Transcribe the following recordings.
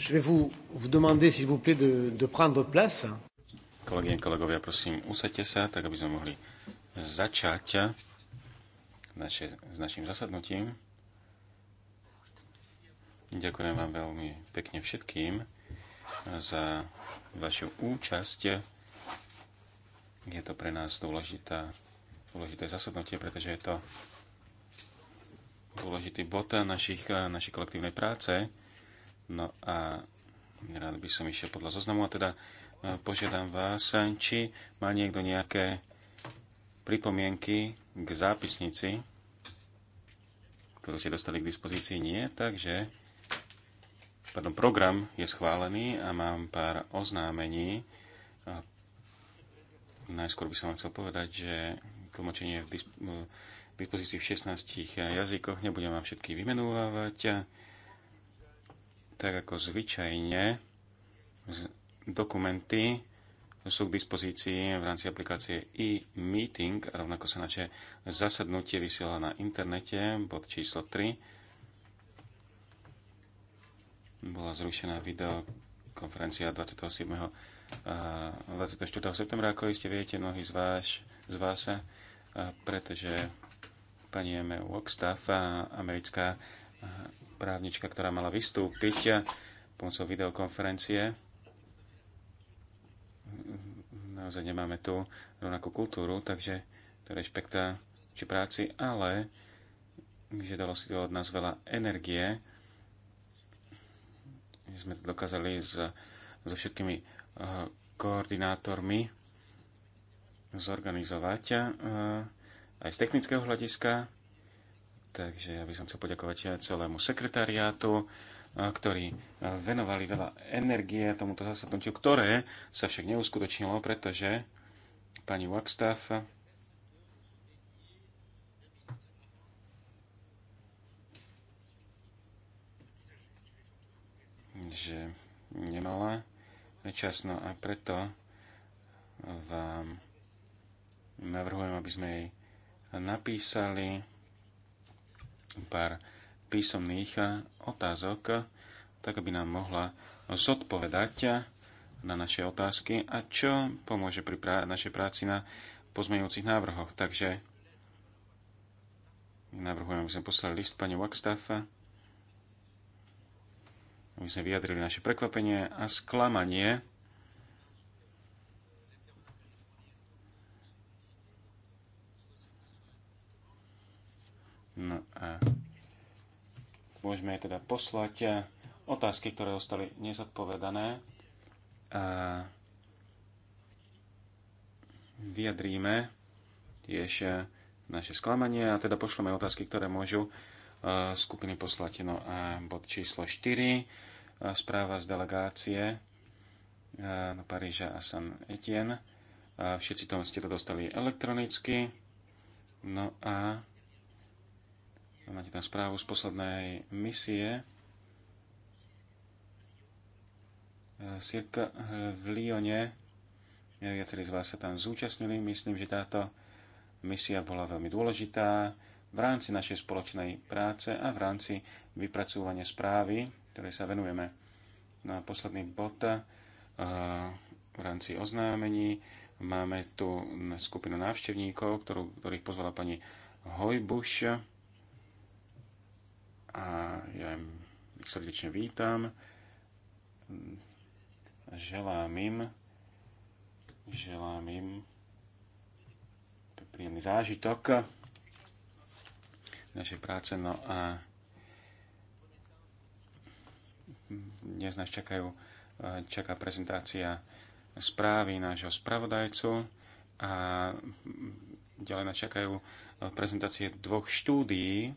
Je vais vous, vous demander, s'il vous plaît, de, de prendre place. Kolegyne, kolegovia, prosím, usadte sa, tak aby sme mohli začať naše, s našim zasadnutím. Ďakujem vám veľmi pekne všetkým za vašu účasť. Je to pre nás dôležitá, dôležité zasadnutie, pretože je to dôležitý bod našich, našej kolektívnej práce No a rád by som išiel podľa zoznamu a teda e, požiadam vás, či má niekto nejaké pripomienky k zápisnici, ktorú ste dostali k dispozícii. Nie, takže pardon, program je schválený a mám pár oznámení. A najskôr by som vám chcel povedať, že tlmočenie je v e, dispozícii v 16 jazykoch. Nebudem vám všetky vymenúvať tak ako zvyčajne, dokumenty sú k dispozícii v rámci aplikácie e-meeting, rovnako sa naše zasadnutie vysiela na internete, bod číslo 3. Bola zrušená videokonferencia 27. 24. septembra, ako iste viete, mnohí z vás, z vás pretože pani Eme Wokstaff, americká právnička, ktorá mala vystúpiť pomocou videokonferencie. Naozaj nemáme tu rovnakú kultúru, takže to rešpektá eh, či práci, ale že dalo si to od nás veľa energie, že sme to dokázali s, so všetkými eh, koordinátormi zorganizovať eh, aj z technického hľadiska, Takže ja by som chcel poďakovať celému sekretariátu, ktorí venovali veľa energie tomuto zasadnutiu, ktoré sa však neuskutočnilo, pretože pani Wagstaff že nemala čas, no a preto vám navrhujem, aby sme jej napísali pár písomných eh, otázok, tak aby nám mohla zodpovedať eh, na naše otázky a čo pomôže pri prá- našej práci na pozmeňujúcich návrhoch. Takže navrhujem, aby sme poslali list pani Wackstaff. aby sme vyjadrili naše prekvapenie a sklamanie No a môžeme teda poslať eh, otázky, ktoré ostali nezodpovedané a vyjadríme tiež eh, naše sklamanie a teda pošleme otázky, ktoré môžu eh, skupiny poslať. No a bod číslo 4, správa z delegácie do Paríža a San Etienne. Všetci to ste to dostali elektronicky. No a Máte tam správu z poslednej misie. Sirk v Lione. Viacerí z vás sa tam zúčastnili. Myslím, že táto misia bola veľmi dôležitá v rámci našej spoločnej práce a v rámci vypracúvania správy, ktorej sa venujeme. Na no posledný bod eh, v rámci oznámení máme tu skupinu návštevníkov, ktorú, ktorých pozvala pani Hojbuš a ja ich srdečne vítam. Želám im, želám im príjemný zážitok našej práce. No a dnes nás čakajú, čaká prezentácia správy nášho spravodajcu a ďalej nás čakajú prezentácie dvoch štúdií,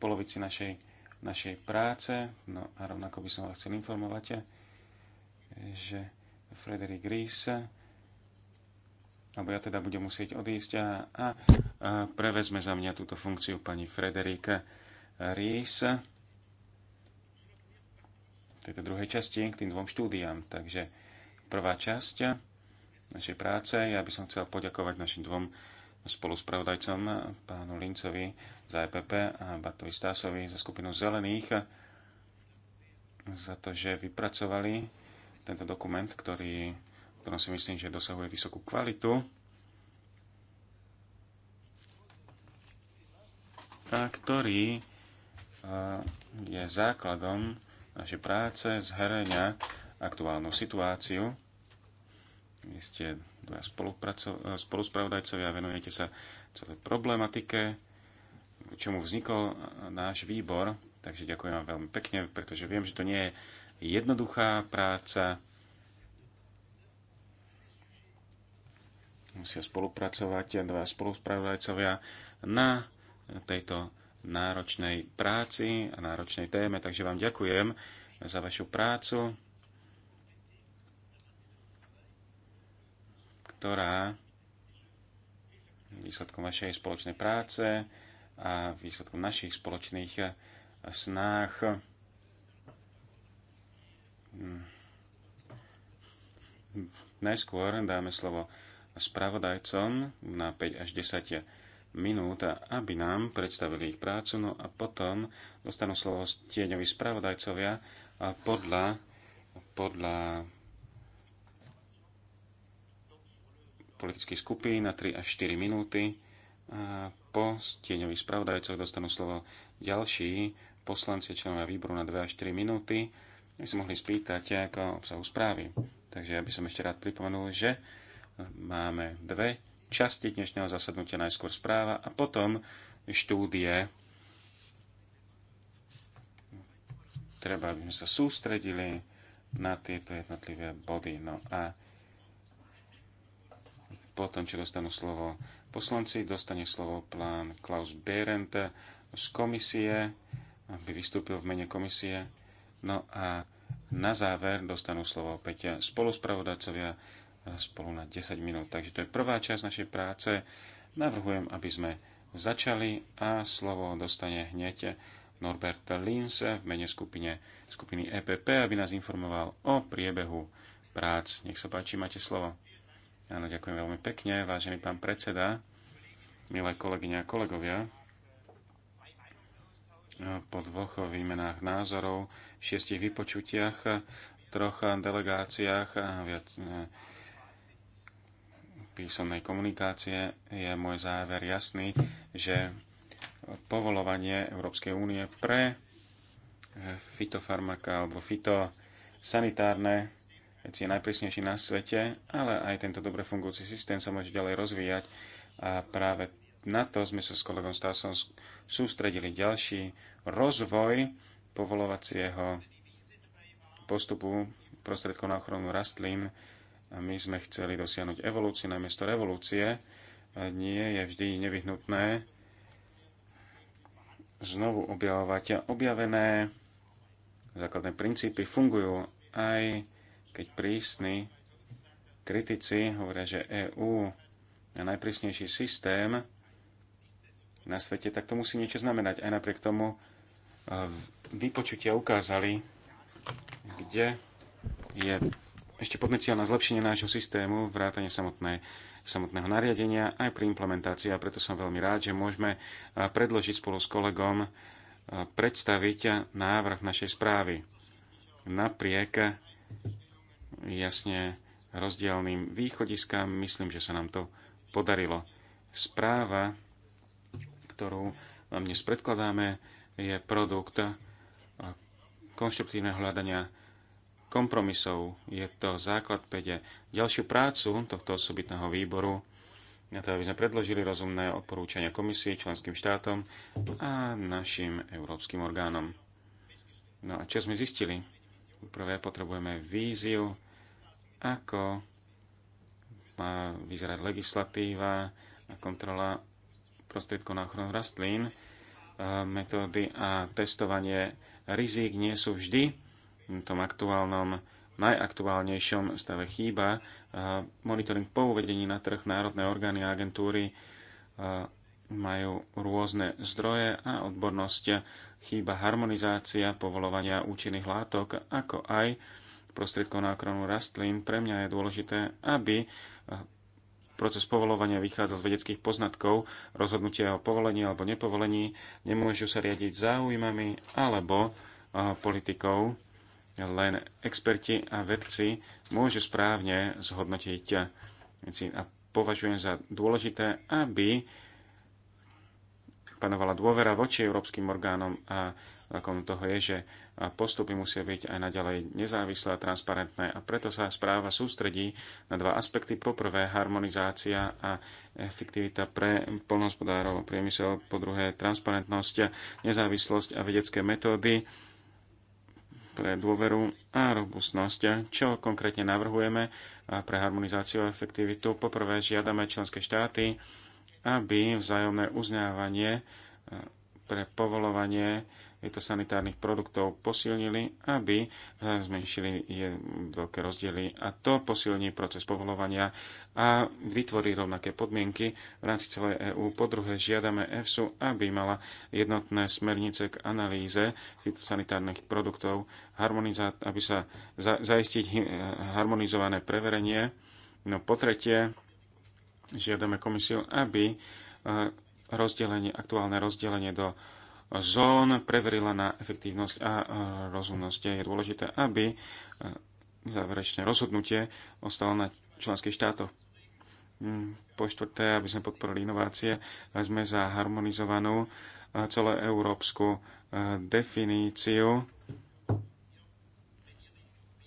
polovici našej, našej práce. No a rovnako by som vás chcel informovať, že Frederick Rees, alebo ja teda budem musieť odísť a, a, a prevezme za mňa túto funkciu pani Frederika Rees tejto druhej časti k tým dvom štúdiám. Takže prvá časť našej práce, ja by som chcel poďakovať našim dvom spoluspravodajcom pánu Lincovi za EPP a Bartovi Stásovi za skupinu Zelených za to, že vypracovali tento dokument, ktorý, ktorom si myslím, že dosahuje vysokú kvalitu. A ktorý je základom našej práce, zhrňa aktuálnu situáciu vy ste dvaja eh, spoluspravodajcovia, venujete sa celej problematike, čomu vznikol eh, náš výbor. Takže ďakujem vám veľmi pekne, pretože viem, že to nie je jednoduchá práca. Musia spolupracovať dva spoluspravodajcovia na tejto náročnej práci a náročnej téme. Takže vám ďakujem za vašu prácu. ktorá výsledkom vašej spoločnej práce a výsledkom našich spoločných eh, snách hm, najskôr dáme slovo spravodajcom na 5 až 10 minút, aby nám predstavili ich prácu, no a potom dostanú slovo tieňoví spravodajcovia podľa, podľa politických skupín na 3 až 4 minúty. A po stieňových spravodajcoch dostanú slovo ďalší poslanci členovia výboru na 2 až 4 minúty, aby sa mohli spýtať ako obsahu správy. Takže ja by som ešte rád pripomenul, že máme dve časti dnešného zasadnutia, najskôr správa a potom štúdie. Treba, aby sme sa sústredili na tieto jednotlivé body. No a potom, čo dostanú slovo poslanci, dostane slovo plán Klaus Behrendt z komisie, aby vystúpil v mene komisie. No a na záver dostanú slovo opäť spoluspravodajcovia e, spolu na 10 minút. Takže to je prvá časť našej práce. Navrhujem, aby sme začali a slovo dostane hneď Norbert Lins v mene skupine, skupiny EPP, aby nás informoval o priebehu prác. Nech sa páči, máte slovo. Áno, ďakujem veľmi pekne, vážený pán predseda, milé kolegyne a kolegovia. Po dvoch výmenách názorov, šiestich vypočutiach, troch delegáciách a viac e, písomnej komunikácie je môj záver jasný, že povolovanie Európskej únie pre fitofarmaka alebo fitosanitárne Veď je najprísnejší na svete, ale aj tento dobre fungujúci systém sa môže ďalej rozvíjať a práve na to sme sa s kolegom Stasom sústredili ďalší rozvoj povolovacieho postupu prostredkov na ochranu rastlín. A my sme chceli dosiahnuť evolúciu namiesto revolúcie. Nie je vždy nevyhnutné znovu objavovať objavené základné princípy fungujú aj keď prísni kritici hovoria, že EÚ je najprísnejší systém na svete, tak to musí niečo znamenať. Aj napriek tomu e, vypočutia ukázali, kde je ešte potenciál na zlepšenie nášho systému, vrátanie samotné, samotného nariadenia aj pri implementácii. A preto som veľmi rád, že môžeme e, predložiť spolu s kolegom e, predstaviť návrh našej správy. Napriek jasne rozdielným východiskám. Myslím, že sa nám to podarilo. Správa, ktorú vám dnes predkladáme, je produkt konštruktívneho hľadania kompromisov. Je to základ pede. Ďalšiu prácu tohto osobitného výboru na to, aby sme predložili rozumné odporúčania komisii, členským štátom a našim európskym orgánom. No a čo sme zistili? Prvé potrebujeme víziu, ako má vyzerať legislatíva a kontrola prostriedkov na ochranu rastlín. Metódy a testovanie rizík nie sú vždy v tom aktuálnom, najaktuálnejšom stave chýba. Monitoring po uvedení na trh národné orgány a agentúry majú rôzne zdroje a odbornosť. Chýba harmonizácia povolovania účinných látok, ako aj prostriedkov na ochranu rastlín, pre mňa je dôležité, aby eh, proces povolovania vychádza z vedeckých poznatkov, rozhodnutia o povolení alebo nepovolení, nemôžu sa riadiť záujmami alebo eh, politikou. Len experti a vedci môžu správne zhodnotiť eh, a považujem za dôležité, aby panovala dôvera voči európskym orgánom a výsledkom toho je, že postupy musia byť aj naďalej nezávislé a transparentné a preto sa správa sústredí na dva aspekty. Poprvé harmonizácia a efektivita pre polnohospodárov a priemysel, po druhé transparentnosť, nezávislosť a vedecké metódy pre dôveru a robustnosť. Čo konkrétne navrhujeme pre harmonizáciu a efektivitu? Poprvé žiadame členské štáty, aby vzájomné uznávanie pre povolovanie sanitárnych produktov posilnili, aby eh, zmenšili je veľké rozdiely a to posilní proces povolovania a vytvorí rovnaké podmienky v rámci celej EÚ. Po druhé, žiadame EFSU, aby mala jednotné smernice k analýze fitosanitárnych produktov, aby sa za- zaistiť eh, harmonizované preverenie. No po tretie, žiadame komisiu, aby eh, rozdelenie, aktuálne rozdelenie do zón preverila na efektívnosť a rozumnosť. Je dôležité, aby e, záverečné rozhodnutie ostalo na členských štátoch. Mm, po štvrté, aby sme podporili inovácie, sme za harmonizovanú e, celoeurópsku e, definíciu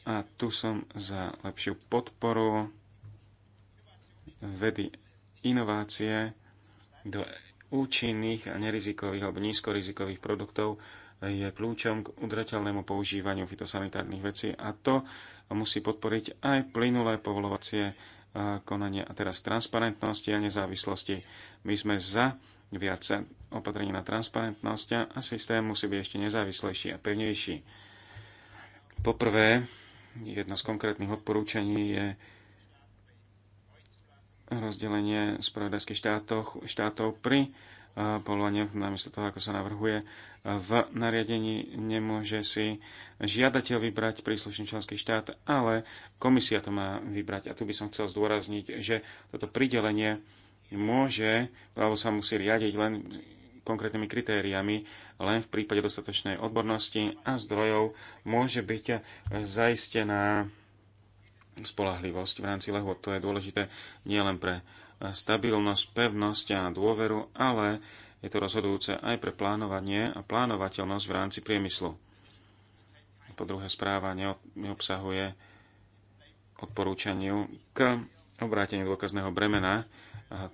a tu som za lepšiu podporu vedy, inovácie do účinných a nerizikových alebo nízkorizikových produktov je kľúčom k udržateľnému používaniu fitosanitárnych vecí a to musí podporiť aj plynulé povolovacie e, konanie a teraz transparentnosti a nezávislosti. My sme za viac opatrení na transparentnosť a systém musí byť ešte nezávislejší a pevnejší. Poprvé, jedno z konkrétnych odporúčaní je rozdelenie spravodajských štátov, štátov pri eh, povolaniach, namiesto toho, ako sa navrhuje v nariadení, nemôže si žiadateľ vybrať príslušný členský štát, ale komisia to má vybrať. A tu by som chcel zdôrazniť, že toto pridelenie môže, alebo sa musí riadiť len konkrétnymi kritériami, len v prípade dostatočnej odbornosti a zdrojov môže byť zaistená spolahlivosť v rámci lehôd. To je dôležité nielen pre eh, stabilnosť, pevnosť a dôveru, ale je to rozhodujúce aj pre plánovanie a plánovateľnosť v rámci priemyslu. Po druhé, správa neobsahuje odporúčaniu k obráteniu dôkazného bremena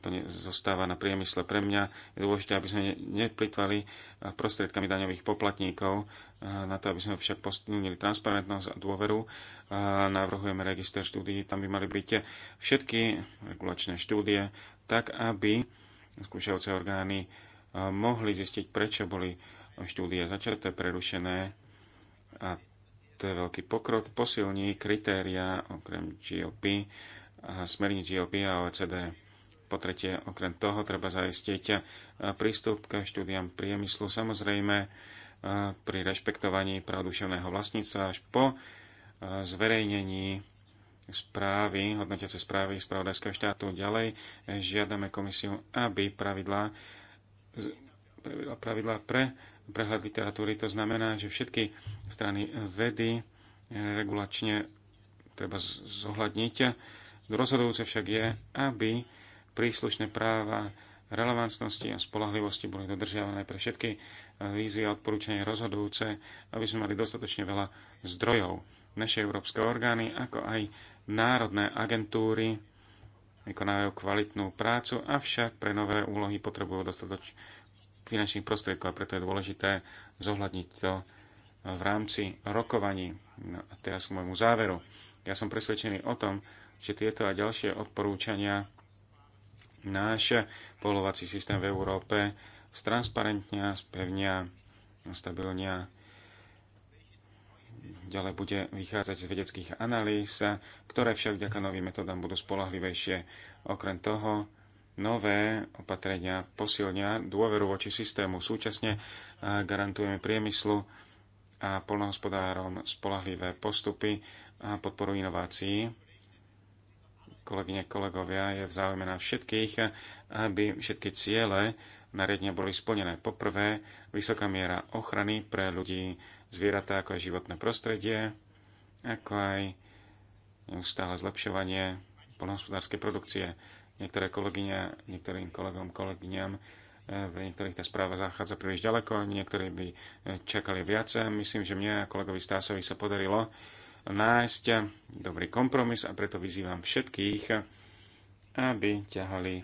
to ne, zostáva na priemysle. Pre mňa je dôležité, aby sme neplitvali eh, prostriedkami daňových poplatníkov. Eh, na to, aby sme však posilnili transparentnosť a dôveru, navrhujeme register štúdií. Tam by mali byť všetky regulačné štúdie, tak aby skúšajúce orgány eh, mohli zistiť, prečo boli štúdie začaté, prerušené a to je veľký pokrok, posilní kritéria okrem GLP, a smerníc GLP a OECD. Po tretie, okrem toho treba zaistiť eh, prístup k štúdiam priemyslu, samozrejme eh, pri rešpektovaní práv duševného vlastníctva až po eh, zverejnení správy, hodnotiace správy spravodajského štátu. Ďalej žiadame komisiu, aby pravidla, pravidla, pravidlá pre prehľad literatúry. To znamená, že všetky strany vedy regulačne treba zohľadniť. Rozhodujúce však je, aby príslušné práva relevantnosti a spolahlivosti boli dodržiavané pre všetky výzvy a odporúčania rozhodujúce, aby sme mali dostatočne veľa zdrojov. Naše európske orgány, ako aj národné agentúry, vykonávajú kvalitnú prácu, avšak pre nové úlohy potrebujú dostatoč finančných prostriedkov a preto je dôležité zohľadniť to v rámci rokovaní. No a teraz k môjmu záveru. Ja som presvedčený o tom, že tieto a ďalšie odporúčania náš polovací systém v Európe stransparentnia, spevnia, stabilnia. Ďalej bude vychádzať z vedeckých analýz, ktoré však vďaka novým metodám budú spolahlivejšie. Okrem toho, nové opatrenia posilnia dôveru voči systému. Súčasne eh, garantujeme priemyslu a polnohospodárom spolahlivé postupy a podporu inovácií kolegyne, kolegovia, je v záujme na všetkých, aby všetky ciele nariadenia boli splnené. Poprvé, vysoká miera ochrany pre ľudí, zvieratá, ako aj životné prostredie, ako aj neustále zlepšovanie poľnohospodárskej produkcie. Niektoré kolegyne, niektorým kolegom, kolegyňam v niektorých tá správa zachádza príliš ďaleko, niektorí by čakali viac. Myslím, že mne a kolegovi Stásovi sa podarilo nájsť dobrý kompromis a preto vyzývam všetkých, aby ťahali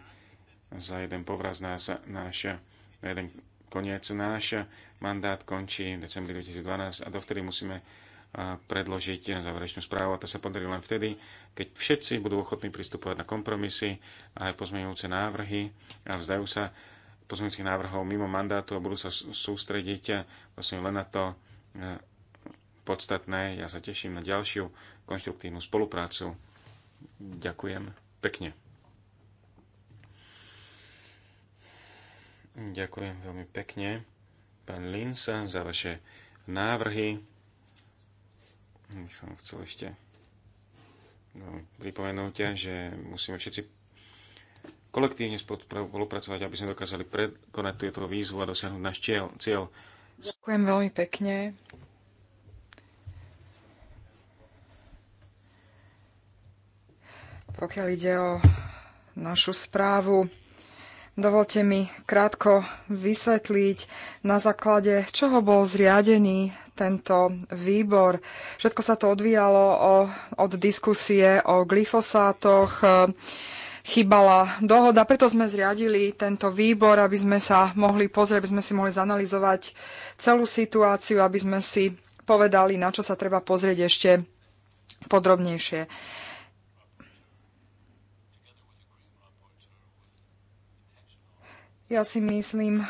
za jeden povraz nás, náš, na jeden koniec náš mandát končí v decembri 2012 a dovtedy musíme predložiť záverečnú správu a to sa podarí len vtedy, keď všetci budú ochotní pristupovať na kompromisy a aj pozmeňujúce návrhy a vzdajú sa pozmeňujúcich návrhov mimo mandátu a budú sa sústrediť vlastne len na to, podstatné. Ja sa teším na ďalšiu konštruktívnu spoluprácu. Ďakujem pekne. Ďakujem veľmi pekne, pán Linsa, za vaše návrhy. By som chcel ešte no, pripomenúť, že musíme všetci kolektívne spolupracovať, aby sme dokázali prekonať túto výzvu a dosiahnuť náš cieľ. Ďakujem veľmi pekne. Pokiaľ ide o našu správu, dovolte mi krátko vysvetliť, na základe čoho bol zriadený tento výbor. Všetko sa to odvíjalo o, od diskusie o glyfosátoch, chýbala dohoda, preto sme zriadili tento výbor, aby sme sa mohli pozrieť, aby sme si mohli zanalizovať celú situáciu, aby sme si povedali, na čo sa treba pozrieť ešte podrobnejšie. Ja si myslím,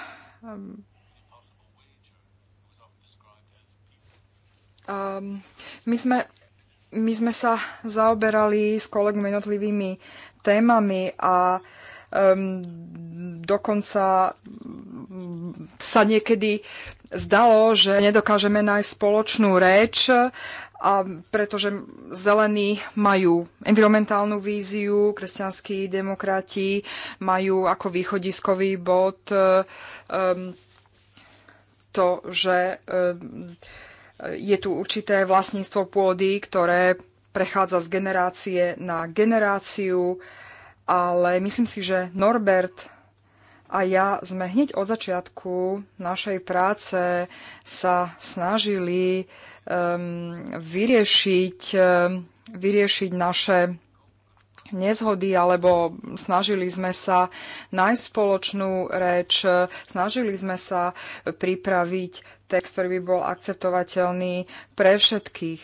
Um, my, sme, my sme sa zaoberali s kolegmi jednotlivými témami a um, dokonca mm, sa niekedy zdalo, že nedokážeme nájsť spoločnú reč a pretože zelení majú environmentálnu víziu, kresťanskí demokrati majú ako východiskový bod um, to, že um, je tu určité vlastníctvo pôdy, ktoré prechádza z generácie na generáciu, ale myslím si, že Norbert a ja sme hneď od začiatku našej práce sa snažili uh, Um, vyriešiť, um, vyriešiť naše nezhody alebo snažili sme sa nájsť spoločnú reč, snažili sme sa pripraviť text, ktorý by bol akceptovateľný pre všetkých.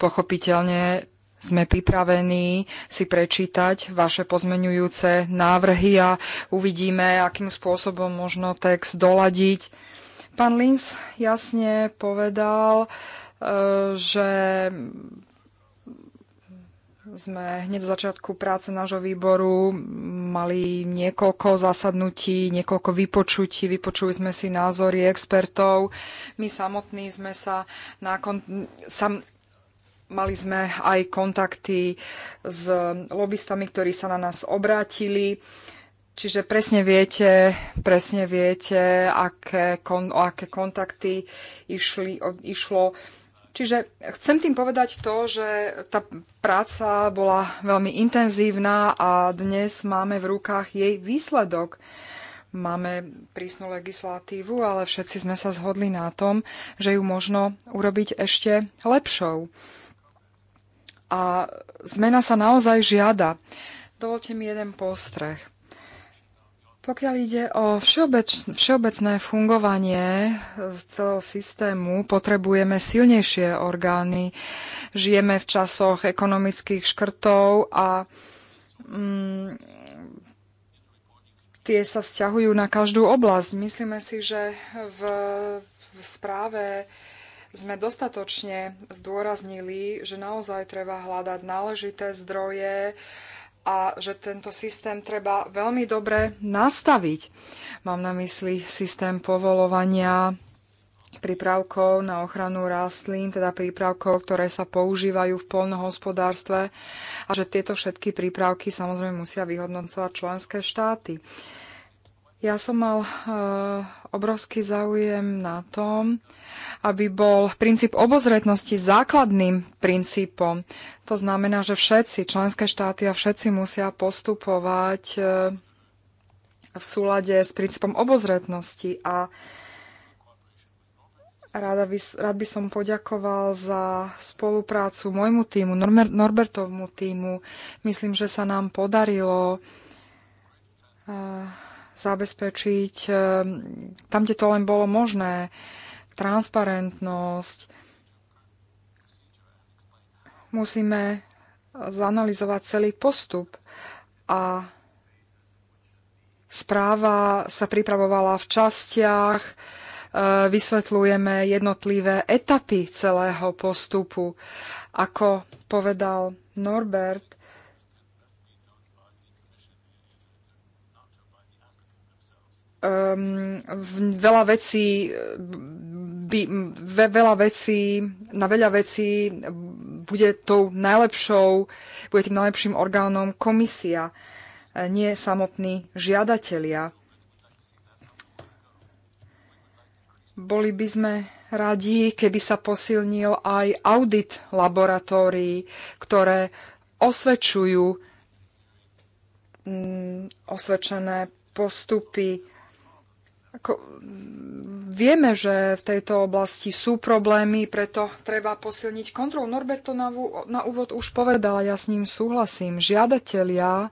Pochopiteľne sme pripravení si prečítať vaše pozmenujúce návrhy a uvidíme, akým spôsobom možno text doladiť Pán Lins jasne povedal, e, že sme hneď do začiatku práce nášho výboru mali niekoľko zasadnutí, niekoľko vypočutí, vypočuli sme si názory expertov. My samotní sme sa na kon- sam- mali sme aj kontakty s lobbystami, ktorí sa na nás obrátili. Uh, Čiže presne viete, presne viete, aké, kon, o aké kontakty išli, o, išlo. Čiže chcem tým povedať to, že tá práca bola veľmi intenzívna a dnes máme v rukách jej výsledok. Máme prísnu legislatívu, ale všetci sme sa zhodli na tom, že ju možno urobiť ešte lepšou. A zmena sa naozaj žiada. Dovolte mi jeden postreh pokiaľ ide o všeobec, všeobecné fungovanie celého systému, potrebujeme silnejšie orgány. Žijeme v časoch ekonomických škrtov a mm, tie sa vzťahujú na každú oblasť. Myslíme si, že v, v správe sme dostatočne zdôraznili, že naozaj treba hľadať náležité zdroje, a že tento systém treba veľmi dobre nastaviť. Mám na mysli systém povolovania prípravkov na ochranu rastlín, teda prípravkov, ktoré sa používajú v polnohospodárstve a že tieto všetky prípravky samozrejme musia vyhodnocovať členské štáty. Ja som mal eh, obrovský záujem na tom, aby bol princíp obozretnosti základným princípom. To znamená, že všetci členské štáty a všetci musia postupovať eh, v súlade s princípom obozretnosti a Rada by, rád by som poďakoval za spoluprácu môjmu týmu, Norbertovmu týmu. Myslím, že sa nám podarilo uh, zabezpečiť eh, tam, kde to len bolo možné, transparentnosť. Musíme zanalizovať celý postup a správa sa pripravovala v častiach, eh, vysvetľujeme jednotlivé etapy celého postupu. Ako povedal Norbert, um, veľa vecí by, ve, veľa vecí, na veľa vecí bude tou najlepšou, bude tým najlepším orgánom komisia, e, nie samotní žiadatelia. Boli by sme radi, keby sa posilnil aj audit laboratórií, ktoré osvedčujú mm, osvedčené postupy ako, vieme, že v tejto oblasti sú problémy, preto treba posilniť kontrolu. Norbert to na, na úvod už povedal, ja s ním súhlasím. Žiadatelia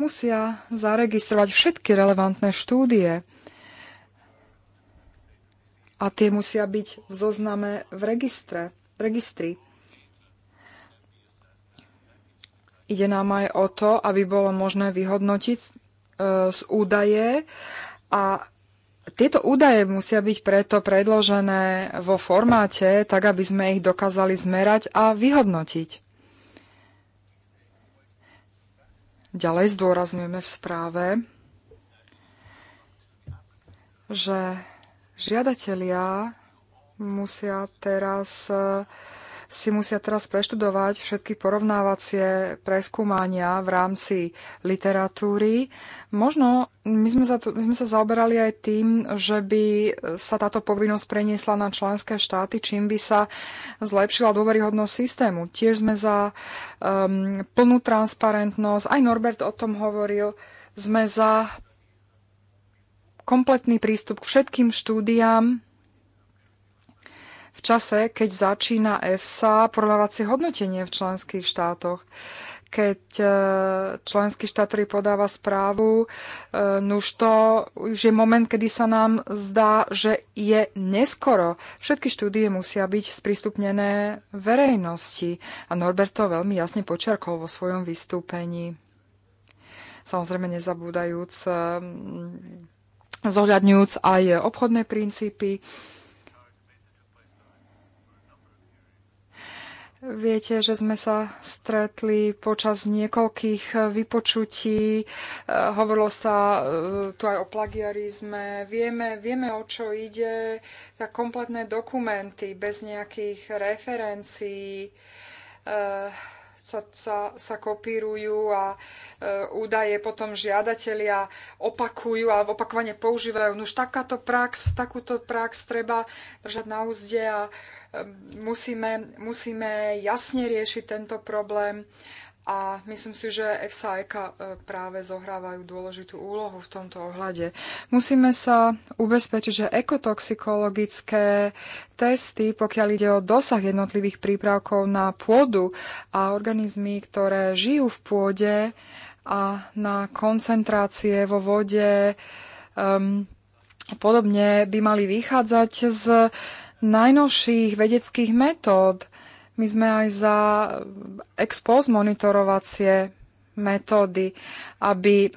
musia zaregistrovať všetky relevantné štúdie a tie musia byť v zozname v registre, v registri. Ide nám aj o to, aby bolo možné vyhodnotiť E, z údaje a tieto údaje musia byť preto predložené vo formáte, tak aby sme ich dokázali zmerať a vyhodnotiť. Ďalej zdôrazňujeme v správe, že žiadatelia musia teraz si musia teraz preštudovať všetky porovnávacie preskúmania v rámci literatúry. Možno my sme, za to, my sme sa zaoberali aj tým, že by sa táto povinnosť preniesla na členské štáty, čím by sa zlepšila dôveryhodnosť systému. Tiež sme za um, plnú transparentnosť, aj Norbert o tom hovoril, sme za kompletný prístup k všetkým štúdiám, čase, keď začína EFSA porovnávacie hodnotenie v členských štátoch keď e, členský štát, ktorý podáva správu, e, nuž to už je moment, kedy sa nám zdá, že je neskoro. Všetky štúdie musia byť sprístupnené verejnosti. A Norbert to veľmi jasne počiarkol vo svojom vystúpení. Samozrejme nezabúdajúc, e, zohľadňujúc aj obchodné princípy. Viete, že sme sa stretli počas niekoľkých eh, vypočutí. Eh, hovorilo sa eh, tu aj o plagiarizme. Vieme, vieme, o čo ide. Tak kompletné dokumenty bez nejakých referencií sa, sa, sa kopírujú a e, údaje potom žiadatelia opakujú a opakovane používajú. No už takáto prax, takúto prax treba držať na úzde a e, Musíme, musíme jasne riešiť tento problém a myslím si, že EFSA a EKA e, práve zohrávajú dôležitú úlohu v tomto ohľade. Musíme sa ubezpečiť, že ekotoxikologické testy, pokiaľ ide o dosah jednotlivých prípravkov na pôdu a organizmy, ktoré žijú v pôde a na koncentrácie vo vode, um, podobne by mali vychádzať z najnovších vedeckých metód. My sme aj za ex post monitorovacie metódy, aby,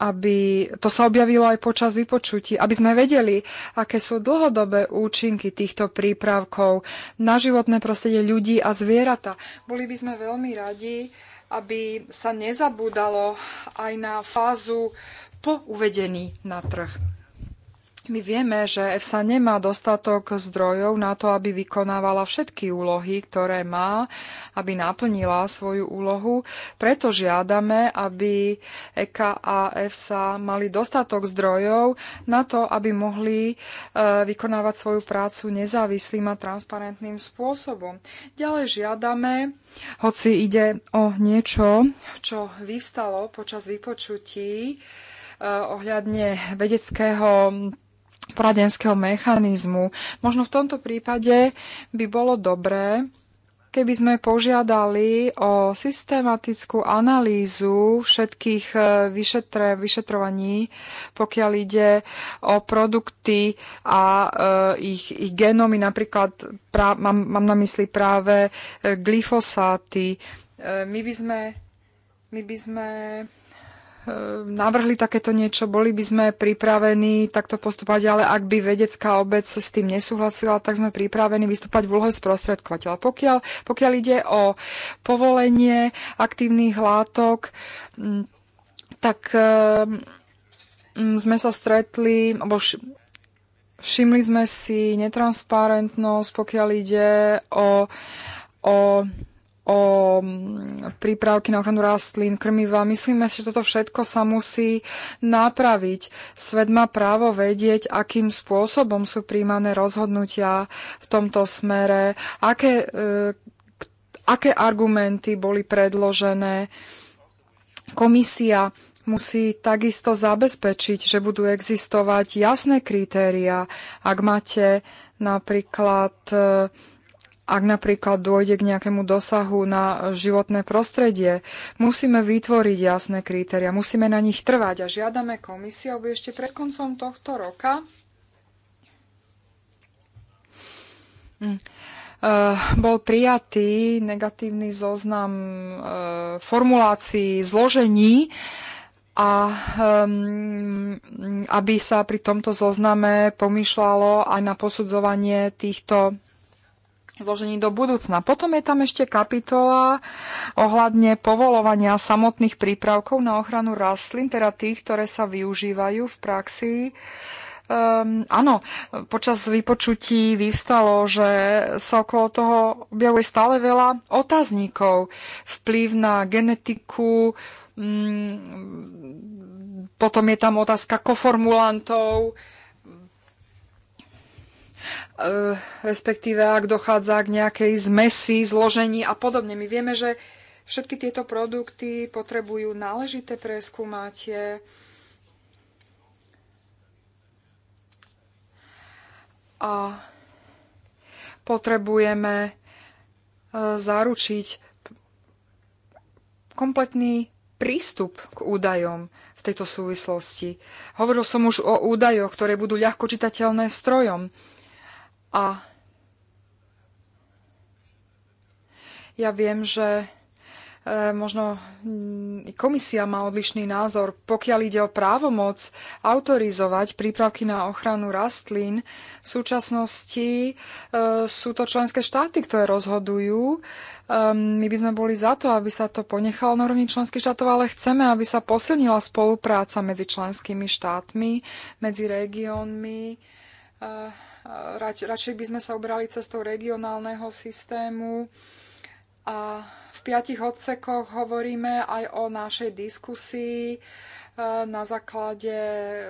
aby to sa objavilo aj počas vypočutí, aby sme vedeli, aké sú dlhodobé účinky týchto prípravkov na životné prostredie ľudí a zvierata. Boli by sme veľmi radi, aby sa nezabúdalo aj na fázu po uvedení na trh. My vieme, že EFSA nemá dostatok zdrojov na to, aby vykonávala všetky úlohy, ktoré má, aby naplnila svoju úlohu. Preto žiadame, aby EK a EFSA mali dostatok zdrojov na to, aby mohli e, vykonávať svoju prácu nezávislým a transparentným spôsobom. Ďalej žiadame, hoci ide o niečo, čo vystalo počas vypočutí, e, ohľadne vedeckého poradenského mechanizmu. Možno v tomto prípade by bolo dobré, keby sme požiadali o systematickú analýzu všetkých e, vyšetre, vyšetrovaní, pokiaľ ide o produkty a e, ich, ich genómy. Napríklad pra, mám, mám na mysli práve e, glyfosáty. E, my by sme... My by sme Ehm, navrhli takéto niečo, boli by sme pripravení takto postupovať, ale ak by vedecká obec s tým nesúhlasila, tak sme pripravení vystúpať v úlohe sprostredkovateľa. Pokiaľ, pokiaľ ide o povolenie aktívnych látok, mm, tak ehm, mm, sme sa stretli, alebo všimli sme si netransparentnosť, pokiaľ ide o, o o mm, prípravky na ochranu rastlín, krmiva. Myslíme si, že toto všetko sa musí napraviť. Svet má právo vedieť, akým spôsobom sú príjmané rozhodnutia v tomto smere, aké, e, aké argumenty boli predložené. Komisia musí takisto zabezpečiť, že budú existovať jasné kritéria. Ak máte napríklad e, ak napríklad dôjde k nejakému dosahu na životné prostredie, musíme vytvoriť jasné kritéria, musíme na nich trvať a žiadame komisiu, aby ešte pred koncom tohto roka hm. eh, bol prijatý negatívny zoznam eh, formulácií zložení a um, aby sa pri tomto zozname pomýšľalo aj na posudzovanie týchto zložení do budúcna. Potom je tam ešte kapitola ohľadne povolovania samotných prípravkov na ochranu rastlín, teda tých, ktoré sa využívajú v praxi. Um, áno, počas vypočutí vystalo, že sa okolo toho objavuje stále veľa otáznikov. Vplyv na genetiku, um, potom je tam otázka koformulantov, E, respektíve ak dochádza k nejakej zmesi, zložení a podobne. My vieme, že všetky tieto produkty potrebujú náležité preskúmatie. A potrebujeme e, zaručiť kompletný prístup k údajom v tejto súvislosti. Hovoril som už o údajoch, ktoré budú ľahko čitateľné strojom. A ja viem, že e, možno mm, komisia má odlišný názor. Pokiaľ ide o právomoc autorizovať prípravky na ochranu rastlín, v súčasnosti e, sú to členské štáty, ktoré rozhodujú. E, my by sme boli za to, aby sa to ponechalo na úrovni členských štátov, ale chceme, aby sa posilnila spolupráca medzi členskými štátmi, medzi regiónmi. Uh rad, radšej by sme sa ubrali cestou regionálneho systému. A v piatich odsekoch hovoríme aj o našej diskusii e, na základe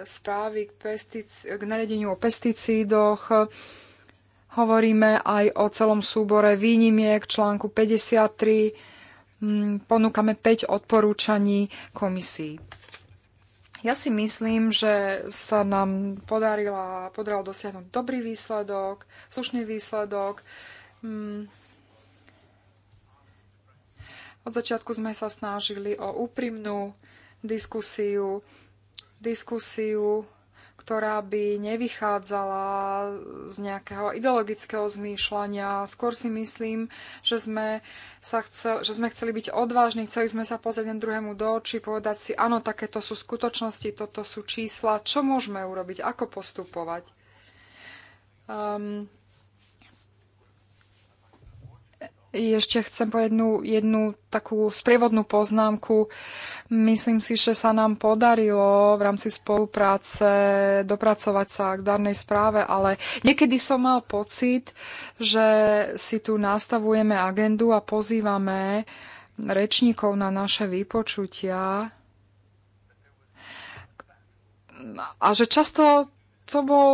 správy k, pestic- k naredeniu o pesticídoch. Hovoríme aj o celom súbore výnimiek článku 53. Mm, ponúkame 5 odporúčaní komisii. Ja si myslím, že sa nám podarila, podarilo dosiahnuť dobrý výsledok, slušný výsledok. Mm. Od začiatku sme sa snažili o úprimnú diskusiu, diskusiu ktorá by nevychádzala z nejakého ideologického zmýšľania. Skôr si myslím, že sme, sa chcel, že sme chceli byť odvážni, chceli sme sa pozrieť jeden druhému do očí, povedať si, áno, takéto sú skutočnosti, toto sú čísla, čo môžeme urobiť, ako postupovať. Um, Ešte chcem po jednu, jednu takú sprievodnú poznámku. Myslím si, že sa nám podarilo v rámci spolupráce dopracovať sa k darnej správe, ale niekedy som mal pocit, že si tu nastavujeme agendu a pozývame rečníkov na naše vypočutia a že často to bol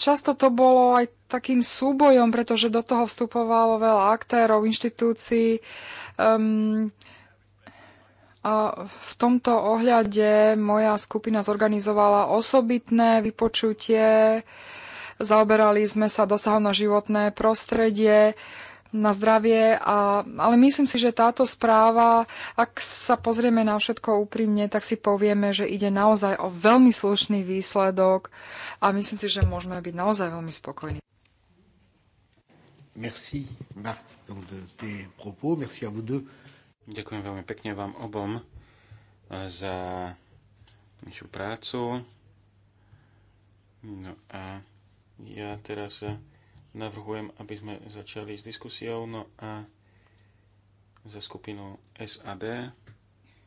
často to bolo aj takým súbojom, pretože do toho vstupovalo veľa aktérov, inštitúcií. Um, a v tomto ohľade moja skupina zorganizovala osobitné vypočutie, zaoberali sme sa dosahom na životné prostredie, na zdravie, a, ale myslím si, že táto správa, ak sa pozrieme na všetko úprimne, tak si povieme, že ide naozaj o veľmi slušný výsledok a myslím si, že môžeme byť naozaj veľmi spokojní. Merci, Marc, donc de tes propos. Merci à vous deux. Ďakujem veľmi pekne vám obom eh, za našu prácu. No a ja teraz eh, navrhujem, aby sme začali s diskusiou. No a za skupinu SAD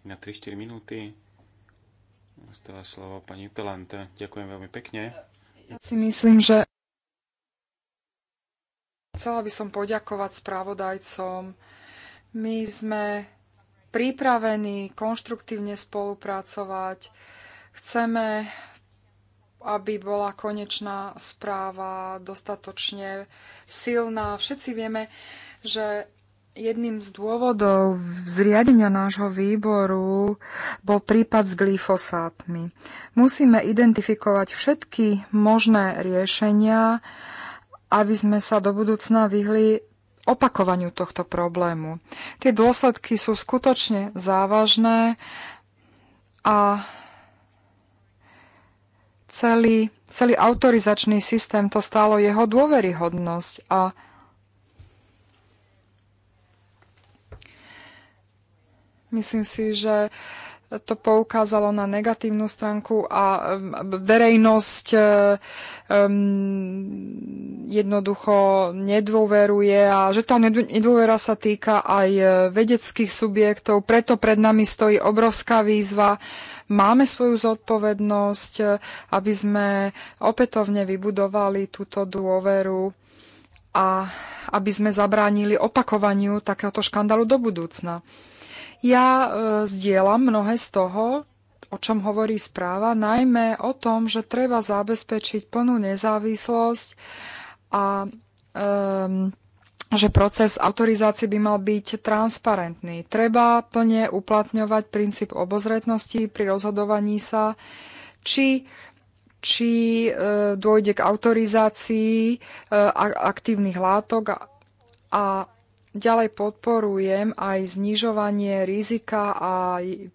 na 3-4 minúty Stáva slovo pani Talanta. Ďakujem veľmi pekne. Ja si myslím, že Chcela by som poďakovať spravodajcom. My sme pripravení konštruktívne spolupracovať. Chceme, aby bola konečná správa dostatočne silná. Všetci vieme, že jedným z dôvodov zriadenia nášho výboru bol prípad s glyfosátmi. Musíme identifikovať všetky možné riešenia, aby sme sa do budúcna vyhli opakovaniu tohto problému. Tie dôsledky sú skutočne závažné a celý, celý autorizačný systém to stálo jeho dôveryhodnosť a myslím si, že uh, to poukázalo na negatívnu stránku a e, verejnosť um, jednoducho nedôveruje a že tá nedôvera sa týka aj e, vedeckých subjektov, preto pred nami stojí obrovská výzva. Máme svoju zodpovednosť, aby sme opätovne vybudovali túto dôveru a aby sme zabránili opakovaniu takéhoto škandalu do budúcna. Ja e, zdieľam mnohé z toho, o čom hovorí správa, najmä o tom, že treba zabezpečiť plnú nezávislosť a um, že proces autorizácie by mal byť transparentný. Treba plne uplatňovať princíp obozretnosti pri rozhodovaní sa, či či e, dôjde k autorizácii e, aktívnych látok a, a Ďalej podporujem aj znižovanie rizika a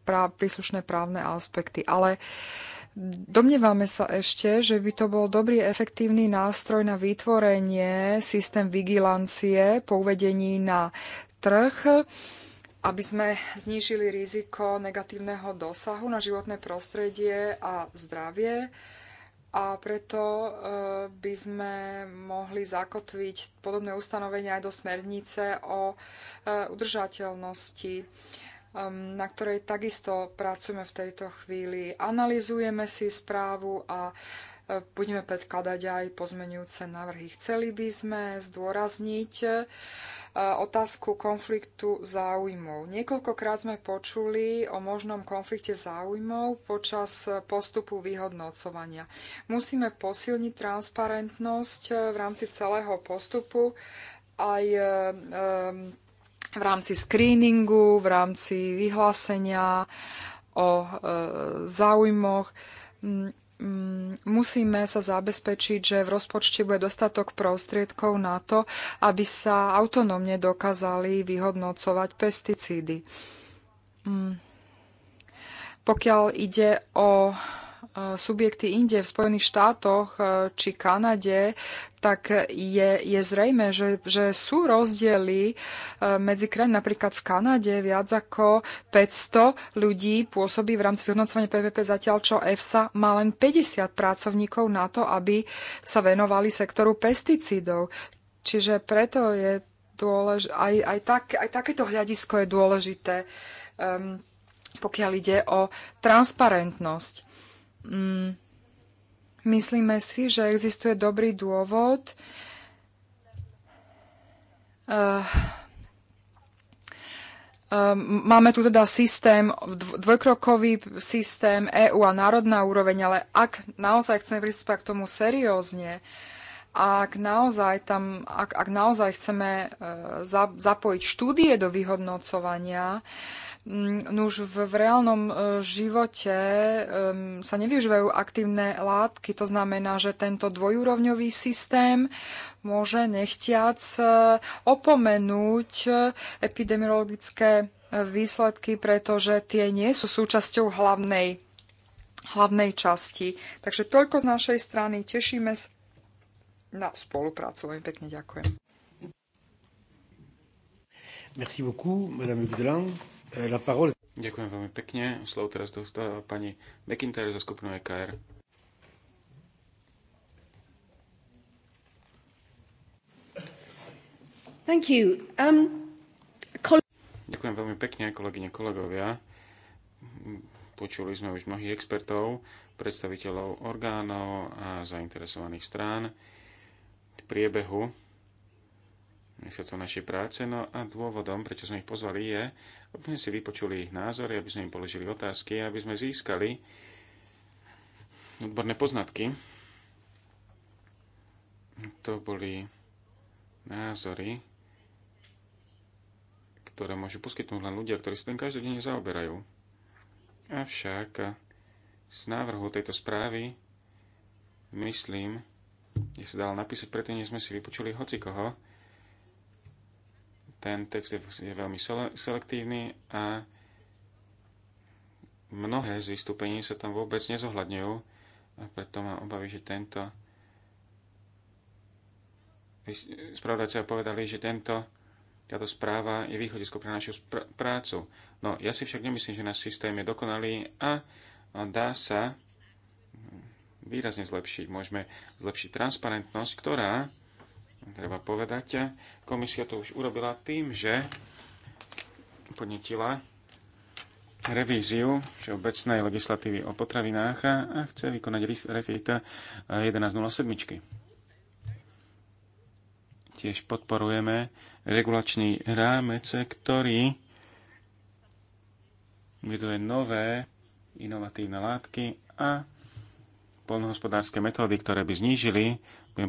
prá- príslušné právne aspekty. Ale Domnievame sa ešte, že by to bol dobrý efektívny nástroj na vytvorenie systém vigilancie po uvedení na trh, aby sme znížili riziko negatívneho dosahu na životné prostredie a zdravie a preto e, by sme mohli zakotviť podobné ustanovenia aj do smernice o e, udržateľnosti, e, na ktorej takisto pracujeme v tejto chvíli. Analizujeme si správu a budeme predkladať aj pozmenujúce návrhy. Chceli by sme zdôrazniť otázku konfliktu záujmov. Niekoľkokrát sme počuli o možnom konflikte záujmov počas postupu vyhodnocovania. Musíme posilniť transparentnosť e, v rámci celého postupu aj e, e, v rámci screeningu, v rámci vyhlásenia o záujmoch mm, Mm, musíme sa zabezpečiť, že v rozpočte bude dostatok prostriedkov na to, aby sa autonómne dokázali vyhodnocovať pesticídy. Mm. Pokiaľ ide o E, subjekty inde v Spojených štátoch e, či Kanade, tak je, je zrejme, že, že sú rozdiely e, medzi krajinami. Napríklad v Kanade viac ako 500 ľudí pôsobí v rámci vyhodnocovania PPP, zatiaľ čo EFSA má len 50 pracovníkov na to, aby sa venovali sektoru pesticídov. Čiže preto je dôlež- aj, aj, tak, aj takéto hľadisko je dôležité, um, pokiaľ ide o transparentnosť. Mm, myslíme si, že existuje dobrý dôvod uh, Máme tu teda systém, dvojkrokový systém EÚ a národná úroveň, ale ak naozaj chceme pristúpať k tomu seriózne, ak naozaj, tam, ak, ak naozaj chceme eh, zapojiť štúdie do vyhodnocovania, Mm, no už v, v reálnom e, živote um, sa nevyužívajú aktívne látky, to znamená, že tento dvojúrovňový systém môže nechtiac e, opomenúť e, epidemiologické výsledky, pretože tie nie sú súčasťou hlavnej, hlavnej časti. Takže toľko z našej strany. Tešíme sa na spoluprácu. Veľmi pekne ďakujem. Merci beaucoup, Madame Gdelang. Eh, Ďakujem veľmi pekne. Slovo teraz dostáva pani McIntyre za skupinu EKR. Thank you. Um, Ďakujem veľmi pekne, kolegyne, kolegovia. Počuli sme už mnohých expertov, predstaviteľov orgánov a zainteresovaných strán. V priebehu mesiacov našej práce. No a dôvodom, prečo sme ich pozvali, je, aby sme si vypočuli ich názory, aby sme im položili otázky, aby sme získali odborné poznatky. To boli názory, ktoré môžu poskytnúť len ľudia, ktorí sa tým každodenne zaoberajú. Avšak z návrhu tejto správy myslím, že sa dal napísať, preto než sme si vypočuli hocikoho, ten text je, je veľmi selektívny a mnohé z vystúpení sa tam vôbec nezohľadňujú a preto mám obavy, že tento spravodajcia povedali, že tento, táto správa je východisko pre našu prácu. No ja si však nemyslím, že náš systém je dokonalý a dá sa výrazne zlepšiť. Môžeme zlepšiť transparentnosť, ktorá treba povedať. Komisia to už urobila tým, že podnetila revíziu všeobecnej legislatívy o potravinách a chce vykonať refit 11.07. Tiež podporujeme regulačný rámec, ktorý vyduje nové inovatívne látky a poľnohospodárske metódy, ktoré by znížili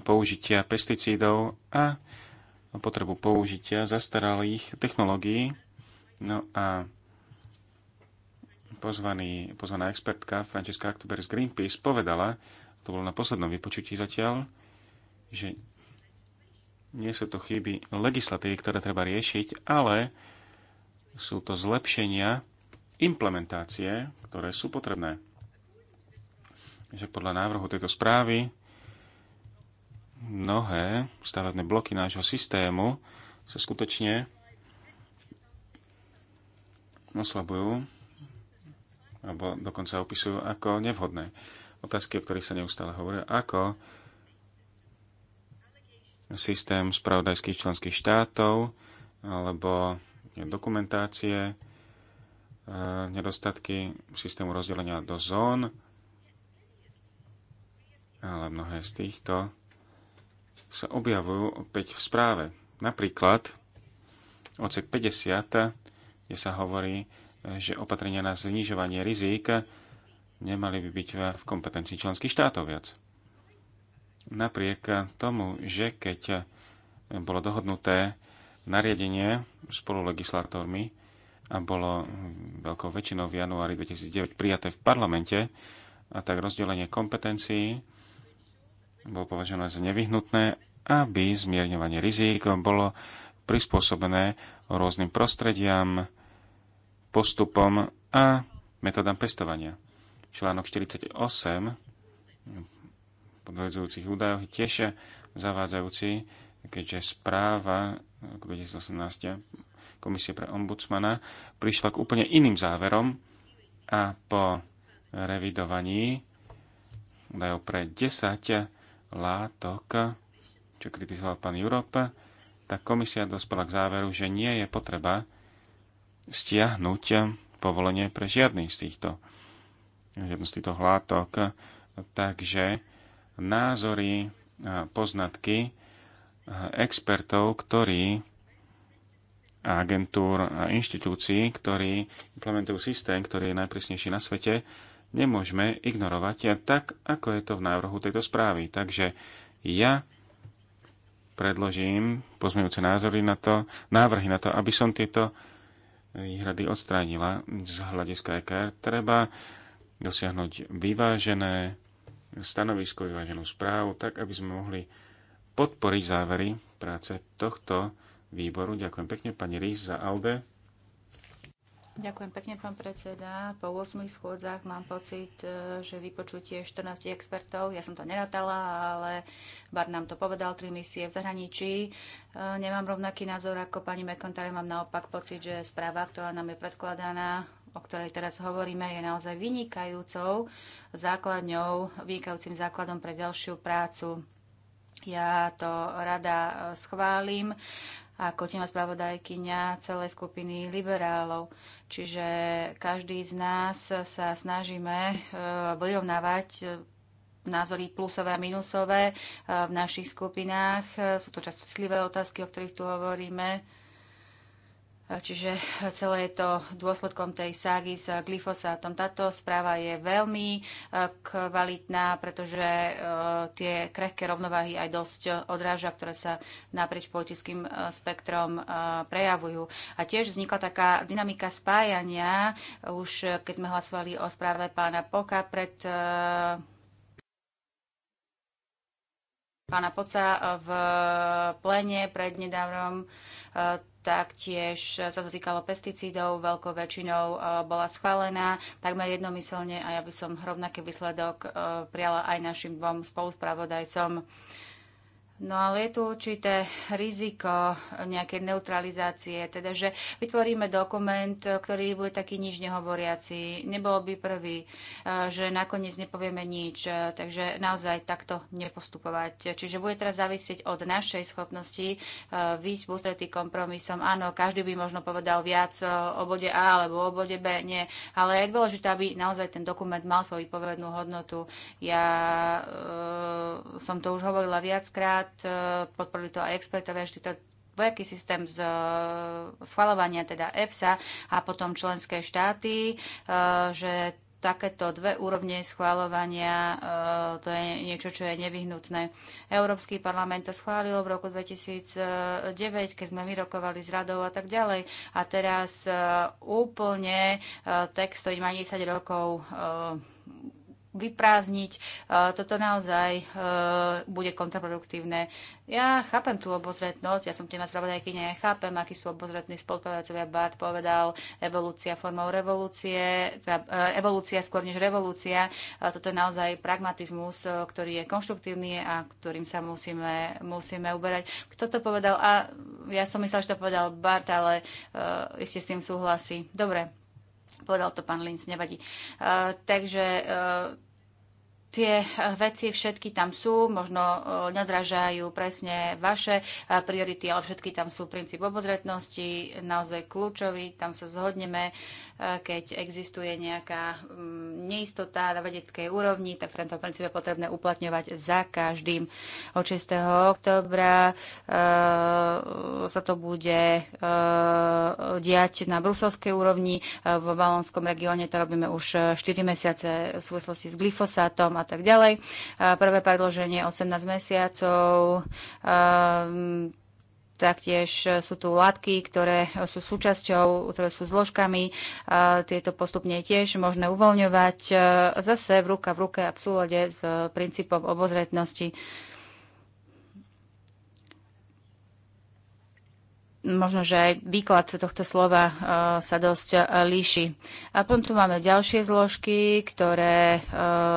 použitia pesticídov a potrebu použitia zastaralých technológií. No a pozvaný, pozvaná expertka Francesca Aktuber z Greenpeace povedala, to bolo na poslednom vypočutí zatiaľ, že nie sú to chyby legislatívy, ktoré treba riešiť, ale sú to zlepšenia implementácie, ktoré sú potrebné že podľa návrhu tejto správy mnohé stavebné bloky nášho systému sa skutočne oslabujú alebo dokonca opisujú ako nevhodné. Otázky, o ktorých sa neustále hovorí, ako systém spravodajských členských štátov alebo dokumentácie, eh, nedostatky systému rozdelenia do zón, ale mnohé z týchto sa objavujú opäť v správe. Napríklad odsek 50, kde sa hovorí, že opatrenia na znižovanie rizík nemali by byť v kompetencii členských štátov viac. Napriek tomu, že keď bolo dohodnuté nariadenie spolu legislátormi a bolo veľkou väčšinou v januári 2009 prijaté v parlamente, a tak rozdelenie kompetencií bolo považované za nevyhnutné, aby zmierňovanie rizík bolo prispôsobené rôznym prostrediam, postupom a metodám pestovania. Článok 48 podvedzujúcich údajov je tiež zavádzajúci, keďže správa 2018 Komisie pre ombudsmana prišla k úplne iným záverom a po revidovaní údajov pre 10 látok, čo kritizoval pán Európa, tak komisia dospela k záveru, že nie je potreba stiahnuť povolenie pre žiadny z týchto, žiadny z týchto látok. Takže názory a poznatky expertov, ktorí agentúr a inštitúcií, ktorí implementujú systém, ktorý je najprísnejší na svete, nemôžeme ignorovať tak, ako je to v návrhu tejto správy. Takže ja predložím pozmejúce názory na to, návrhy na to, aby som tieto výhrady odstránila z hľadiska EKR. Treba dosiahnuť vyvážené stanovisko, vyváženú správu, tak aby sme mohli podporiť závery práce tohto výboru. Ďakujem pekne pani Rís za ALDE. Ďakujem pekne, pán predseda. Po 8 schôdzach mám pocit, e, že vypočutie 14 expertov, ja som to neratala, ale bar nám to povedal, tri misie v zahraničí. E, nemám rovnaký názor ako pani McIntyre, mám naopak pocit, že správa, ktorá nám je predkladaná, o ktorej teraz hovoríme, je naozaj vynikajúcou základňou, vynikajúcim základom pre ďalšiu prácu. Ja to rada schválim ako tým spravodajkyňa celej skupiny liberálov. Čiže každý z nás sa snažíme e, vyrovnávať e, názory plusové a minusové e, v našich skupinách. Sú to často citlivé otázky, o ktorých tu hovoríme Čiže celé je to dôsledkom tej ságy s glyfosátom. Táto správa je veľmi e, kvalitná, pretože e, tie krehké rovnováhy aj dosť odráža, ktoré sa naprieč politickým e, spektrom prejavujú. A tiež vznikla taká dynamika spájania, už keď sme hlasovali o správe pána Poka pred pána Poca v plene prednedávnom taktiež eh, sa to týkalo pesticídov, veľkou väčšinou eh, bola schválená takmer jednomyselne a ja by som rovnaký výsledok eh, prijala aj našim dvom spoluspravodajcom. No ale je tu určité riziko nejakej neutralizácie, teda že vytvoríme dokument, ktorý bude taký nič nehovoriaci, nebol by prvý, e, že nakoniec nepovieme nič, e, takže naozaj takto nepostupovať. Čiže bude teraz závisieť od našej schopnosti e, výjsť v ústretí kompromisom. Áno, každý by možno povedal viac o bode A alebo o bode B, nie, ale je dôležité, aby naozaj ten dokument mal svoju povednú hodnotu. Ja e, som to už hovorila viackrát, napríklad e, podporili to aj expertovia, že to dvojaký systém z e, schvalovania, teda EFSA a potom členské štáty, e, že takéto dve úrovne schváľovania, to je niečo, čo je nevyhnutné. Európsky parlament to schválil v roku 2009, keď sme vyrokovali s radou a tak ďalej. A teraz úplne text, ktorý má 10 rokov, vyprázdniť. E, toto naozaj e, bude kontraproduktívne. Ja chápem tú obozretnosť, ja som téma spravodajky nechápem, chápem, akí sú obozretní spolupracovia. Bart povedal, evolúcia formou revolúcie, e, evolúcia skôr než revolúcia. Toto je naozaj pragmatizmus, ktorý je konštruktívny a ktorým sa musíme, musíme uberať. Kto to povedal? A ja som myslel, že to povedal Bart, ale uh, s tým súhlasí. Dobre, Povedal to pán Linc, nevadí. Uh, takže uh, tie e, veci všetky tam sú, možno e, nadražajú presne vaše e, priority, ale všetky tam sú princíp obozretnosti, naozaj kľúčový, tam sa zhodneme, keď existuje nejaká mm, neistota na vedeckej úrovni, tak tento princíp je potrebné uplatňovať za každým. Od 6. oktobra sa to bude diať na bruselskej úrovni, v Valonskom regióne to robíme už 4 mesiace v súvislosti s glyfosátom a tak ďalej. Prvé predloženie 18 mesiacov, ehm, Taktiež sú tu látky, ktoré sú súčasťou, ktoré sú zložkami. Tieto postupne tiež možné uvoľňovať e, zase v ruka v ruke a v súlade s princípom obozretnosti. možno, že aj výklad tohto slova e, sa dosť e, líši. A potom tu máme ďalšie zložky, ktoré e,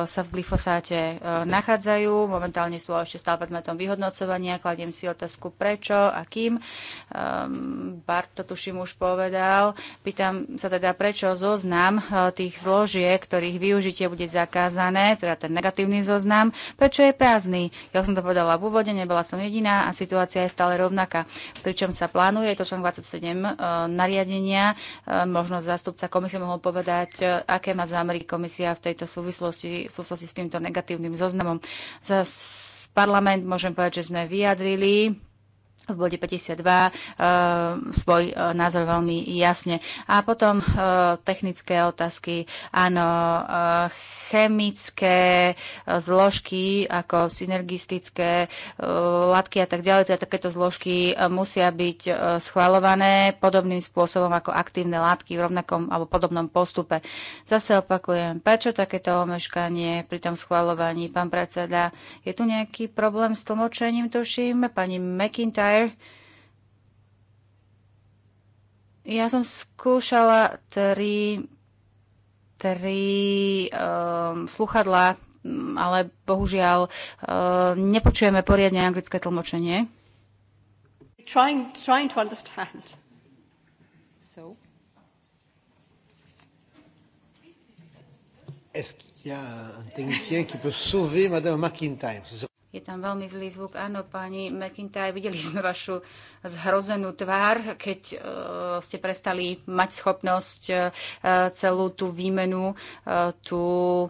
sa v glyfosáte nachádzajú. Momentálne sú ešte stále predmetom vyhodnocovania. Kladiem si otázku prečo a kým. Ehm, Bart to tuším už povedal. Pýtam sa teda, prečo zoznam tých zložiek, ktorých využitie bude zakázané, teda ten negatívny zoznam, prečo je prázdny. Ja som to povedala v úvode, nebola som jediná a situácia je stále rovnaká. Pričom sa plánuje obsahuje, je to článok 27 eh, nariadenia. Eh, možno zástupca komisie mohol povedať, eh, aké má zámery komisia v tejto súvislosti, v súvislosti s týmto negatívnym zoznamom. Za parlament môžem povedať, že sme vyjadrili v bode 52 e, svoj e, názor veľmi jasne. A potom e, technické otázky. Áno, e, chemické e, zložky ako synergistické e, látky a tak ďalej, teda takéto zložky e, musia byť e, schvalované podobným spôsobom ako aktívne látky v rovnakom alebo podobnom postupe. Zase opakujem, prečo takéto omeškanie pri tom schvalovaní, pán predseda? Je tu nejaký problém s tlmočením, tuším? Pani McIntyre Maguire. Ja som skúšala tri, tri um, sluchadla, mm, ale bohužiaľ uh, nepočujeme poriadne anglické tlmočenie. Trying, trying to understand. So. Est-ce qu'il y a un technicien qui peut sauver Madame McIntyre je tam veľmi zlý zvuk. Áno, pani McIntyre, videli sme vašu zhrozenú tvár, keď uh, ste prestali mať schopnosť uh, celú tú výmenu uh, tu uh,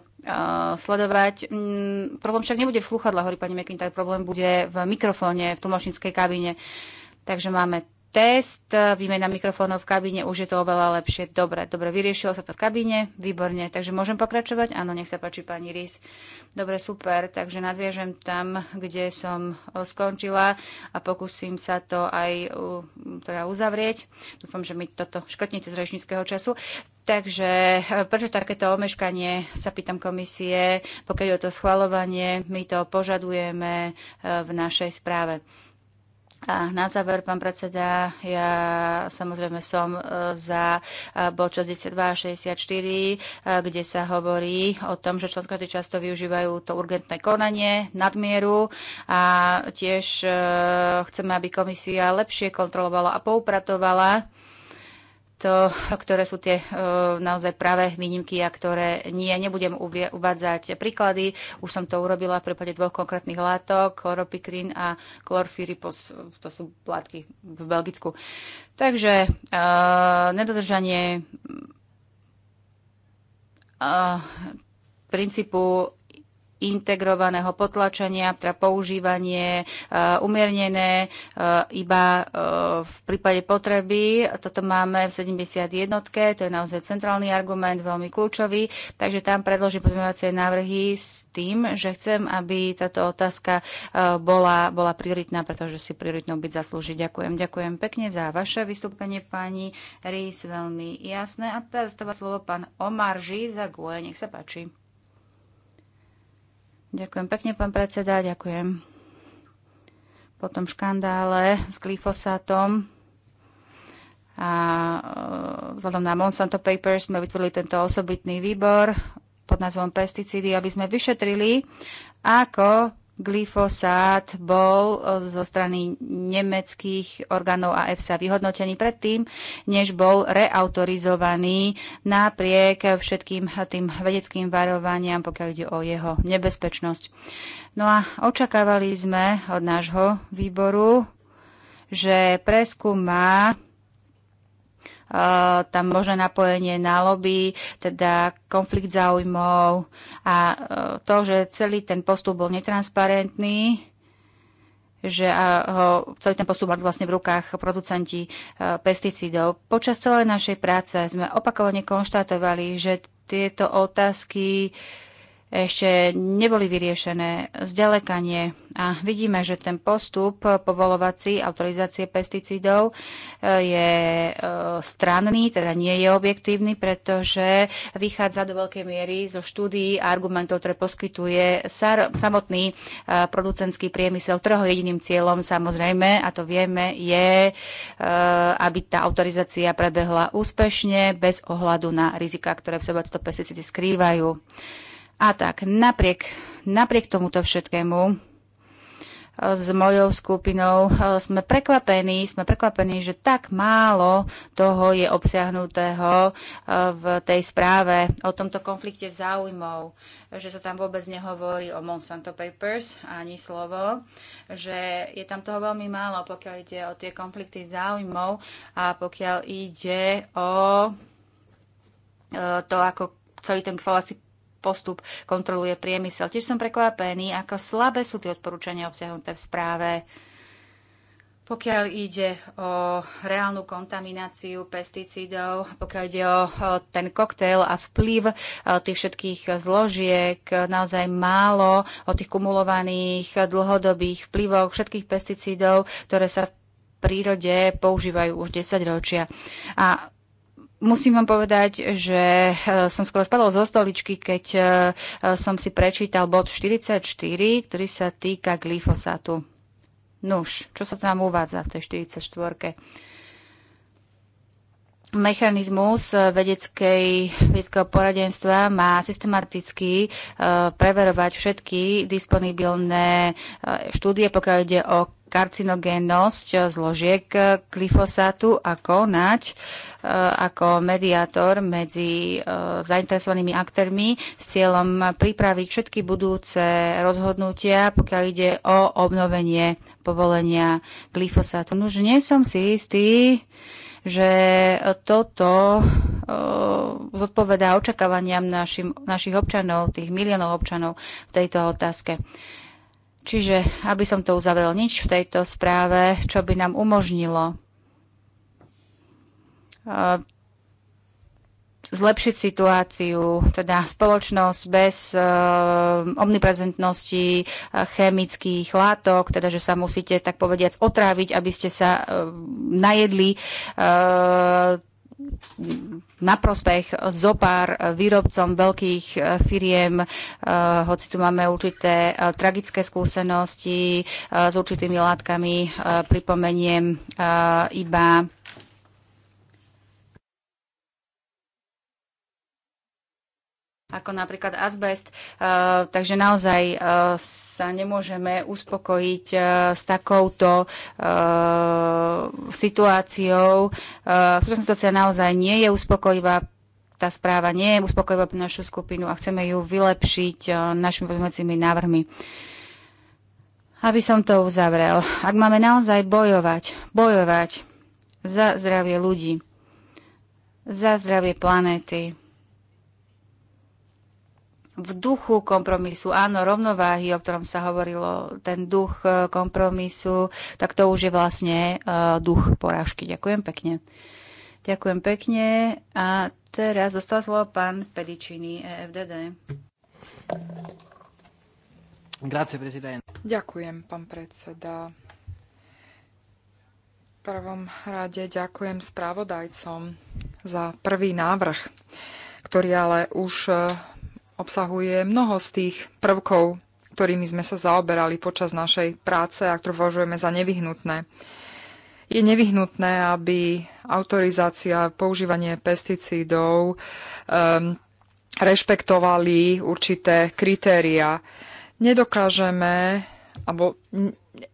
sledovať. Mm, problém však nebude v sluchadlách, hovorí pani McIntyre, problém bude v mikrofóne, v tlmočníckej kabíne. Takže máme test, e, výmena mikrofónov v kabíne, už je to oveľa lepšie. Dobre, dobre, vyriešilo sa to v kabíne, výborne, takže môžem pokračovať? Áno, nech sa páči, pani Rís. Dobre, super, takže nadviažem tam, kde som e, skončila a pokúsim sa to aj teda uzavrieť. Dúfam, že mi toto škrtnete z rečníckého času. Takže e, prečo takéto omeškanie, sa pýtam komisie, pokiaľ je to schvalovanie, my to požadujeme v našej správe. A na záver, pán predseda, ja samozrejme som e, za e, bod 62 64, e, kde sa hovorí o tom, že členské štáty často využívajú to urgentné konanie nadmieru a tiež chceme, aby komisia lepšie kontrolovala a poupratovala to, ktoré sú tie e, naozaj práve výnimky a ktoré nie. Nebudem uvádzať príklady, už som to urobila v prípade dvoch konkrétnych látok, chloropikrin a chlorfiripos, to sú látky v Belgicku. Takže e, nedodržanie e, princípu integrovaného potlačenia, teda používanie e, umiernené e, iba e, v prípade potreby. Toto máme v 71. To je naozaj centrálny argument, veľmi kľúčový. Takže tam predložím pozmeňovacie návrhy s tým, že chcem, aby táto otázka bola, bola prioritná, pretože si prioritnou byť zaslúži. Ďakujem. Ďakujem pekne za vaše vystúpenie, pani Rís, veľmi jasné. A teraz dáva slovo pán Omar Žiza GUE. Nech sa páči. Ďakujem pekne, pán predseda, ďakujem. Po tom škandále s glyfosátom a e, vzhľadom na Monsanto Papers sme vytvorili tento osobitný výbor pod názvom Pesticídy, aby sme vyšetrili, ako glyfosát bol e, zo strany nemeckých orgánov a EFSA vyhodnotený predtým, než bol reautorizovaný napriek všetkým tým vedeckým varovaniam, pokiaľ ide o jeho nebezpečnosť. No a očakávali sme od nášho výboru, že preskúma tam možné napojenie na lobby, teda konflikt záujmov a to, že celý ten postup bol netransparentný, že ho, celý ten postup mali vlastne v rukách producenti pesticídov. Počas celej našej práce sme opakovane konštatovali, že tieto otázky uh, ešte neboli vyriešené. zďalekanie. A vidíme, že ten postup povolovací autorizácie pesticídov e, je e, stranný, teda nie je objektívny, pretože vychádza do veľkej miery zo štúdií a argumentov, ktoré poskytuje samotný e, producentský priemysel, ktorého jediným cieľom samozrejme, a to vieme, je, aby tá autorizácia prebehla úspešne, bez ohľadu na rizika, ktoré v sebe tieto pesticídy skrývajú. A tak napriek, napriek tomuto všetkému e, s mojou skupinou e, sme prekvapení, sme prekvapení, že tak málo toho je obsiahnutého e, v tej správe o tomto konflikte záujmov, že sa tam vôbec nehovorí o Monsanto Papers ani slovo, že je tam toho veľmi málo, pokiaľ ide o tie konflikty záujmov a pokiaľ ide o to, ako celý ten kvalací postup kontroluje priemysel. Tiež som prekvapený, ako slabé sú tie odporúčania obsiahnuté v správe. Pokiaľ ide o reálnu kontamináciu pesticídov, pokiaľ ide o ten koktail a vplyv tých všetkých zložiek, naozaj málo o tých kumulovaných dlhodobých vplyvoch všetkých pesticídov, ktoré sa v prírode používajú už 10 ročia. A Musím vám povedať, že eh, som skoro spadol zo stoličky, keď eh, eh, som si prečítal bod 44, ktorý sa týka glyfosátu. Nuž, čo sa tam uvádza v tej 44 Mechanizmus vedeckej, vedeckého poradenstva má systematicky preverovať všetky disponibilné štúdie, pokiaľ ide o karcinogénnosť eh, zložiek eh, glyfosátu a konať eh, ako mediátor medzi zainteresovanými aktérmi s cieľom pripraviť všetky budúce rozhodnutia, pokiaľ ide o obnovenie povolenia glyfosátu. No už nie som si istý, že toto zodpovedá očakávaniam našim, našich občanov, tých miliónov občanov v tejto otázke. Čiže, aby som to uzavrel, nič v tejto správe, čo by nám umožnilo eh, zlepšiť situáciu, teda spoločnosť bez eh, omniprezentnosti eh, chemických látok, teda že sa musíte tak povediac otráviť, aby ste sa najedli na prospech zopár výrobcom veľkých eh, firiem, eh, hoci tu máme určité eh, tragické skúsenosti s určitými látkami, pripomeniem iba ako napríklad azbest. E, takže naozaj e, sa nemôžeme uspokojiť e, s takouto situáciou. Súčasná situácia naozaj nie je uspokojivá, tá správa nie je uspokojivá pre našu skupinu a chceme ju vylepšiť našimi pozmeňujúcimi návrhmi. Aby som to uzavrel, ak máme naozaj bojovať, bojovať za zdravie ľudí, za zdravie planéty, v duchu kompromisu, áno, rovnováhy, o ktorom sa hovorilo, ten duch e, kompromisu, tak to už je vlastne e, duch porážky. Ďakujem pekne. Ďakujem pekne. A teraz zostal slovo pán Pedičiny, EFDD. Grazie, prezident. Ďakujem, pán predseda. V prvom rade ďakujem správodajcom za prvý návrh, ktorý ale už e, obsahuje mnoho z tých prvkov, ktorými sme sa zaoberali počas našej práce a ktoré považujeme za nevyhnutné. Je nevyhnutné, aby autorizácia používanie pesticídov um, rešpektovali určité kritéria. Nedokážeme alebo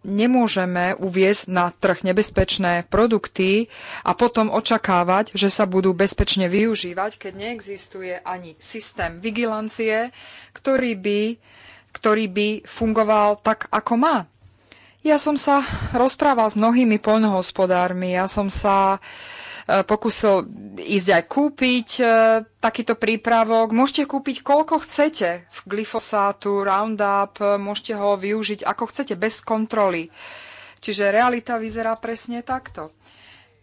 nemôžeme uviezť na trh nebezpečné produkty a potom očakávať, že sa budú bezpečne využívať, keď neexistuje ani systém vigilancie, ktorý by, ktorý by fungoval tak, ako má. Ja som sa rozprával s mnohými poľnohospodármi, ja som sa uh, pokusil ísť aj kúpiť e, takýto prípravok. Môžete kúpiť koľko chcete v glyfosátu, Roundup, e, môžete ho využiť ako chcete, bez kontroly. Čiže realita vyzerá presne takto.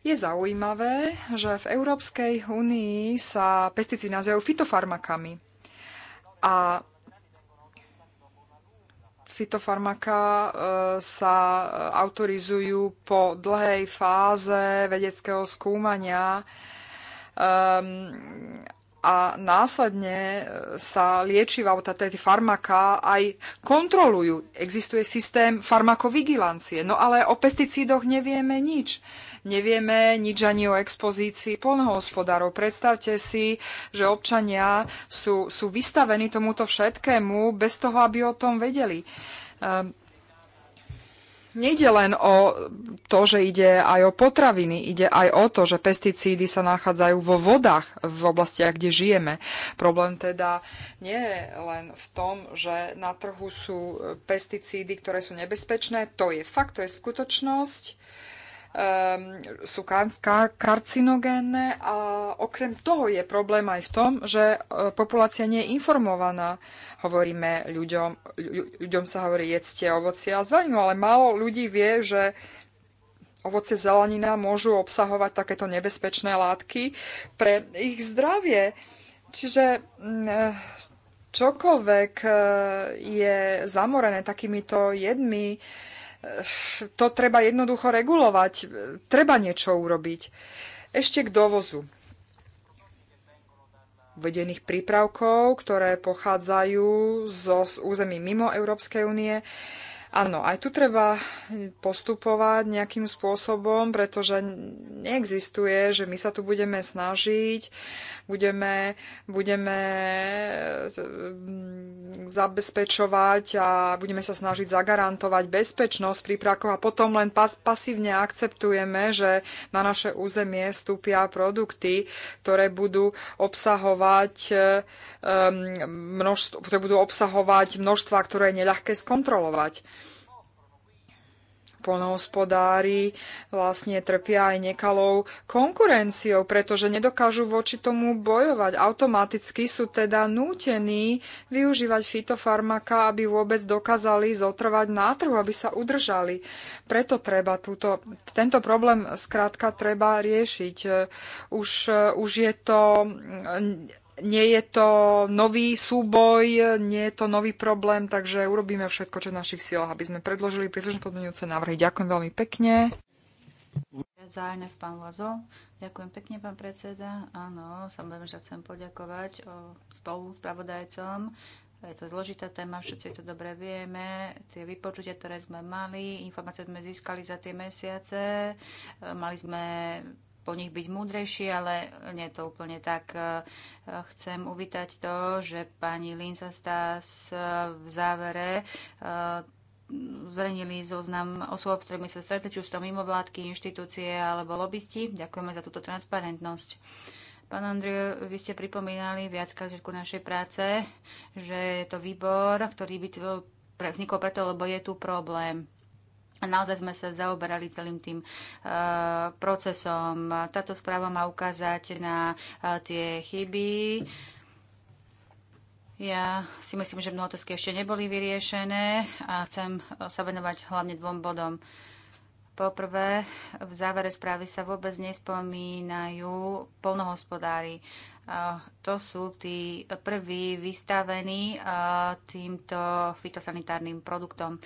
Je zaujímavé, že v Európskej únii sa pesticídy nazývajú fitofarmakami. A fitofarmaka e, sa autorizujú po dlhej fáze vedeckého skúmania ehm, a následne e, sa liečiva, alebo tie farmaka aj kontrolujú. Existuje systém farmakovigilancie, no ale o pesticídoch nevieme nič nevieme nič ani o expozícii polnohospodárov. Predstavte si, že občania sú, sú vystavení tomuto všetkému bez toho, aby o tom vedeli. Ehm, nejde len o to, že ide aj o potraviny, ide aj o to, že pesticídy sa nachádzajú vo vodách v oblastiach, kde žijeme. Problém teda nie je len v tom, že na trhu sú pesticídy, ktoré sú nebezpečné. To je fakt, to je skutočnosť um, sú kar- kar- karcinogénne a okrem toho je problém aj v tom, že e, populácia nie je informovaná. Hovoríme ľuďom, ľuďom sa hovorí jedzte ovoci a zeleninu, ale málo ľudí vie, že ovoce zelenina môžu obsahovať takéto nebezpečné látky pre ich zdravie. Čiže mm, e, čokoľvek e, je zamorené takýmito jedmi, to treba jednoducho regulovať. Treba niečo urobiť. Ešte k dovozu vedených prípravkov, ktoré pochádzajú zo z území mimo Európskej únie. Áno, aj tu treba postupovať nejakým spôsobom, pretože neexistuje, že my sa tu budeme snažiť, budeme, budeme mm, zabezpečovať a budeme sa snažiť zagarantovať bezpečnosť pri a potom len pasívne akceptujeme, že na naše územie vstúpia produkty, ktoré budú obsahovať e, mm, množstvo, ktoré budú obsahovať množstva, ktoré je neľahké skontrolovať polnohospodári vlastne trpia aj nekalou konkurenciou, pretože nedokážu voči tomu bojovať. Automaticky sú teda nútení využívať fitofarmaka, aby vôbec dokázali zotrvať na trhu, aby sa udržali. Preto treba túto, tento problém zkrátka treba riešiť. Už, už je to nie je to nový súboj, nie je to nový problém, takže urobíme všetko, čo v našich silách, aby sme predložili príslušné podmienujúce návrhy. Ďakujem veľmi pekne. Za pán Lazo. Ďakujem pekne, pán predseda. Áno, samozrejme, že chcem poďakovať spolu pravodajcom. Je to zložitá téma, všetci to dobre vieme. Tie vypočutia, ktoré sme mali, informácie sme získali za tie mesiace. E, mali sme po nich byť múdrejší, ale nie je to úplne tak. E, chcem uvítať to, že pani Linsa Stas v závere e, zverejnili zoznam osôb, s ktorými sa stretli, či už to mimovládky, inštitúcie alebo lobbysti. Ďakujeme za túto transparentnosť. Pán Andriu, vy ste pripomínali viackrát všetku našej práce, že je to výbor, ktorý by vznikol preto, lebo je tu problém. A Naozaj sme sa zaoberali celým tým eh, procesom. Táto správa má ukázať na eh, tie chyby. Ja si myslím, že mnoho otázky ešte neboli vyriešené a chcem eh, sa venovať hlavne dvom bodom. Poprvé, v závere správy sa vôbec nespomínajú polnohospodári. To sú tí prví vystavení týmto fitosanitárnym produktom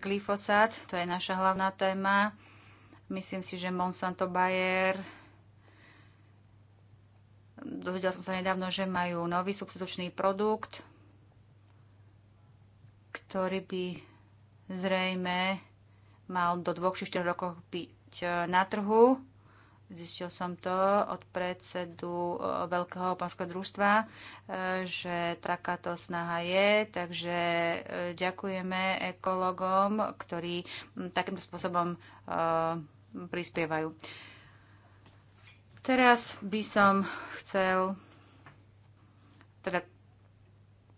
glyfosát, to je naša hlavná téma. Myslím si, že Monsanto Bayer Dozvedel som sa nedávno, že majú nový substitučný produkt, ktorý by zrejme mal do 2-4 rokov byť eh, na trhu. Zistil som to od predsedu e, Veľkého panského družstva, e, že takáto snaha je, takže e, ďakujeme ekologom, ktorí takýmto spôsobom prispievajú. Teraz by som chcel teda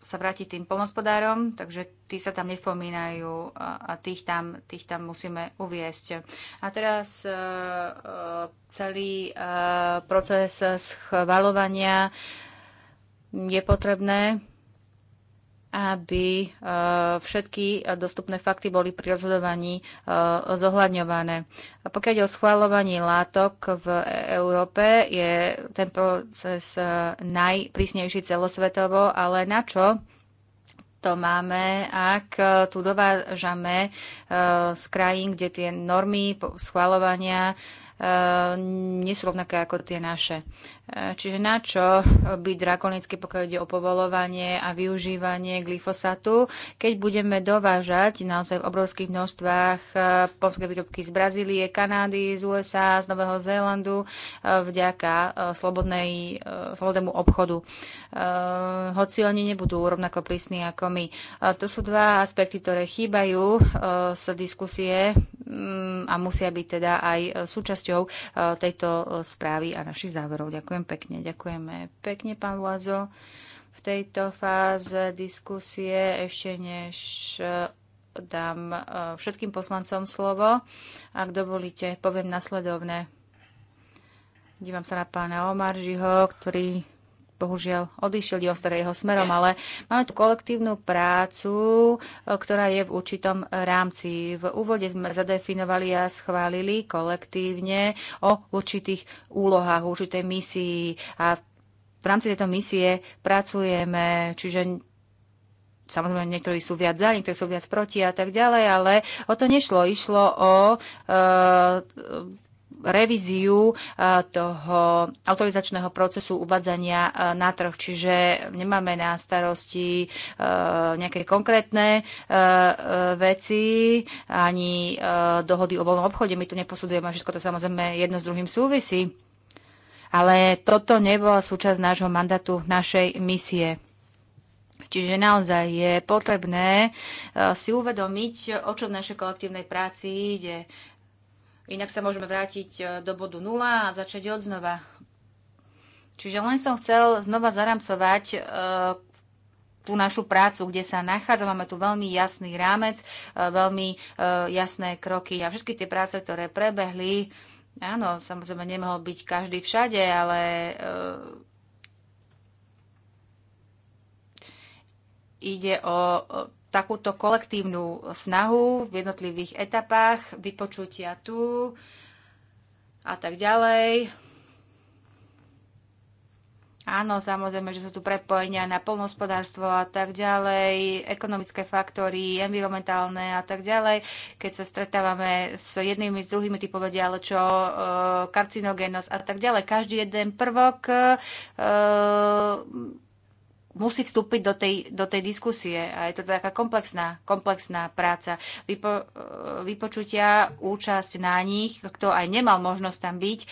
sa vráti tým polnospodárom, takže tí sa tam nepomínajú a tých tam, tých tam musíme uviesť. A teraz e, e, celý e, proces schvalovania je potrebné aby eh, všetky dostupné fakty boli pri rozhodovaní eh, zohľadňované. A pokiaľ ide o schváľovanie látok v Európe, je ten proces eh, najprísnejší celosvetovo, ale na čo to máme, ak tu dovážame z krajín, kde tie normy schváľovania nie sú rovnaké ako tie naše. Čiže na čo byť drakonicky, pokiaľ ide o povolovanie a využívanie glyfosátu, keď budeme dovážať naozaj v obrovských množstvách eh, pomské výrobky z Brazílie, Kanády, z USA, z Nového Zélandu eh, vďaka eh, slobodnej, slobodnému obchodu. Hoci oni nebudú rovnako prísni ako my. To sú dva aspekty, ktoré chýbajú z diskusie mm, a musia byť teda aj súčasťou tejto správy a našich záverov. Ďakujem Ďakujem pekne, ďakujeme pekne, pán Luazo. V tejto fáze diskusie ešte než eh, dám eh, všetkým poslancom slovo. Ak dovolíte, poviem nasledovné. Dívam sa na pána Omaržiho, ktorý bohužiaľ odišiel, ostar jeho smerom, ale máme tu kolektívnu prácu, e, ktorá je v určitom rámci. V úvode sme zadefinovali a schválili kolektívne o určitých úlohách, určitej misii a v rámci tejto misie pracujeme, čiže samozrejme niektorí sú viac za, niektorí sú viac proti a tak ďalej, ale o to nešlo. Išlo o e, revíziu eh, toho autorizačného procesu uvádzania eh, na trh. Čiže nemáme na starosti eh, nejaké konkrétne veci ani dohody o voľnom obchode. My tu neposudzujeme, všetko to samozrejme jedno s druhým súvisí. Ale toto nebola súčasť nášho mandátu, našej misie. Čiže naozaj je potrebné si uvedomiť, o čo v našej kolektívnej práci ide. Inak sa môžeme vrátiť e, do bodu 0 a začať od znova. Čiže len som chcel znova zaramcovať e, tú našu prácu, kde sa nachádza. Máme tu veľmi jasný rámec, e, veľmi jasné kroky a všetky tie práce, ktoré prebehli, áno, samozrejme nemohol byť každý všade, ale ide o takúto kolektívnu snahu v jednotlivých etapách, vypočutia tu a tak ďalej. Áno, samozrejme, že sú tu prepojenia na polnohospodárstvo a tak ďalej, ekonomické faktory, environmentálne a tak ďalej. Keď sa stretávame s jednými, s druhými, ty povedia, ale čo, e, karcinogénnosť a tak ďalej. Každý jeden prvok e, musí vstúpiť do tej, do tej diskusie. A je to taká komplexná, komplexná práca. Vypo, e, vypočutia, účasť na nich, kto aj nemal možnosť tam byť, e,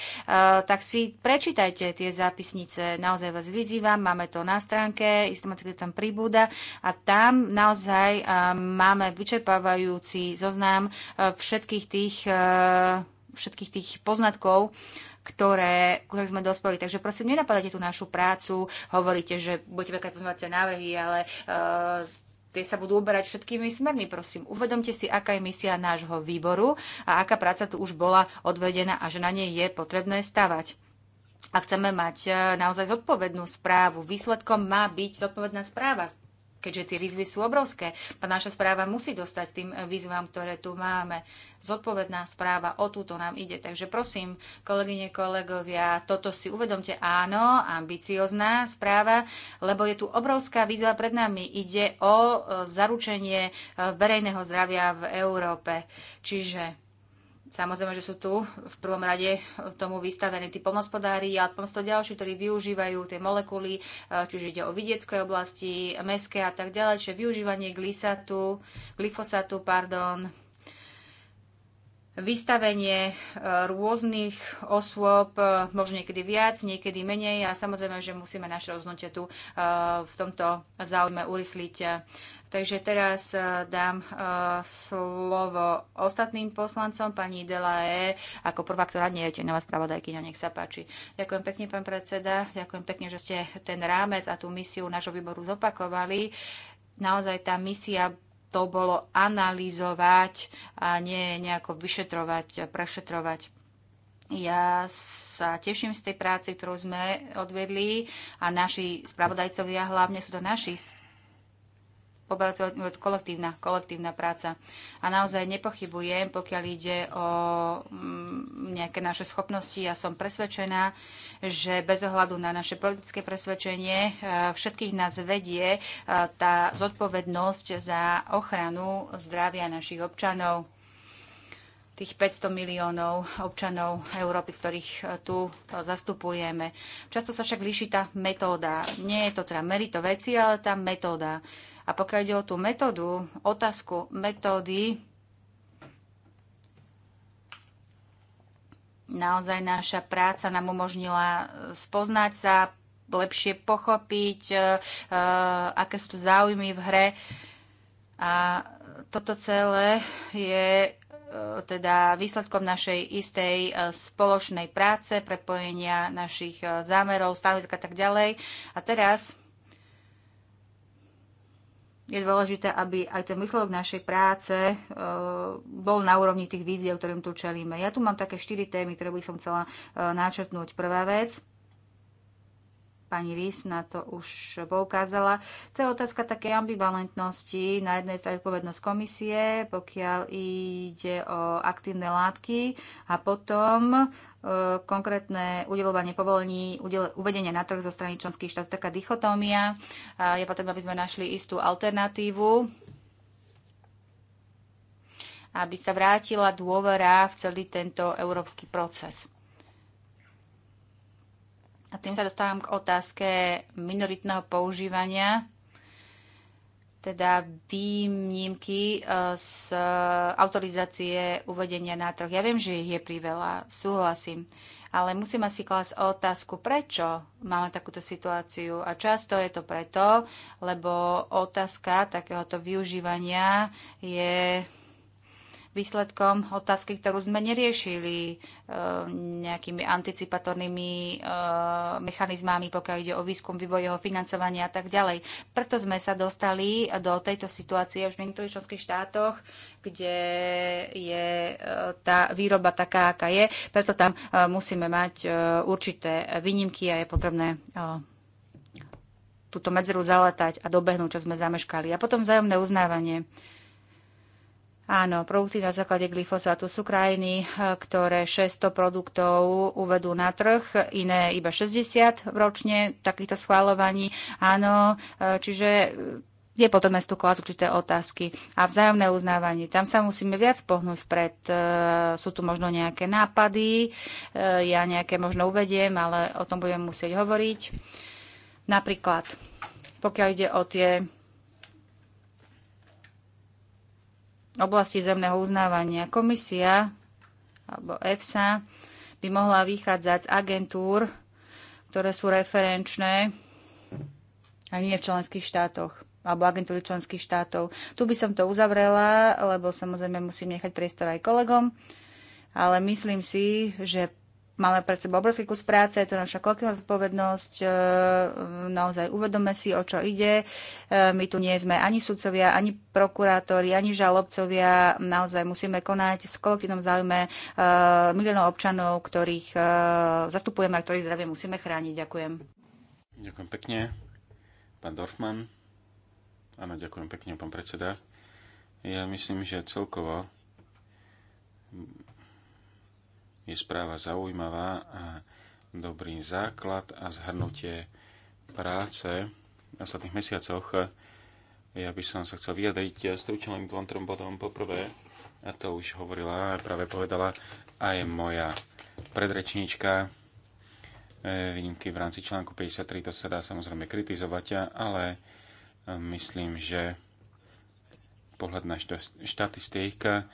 tak si prečítajte tie zápisnice. Naozaj vás vyzývam, máme to na stránke, istomaticky tam pribúda a tam naozaj e, máme vyčerpávajúci zoznam všetkých tých, všetkých tých poznatkov, ktoré, ktoré sme dospeli. Takže prosím, nenapadajte tú našu prácu, hovoríte, že budete veľké pozmávacie návrhy, ale uh, tie sa budú uberať všetkými smermi, prosím. Uvedomte si, aká je misia nášho výboru a aká práca tu už bola odvedená a že na nej je potrebné stavať. Ak chceme mať e, naozaj zodpovednú správu, výsledkom má byť zodpovedná správa, keďže tie výzvy sú obrovské. Tá naša správa musí dostať tým výzvam, ktoré tu máme. Zodpovedná správa, o túto nám ide. Takže prosím, kolegyne, kolegovia, toto si uvedomte. Áno, ambiciozná správa, lebo je tu obrovská výzva pred nami. Ide o e, zaručenie e, verejného zdravia v Európe. Čiže Samozrejme, že sú tu v prvom rade tomu vystavení tí polnospodári a potom to ďalší, ktorí využívajú tie molekuly, e, čiže ide o vidiecké oblasti, meské a tak ďalej, čiže využívanie glisatu, glyfosatu, pardon, vystavenie e, rôznych osôb, e, možno niekedy viac, niekedy menej a samozrejme, že musíme naše rozhodnutie tu v tomto záujme urychliť. Takže teraz e, dám e, slovo ostatným poslancom, pani Delae, ako prvá, ktorá nie je nová spravodajkyňa, nech sa páči. Ďakujem pekne, pán predseda, ďakujem pekne, že ste ten rámec a tú misiu nášho výboru zopakovali. Naozaj tá misia to bolo analyzovať a nie nejako vyšetrovať, prešetrovať. Ja sa teším z tej práce, ktorú sme odvedli a naši spravodajcovia, hlavne sú to naši poberateľov kolektívna, kolektívna práca. A naozaj nepochybujem, pokiaľ ide o mm, nejaké naše schopnosti. Ja som presvedčená, že bez ohľadu na naše politické presvedčenie e, všetkých nás vedie e, tá zodpovednosť za ochranu zdravia našich občanov tých 500 miliónov občanov Európy, ktorých e, tu zastupujeme. Často sa však líši tá metóda. Nie je to teda merito veci, ale tá metóda. A pokiaľ ide o tú metódu, otázku metódy, naozaj naša práca nám umožnila e, spoznať sa, lepšie pochopiť, e, e, aké sú tu záujmy v hre. A toto celé je teda výsledkom našej istej spoločnej práce, prepojenia našich zámerov, stanovisk a tak ďalej. A teraz je dôležité, aby aj ten výsledok našej práce e, bol na úrovni tých víziev, ktorým tu čelíme. Ja tu mám také štyri témy, ktoré by som chcela e, načrtnúť. Prvá vec, pani Rís na to už poukázala. To je otázka takej ambivalentnosti. Na jednej strane odpovednosť komisie, pokiaľ ide o aktívne látky a potom e, konkrétne udelovanie povolení, udel, uvedenie na trh zo strany členských štátov. Taká dichotómia. je potrebné, aby sme našli istú alternatívu aby sa vrátila dôvera v celý tento európsky proces. A tým sa dostávam k otázke minoritného používania, teda výnimky e, z autorizácie uvedenia na trh. Ja viem, že ich je priveľa, súhlasím, ale musím asi klásť otázku, prečo máme takúto situáciu. A často je to preto, lebo otázka takéhoto využívania je výsledkom otázky, ktorú sme neriešili e, nejakými anticipatornými e, mechanizmami, pokiaľ ide o výskum, vývoj jeho financovania a tak ďalej. Preto sme sa dostali do tejto situácie už v niektorých členských štátoch, kde je e, tá výroba taká, aká je. Preto tam musíme mať určité výnimky a je potrebné túto medzeru zaletať a dobehnúť, čo sme zameškali. A potom vzájomné uznávanie. Uh, Áno, produkty na základe glyfosátu sú krajiny, eh, ktoré 600 produktov uvedú na trh, iné iba 60 ročne takýchto schváľovaní. Áno, eh, čiže eh, je potom mestu klas určité otázky. A vzájomné uznávanie, tam sa musíme viac pohnúť vpred. Sú tu možno nejaké nápady, ja nejaké možno uvediem, ale o tom budem musieť hovoriť. Napríklad, pokiaľ ide o tie oblasti zemného uznávania. Komisia alebo EFSA by mohla vychádzať z agentúr, ktoré sú referenčné a nie v členských štátoch alebo agentúry členských štátov. Tu by som to uzavrela, lebo samozrejme musím nechať priestor aj kolegom, ale myslím si, že Máme pred sebou obrovský kus práce, je to naša kolektivná zodpovednosť, e, naozaj uvedome si, o čo ide. E, my tu nie sme ani sudcovia, ani prokurátori, ani žalobcovia. Naozaj musíme konať v kolektívnom záujme e, miliónov občanov, ktorých zastupujeme a ktorých zdravie musíme chrániť. Ďakujem. Ďakujem pekne. Pán Dorfman. Áno, ďakujem pekne, pán predseda. Ja myslím, že celkovo je správa zaujímavá a dobrý základ a zhrnutie práce v ostatných mesiacoch. Ja by som sa chcel vyjadriť stručne dvom trom bodom. Poprvé, a to už hovorila a práve povedala aj moja predrečníčka, e, výnimky v rámci článku 53, to sa dá samozrejme kritizovať, ale e, myslím, že pohľad na štatistika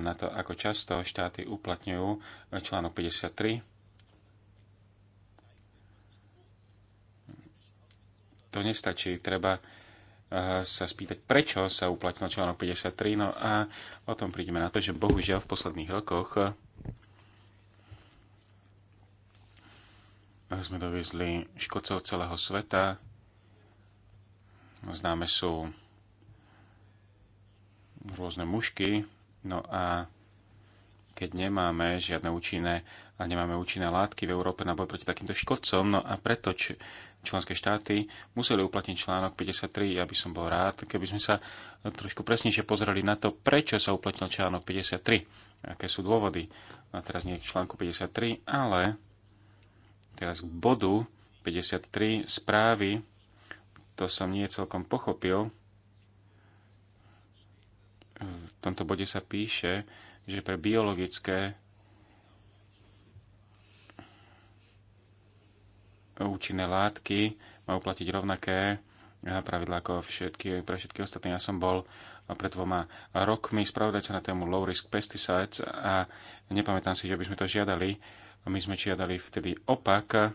na to, ako často štáty uplatňujú článok 53. To nestačí, treba eh, sa spýtať, prečo sa uplatnil článok 53. No a o tom prídeme na to, že bohužiaľ v posledných rokoch eh, sme doviezli škodcov celého sveta. Známe sú rôzne mušky, No a keď nemáme žiadne účinné a nemáme účinné látky v Európe na boj proti takýmto škodcom, no a preto č- členské štáty museli uplatniť článok 53. Ja by som bol rád, keby sme sa trošku presnejšie pozreli na to, prečo sa uplatnil článok 53, aké sú dôvody. No a teraz nie k článku 53, ale teraz k bodu 53 správy, to som nie celkom pochopil, v tomto bode sa píše, že pre biologické účinné látky majú platiť rovnaké e, pravidlá ako všetky, pre všetky ostatné. Ja som bol pred dvoma rokmi spravodajca na tému Low Risk Pesticides a nepamätám si, že by sme to žiadali. My sme žiadali vtedy opak,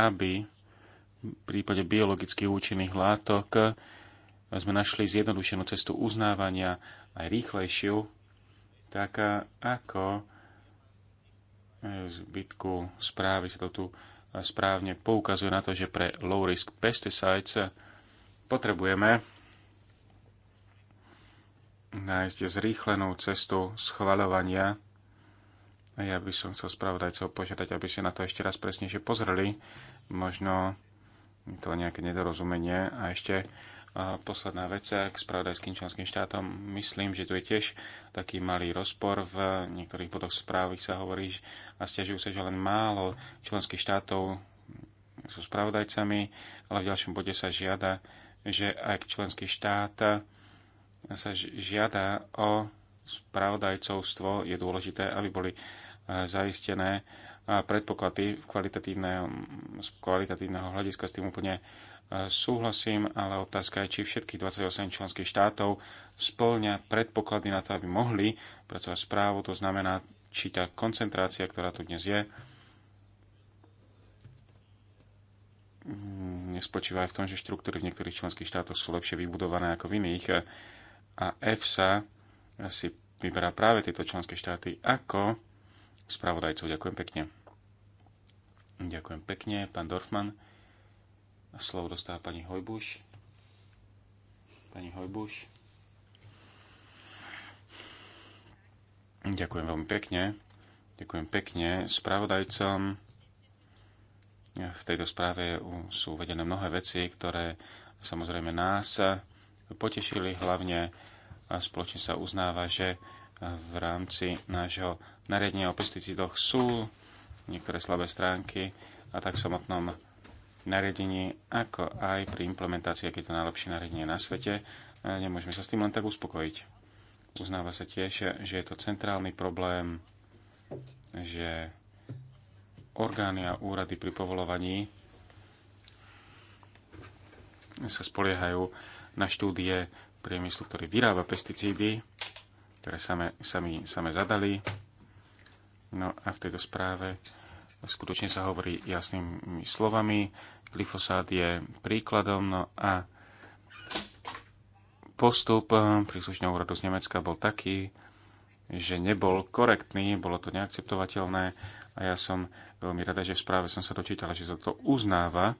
aby v prípade biologicky účinných látok sme našli zjednodušenú cestu uznávania, aj rýchlejšiu, tak eh, ako eh, zbytku správy sa to tu eh, správne poukazuje na to, že pre low-risk pesticides potrebujeme nájsť zrýchlenú cestu schvaľovania. A ja by som chcel spravodajcov požiadať, aby si na to ešte raz presnejšie pozreli. Možno to nejaké nedorozumenie. A ešte posledná vec k spravodajským členským štátom. Myslím, že tu je tiež taký malý rozpor. V niektorých bodoch správy sa hovorí a stiažujú sa, že len málo členských štátov sú spravodajcami, ale v ďalšom bode sa žiada, že aj členský štát sa žiada o spravodajcovstvo, je dôležité, aby boli e, zaistené predpoklady v kvalitatívneho, z kvalitatívneho hľadiska s tým úplne súhlasím, ale otázka je, či všetkých 28 členských štátov spĺňa predpoklady na to, aby mohli pracovať správu. To znamená, či tá koncentrácia, ktorá tu dnes je, mm, nespočíva aj v tom, že štruktúry v niektorých členských štátoch sú lepšie vybudované ako v iných. A EFSA si vyberá práve tieto členské štáty ako spravodajcov. Ďakujem pekne. Ďakujem pekne, pán Dorfman. Slovo dostáva pani Hojbuš. Pani Hojbuš. Ďakujem veľmi pekne. Ďakujem pekne spravodajcom. V tejto správe sú uvedené mnohé veci, ktoré samozrejme nás potešili. Hlavne spoločne sa uznáva, že v rámci nášho nariadenia o pesticidoch sú niektoré slabé stránky a tak v samotnom nariadení, ako aj pri implementácii, aké je to najlepšie nariadenie na svete. Nemôžeme sa s tým len tak uspokojiť. Uznáva sa tiež, že je to centrálny problém, že orgány a úrady pri povolovaní sa spoliehajú na štúdie priemyslu, ktorý vyrába pesticídy, ktoré same, sami, same zadali. No a v tejto správe skutočne sa hovorí jasnými slovami. Glyfosát je príkladom, no a postup príslušného úradu z Nemecka bol taký, že nebol korektný, bolo to neakceptovateľné a ja som veľmi rada, že v správe som sa dočítal, že sa to uznáva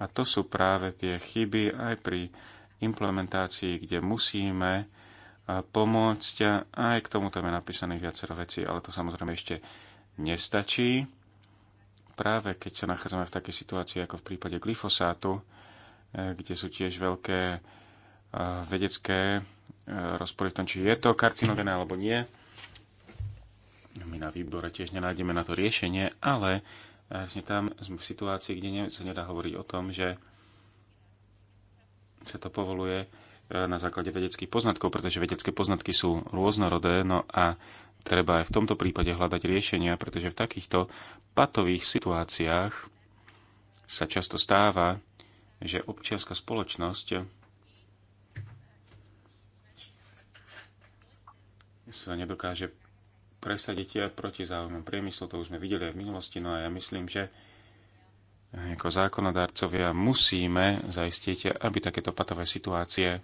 a to sú práve tie chyby aj pri implementácii, kde musíme pomôcť. Aj k tomu tam je napísaných viacero vecí, ale to samozrejme ešte nestačí práve keď sa nachádzame v takej situácii ako v prípade glyfosátu, e, kde sú tiež veľké e, vedecké e, rozpory v tom, či je to karcinogéne alebo nie. My na výbore tiež nenájdeme na to riešenie, ale vlastne tam sme v situácii, kde sa nedá hovoriť o tom, že sa to povoluje na základe vedeckých poznatkov, pretože vedecké poznatky sú rôznorodé, no a treba aj v tomto prípade hľadať riešenia, pretože v takýchto patových situáciách sa často stáva, že občianská spoločnosť sa nedokáže presadiť proti záujmom priemyslu. To už sme videli aj v minulosti, no a ja myslím, že ako zákonodárcovia musíme zaistiť, aby takéto patové situácie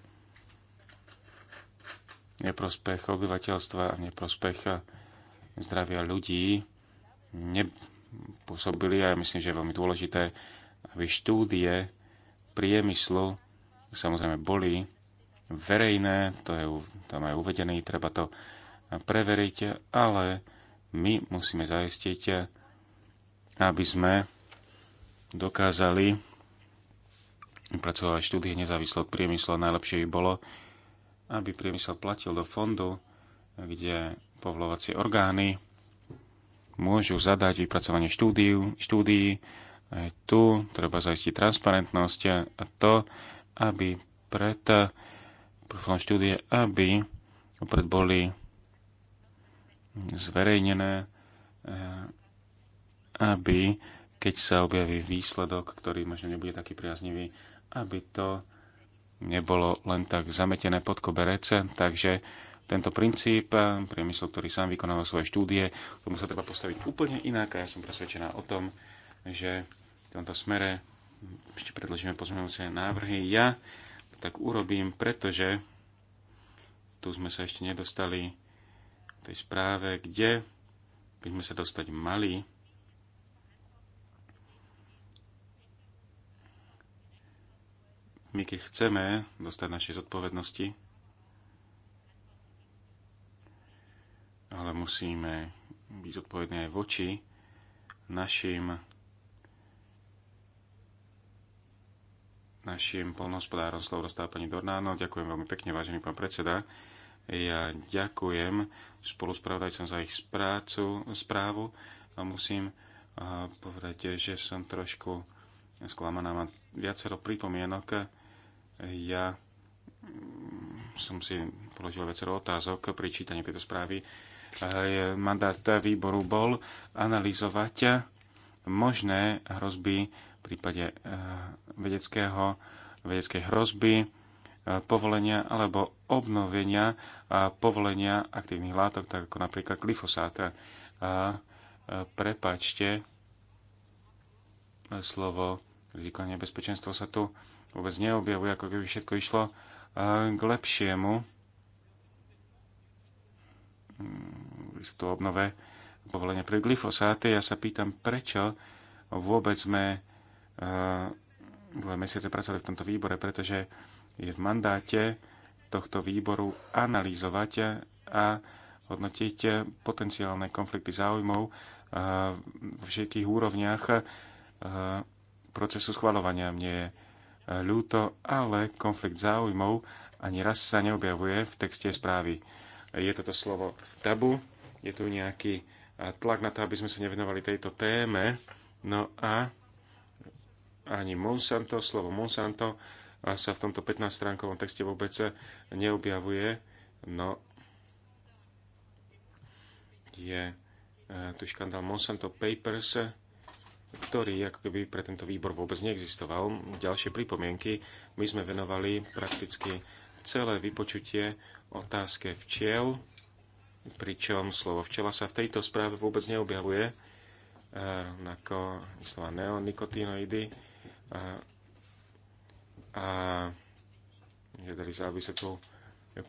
neprospech obyvateľstva a v neprospech zdravia ľudí nepôsobili a ja myslím, že je veľmi dôležité, aby štúdie priemyslu samozrejme boli verejné, to je tam aj uvedené, treba to preveriť, ale my musíme zaistiť, aby sme dokázali pracovať štúdie nezávisle od priemyslu. Najlepšie by bolo, aby priemysel platil do fondu, kde povolovacie orgány môžu zadať vypracovanie štúdiu, štúdií. Aj tu treba zaistiť transparentnosť a to, aby pred profilom štúdie, aby opred boli zverejnené, eh, aby keď sa objaví výsledok, ktorý možno nebude taký priaznivý, aby to nebolo len tak zametené pod koberec, takže tento princíp, priemysel, ktorý sám vykonával svoje štúdie, tomu sa treba postaviť úplne inak a ja som presvedčená o tom, že v tomto smere ešte predložíme pozmeňujúce návrhy. Ja to tak urobím, pretože tu sme sa ešte nedostali v tej správe, kde by sme sa dostať mali my keď chceme dostať naše zodpovednosti, ale musíme byť zodpovední aj voči našim našim polnohospodárom slovo dostáva pani Dornáno. Ďakujem veľmi pekne, vážený pán predseda. Ja ďakujem spoluspravodajcom za ich sprácu, správu a musím povedať, že som trošku sklamaná. Mám viacero pripomienok ja mm, som si položil viacero otázok pri čítaní tejto správy. E, mandát výboru bol analyzovať možné hrozby v prípade e, vedeckého, vedeckej hrozby, e, povolenia alebo obnovenia povolenia aktívnych látok, tak ako napríklad glyfosát. Prepačte, slovo riziko nebezpečenstvo sa tu vôbec neobjavuje, ako keby všetko išlo eh, k lepšiemu. Mm, tu obnove povolenie pre glyfosáty. Ja sa pýtam, prečo vôbec sme eh, dva mesiace pracovali v tomto výbore, pretože je v mandáte tohto výboru analýzovať a hodnotiť potenciálne konflikty záujmov eh, vo všetkých úrovniach procesu schvalovania. Mne je ľúto, ale konflikt záujmov ani raz sa neobjavuje v texte správy. Je toto slovo tabu, je tu nejaký tlak na to, aby sme sa nevenovali tejto téme, no a ani Monsanto, slovo Monsanto sa v tomto 15-stránkovom texte vôbec neobjavuje, no je e, tu škandál Monsanto Papers, ktorý ako keby pre tento výbor vôbec neexistoval. Ďalšie pripomienky. My sme venovali prakticky celé vypočutie otázke včiel, pričom slovo včela sa v tejto správe vôbec neobjavuje, eh, ako slova neonikotinoidy a, a žiadali sa, aby sa tu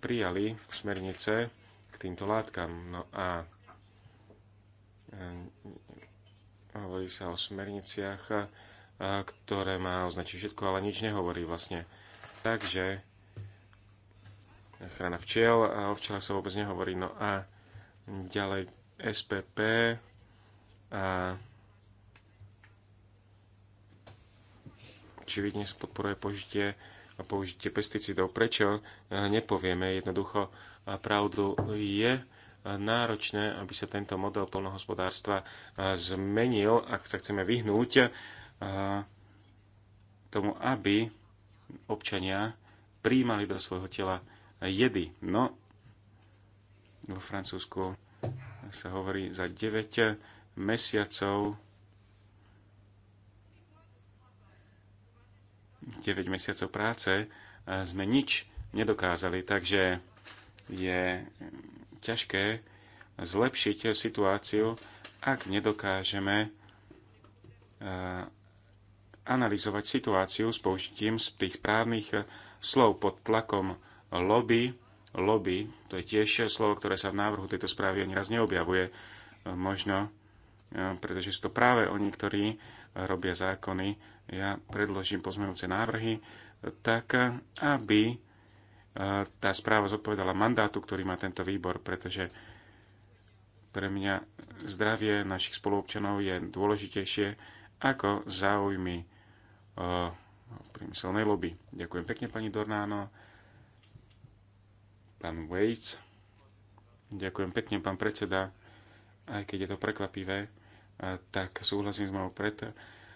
prijali smernice k týmto látkam. No a eh, Hovorí sa o smerniciach, ktoré má označiť všetko, ale nič nehovorí vlastne. Takže chrana včiel a o včelách sa vôbec nehovorí. No a ďalej SPP a či očividne podporuje požitie a použitie pesticidov. Prečo? E, nepovieme. Jednoducho pravdu je, náročné, aby sa tento model polnohospodárstva eh, zmenil, ak sa chceme vyhnúť eh, tomu, aby občania príjmali do svojho tela jedy. No, vo Francúzsku sa hovorí za 9 mesiacov 9 mesiacov práce eh, sme nič nedokázali, takže je ťažké zlepšiť situáciu, ak nedokážeme eh, analyzovať situáciu s použitím z tých právnych eh, slov pod tlakom lobby. Lobby, to je tiež slovo, ktoré sa v návrhu tejto správy ani raz neobjavuje. Eh, možno, pretože sú to práve oni, ktorí robia zákony. Ja predložím pozmeňujúce návrhy tak, aby tá správa zodpovedala mandátu, ktorý má tento výbor, pretože pre mňa zdravie našich spoluobčanov je dôležitejšie ako záujmy e, priemyselnej lobby. Ďakujem pekne, pani Dornáno. Pán Waits. Ďakujem pekne, pán predseda. Aj keď je to prekvapivé, e, tak súhlasím s mojou predsedou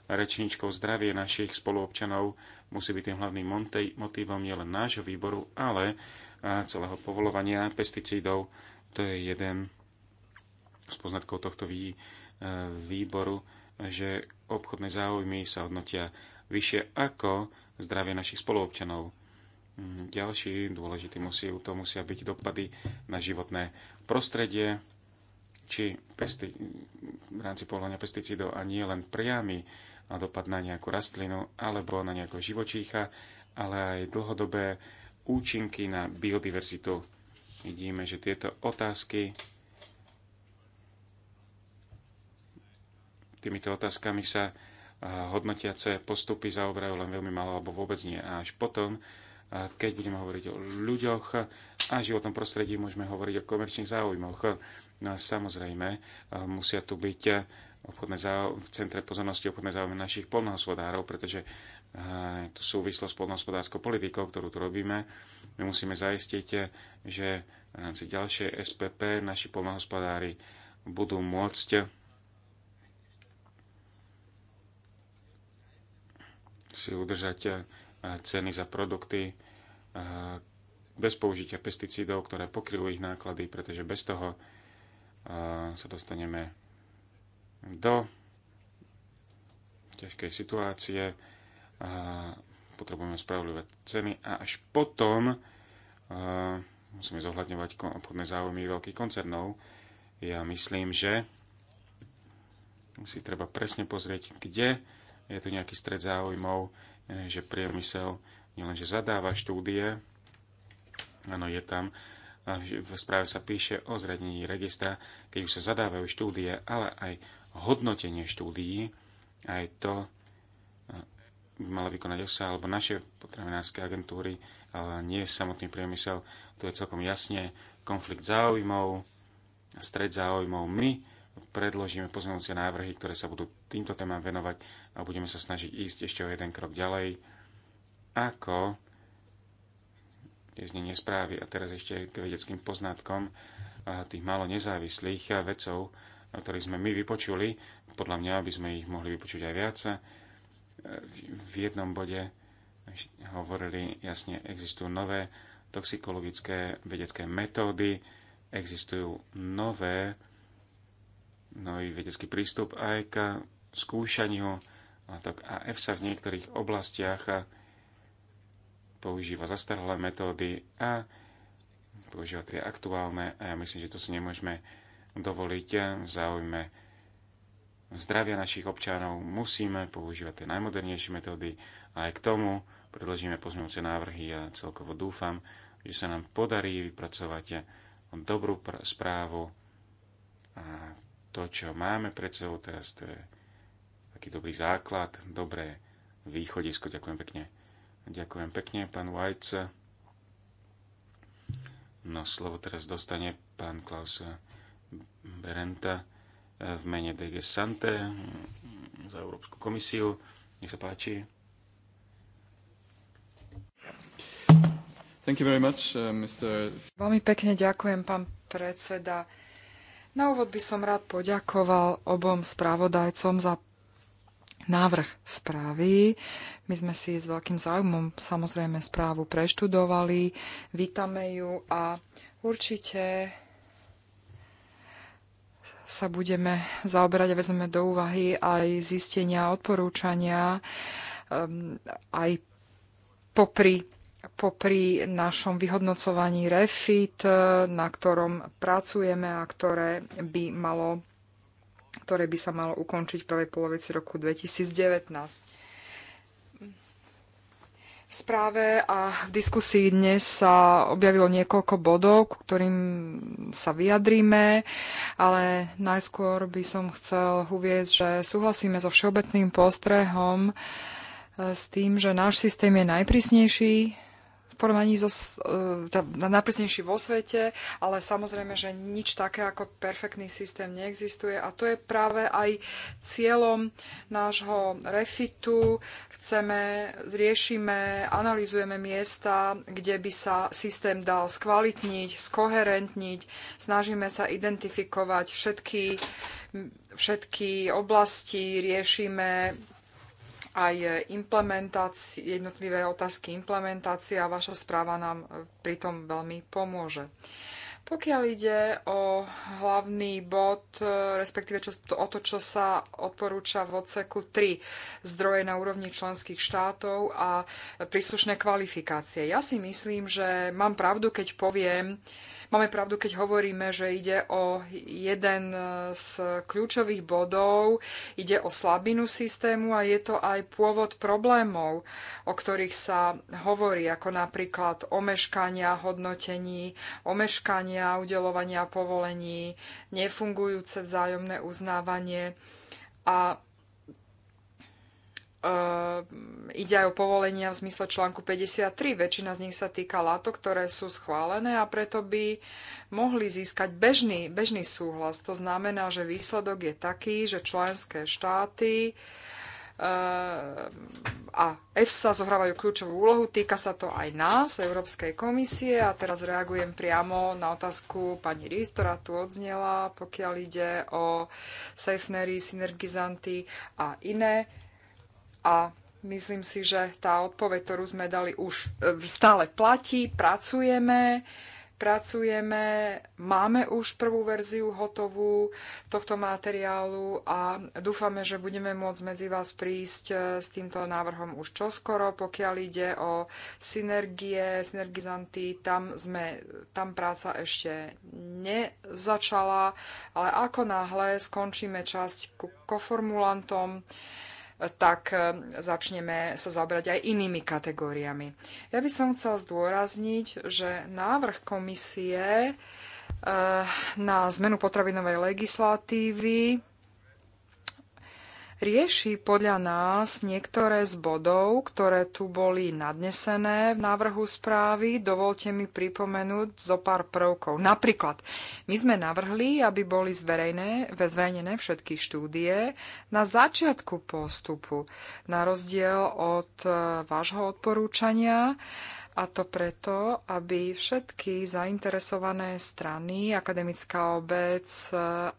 rečničkou zdravie našich spoluobčanov musí byť tým hlavným motivom nielen nášho výboru, ale eh, celého povolovania pesticídov. To je jeden z poznatkov tohto vý, eh, výboru, že obchodné záujmy sa hodnotia vyššie ako zdravie našich spoluobčanov. Mm, ďalší dôležitý musí, to musia byť dopady na životné prostredie, či pesti, v rámci povolenia pesticídov a nie len priamy má dopad na nejakú rastlinu alebo na nejakého živočícha, ale aj dlhodobé účinky na biodiverzitu. Vidíme, že tieto otázky týmito otázkami sa hodnotiace postupy zaoberajú len veľmi malo alebo vôbec nie. A až potom, keď budeme hovoriť o ľuďoch a životnom prostredí, môžeme hovoriť o komerčných záujmoch. No a samozrejme, musia tu byť obchodné v centre pozornosti obchodné záujmy našich polnohospodárov, pretože eh, to súvislo s polnohospodárskou politikou, ktorú tu robíme. My musíme zaistiť, eh, že v rámci ďalšej SPP naši polnohospodári budú môcť si udržať eh, ceny za produkty bez použitia pesticídov, ktoré pokryjú ich náklady, pretože bez toho sa dostaneme do ťažkej situácie, potrebujeme spravodlivé ceny a až potom musíme zohľadňovať obchodné záujmy veľkých koncernov. Ja myslím, že si treba presne pozrieť, kde je tu nejaký stred záujmov, e, že priemysel nielenže zadáva štúdie, áno, je tam, v správe sa píše o zradení registra, keď už sa zadávajú štúdie, ale aj hodnotenie štúdií, aj to e, by mala vykonať OSA alebo naše potravinárske agentúry, ale nie samotný priemysel. Tu je celkom jasne konflikt záujmov, stred záujmov. My predložíme pozmeňujúce návrhy, ktoré sa budú týmto témam venovať a budeme sa snažiť ísť ešte o jeden krok ďalej, ako je znenie správy. A teraz ešte k vedeckým poznatkom tých málo nezávislých vedcov, ktorých sme my vypočuli, podľa mňa by sme ich mohli vypočuť aj viac, e, v jednom bode hovorili jasne, existujú nové toxikologické vedecké metódy, existujú nové, nový vedecký prístup aj k skúšaniu látok AF sa v niektorých oblastiach používa zastaralé metódy a používa tie aktuálne a ja myslím, že to si nemôžeme dovoliť v záujme zdravia našich občanov musíme používať tie najmodernejšie metódy a aj k tomu predložíme pozmeňujúce návrhy a ja celkovo dúfam, že sa nám podarí vypracovať dobrú správu a to, čo máme pred sebou teraz, to je taký dobrý základ, dobré východisko. Ďakujem pekne. Ďakujem pekne, pán Vajca. No slovo teraz dostane pán Klaus Berenta eh, v mene DG Sante za Európsku komisiu. Nech sa páči. Thank you very much, uh, Mr. Veľmi pekne ďakujem, pán predseda. Na úvod by som rád poďakoval obom správodajcom za návrh správy. My sme si s veľkým záujmom samozrejme správu preštudovali, vítame ju a určite sa budeme zaoberať a vezmeme do úvahy aj zistenia, odporúčania, um, aj popri, popri našom vyhodnocovaní refit, uh, na ktorom pracujeme a ktoré by, malo, ktoré by sa malo ukončiť v prvej polovici roku 2019. V správe a v diskusii dnes sa objavilo niekoľko bodov, k ktorým sa vyjadríme, ale najskôr by som chcel uvieť, že súhlasíme so všeobecným postrehom e, s tým, že náš systém je najprísnejší, porovnaní so, e, najprísnejší vo svete, ale samozrejme, že nič také ako perfektný systém neexistuje a to je práve aj cieľom nášho refitu. Chceme, riešime, analizujeme miesta, kde by sa systém dal skvalitniť, skoherentniť, snažíme sa identifikovať všetky všetky oblasti riešime aj e, implementácie, jednotlivé otázky implementácie a vaša správa nám e, pritom veľmi pomôže. Pokiaľ ide o hlavný bod, e, respektíve čo, o to, čo sa odporúča v odseku 3, zdroje na úrovni členských štátov a príslušné kvalifikácie. Ja si myslím, že mám pravdu, keď poviem, Máme pravdu, keď hovoríme, že ide o jeden e, z kľúčových bodov, ide o slabinu systému a je to aj pôvod problémov, o ktorých sa hovorí, ako napríklad omeškania hodnotení, omeškania udelovania povolení, nefungujúce vzájomné uznávanie a Ehm, ide aj o povolenia v zmysle článku 53. Väčšina z nich sa týka látok, ktoré sú schválené a preto by mohli získať bežný, bežný súhlas. To znamená, že výsledok je taký, že členské štáty ehm, a EFSA zohrávajú kľúčovú úlohu. Týka sa to aj nás, Európskej komisie. A teraz reagujem priamo na otázku pani Rís, ktorá tu odznela, pokiaľ ide o safenery, synergizanty a iné a myslím si, že tá odpoveď, ktorú sme dali, už e, stále platí, pracujeme, pracujeme, máme už prvú verziu hotovú tohto materiálu a dúfame, že budeme môcť medzi vás prísť e, s týmto návrhom už čoskoro. Pokiaľ ide o synergie, synergizanty, tam, sme, tam práca ešte nezačala, ale ako náhle skončíme časť koformulantom, ko tak eh, začneme sa zaoberať aj inými kategóriami. Ja by som chcela zdôrazniť, že návrh komisie eh, na zmenu potravinovej legislatívy rieši podľa nás niektoré z bodov, ktoré tu boli nadnesené v návrhu správy. Dovolte mi pripomenúť zo pár prvkov. Napríklad, my sme navrhli, aby boli zverejné, zverejnené všetky štúdie na začiatku postupu, na rozdiel od eh, vášho odporúčania. A to preto, aby všetky zainteresované strany, akademická obec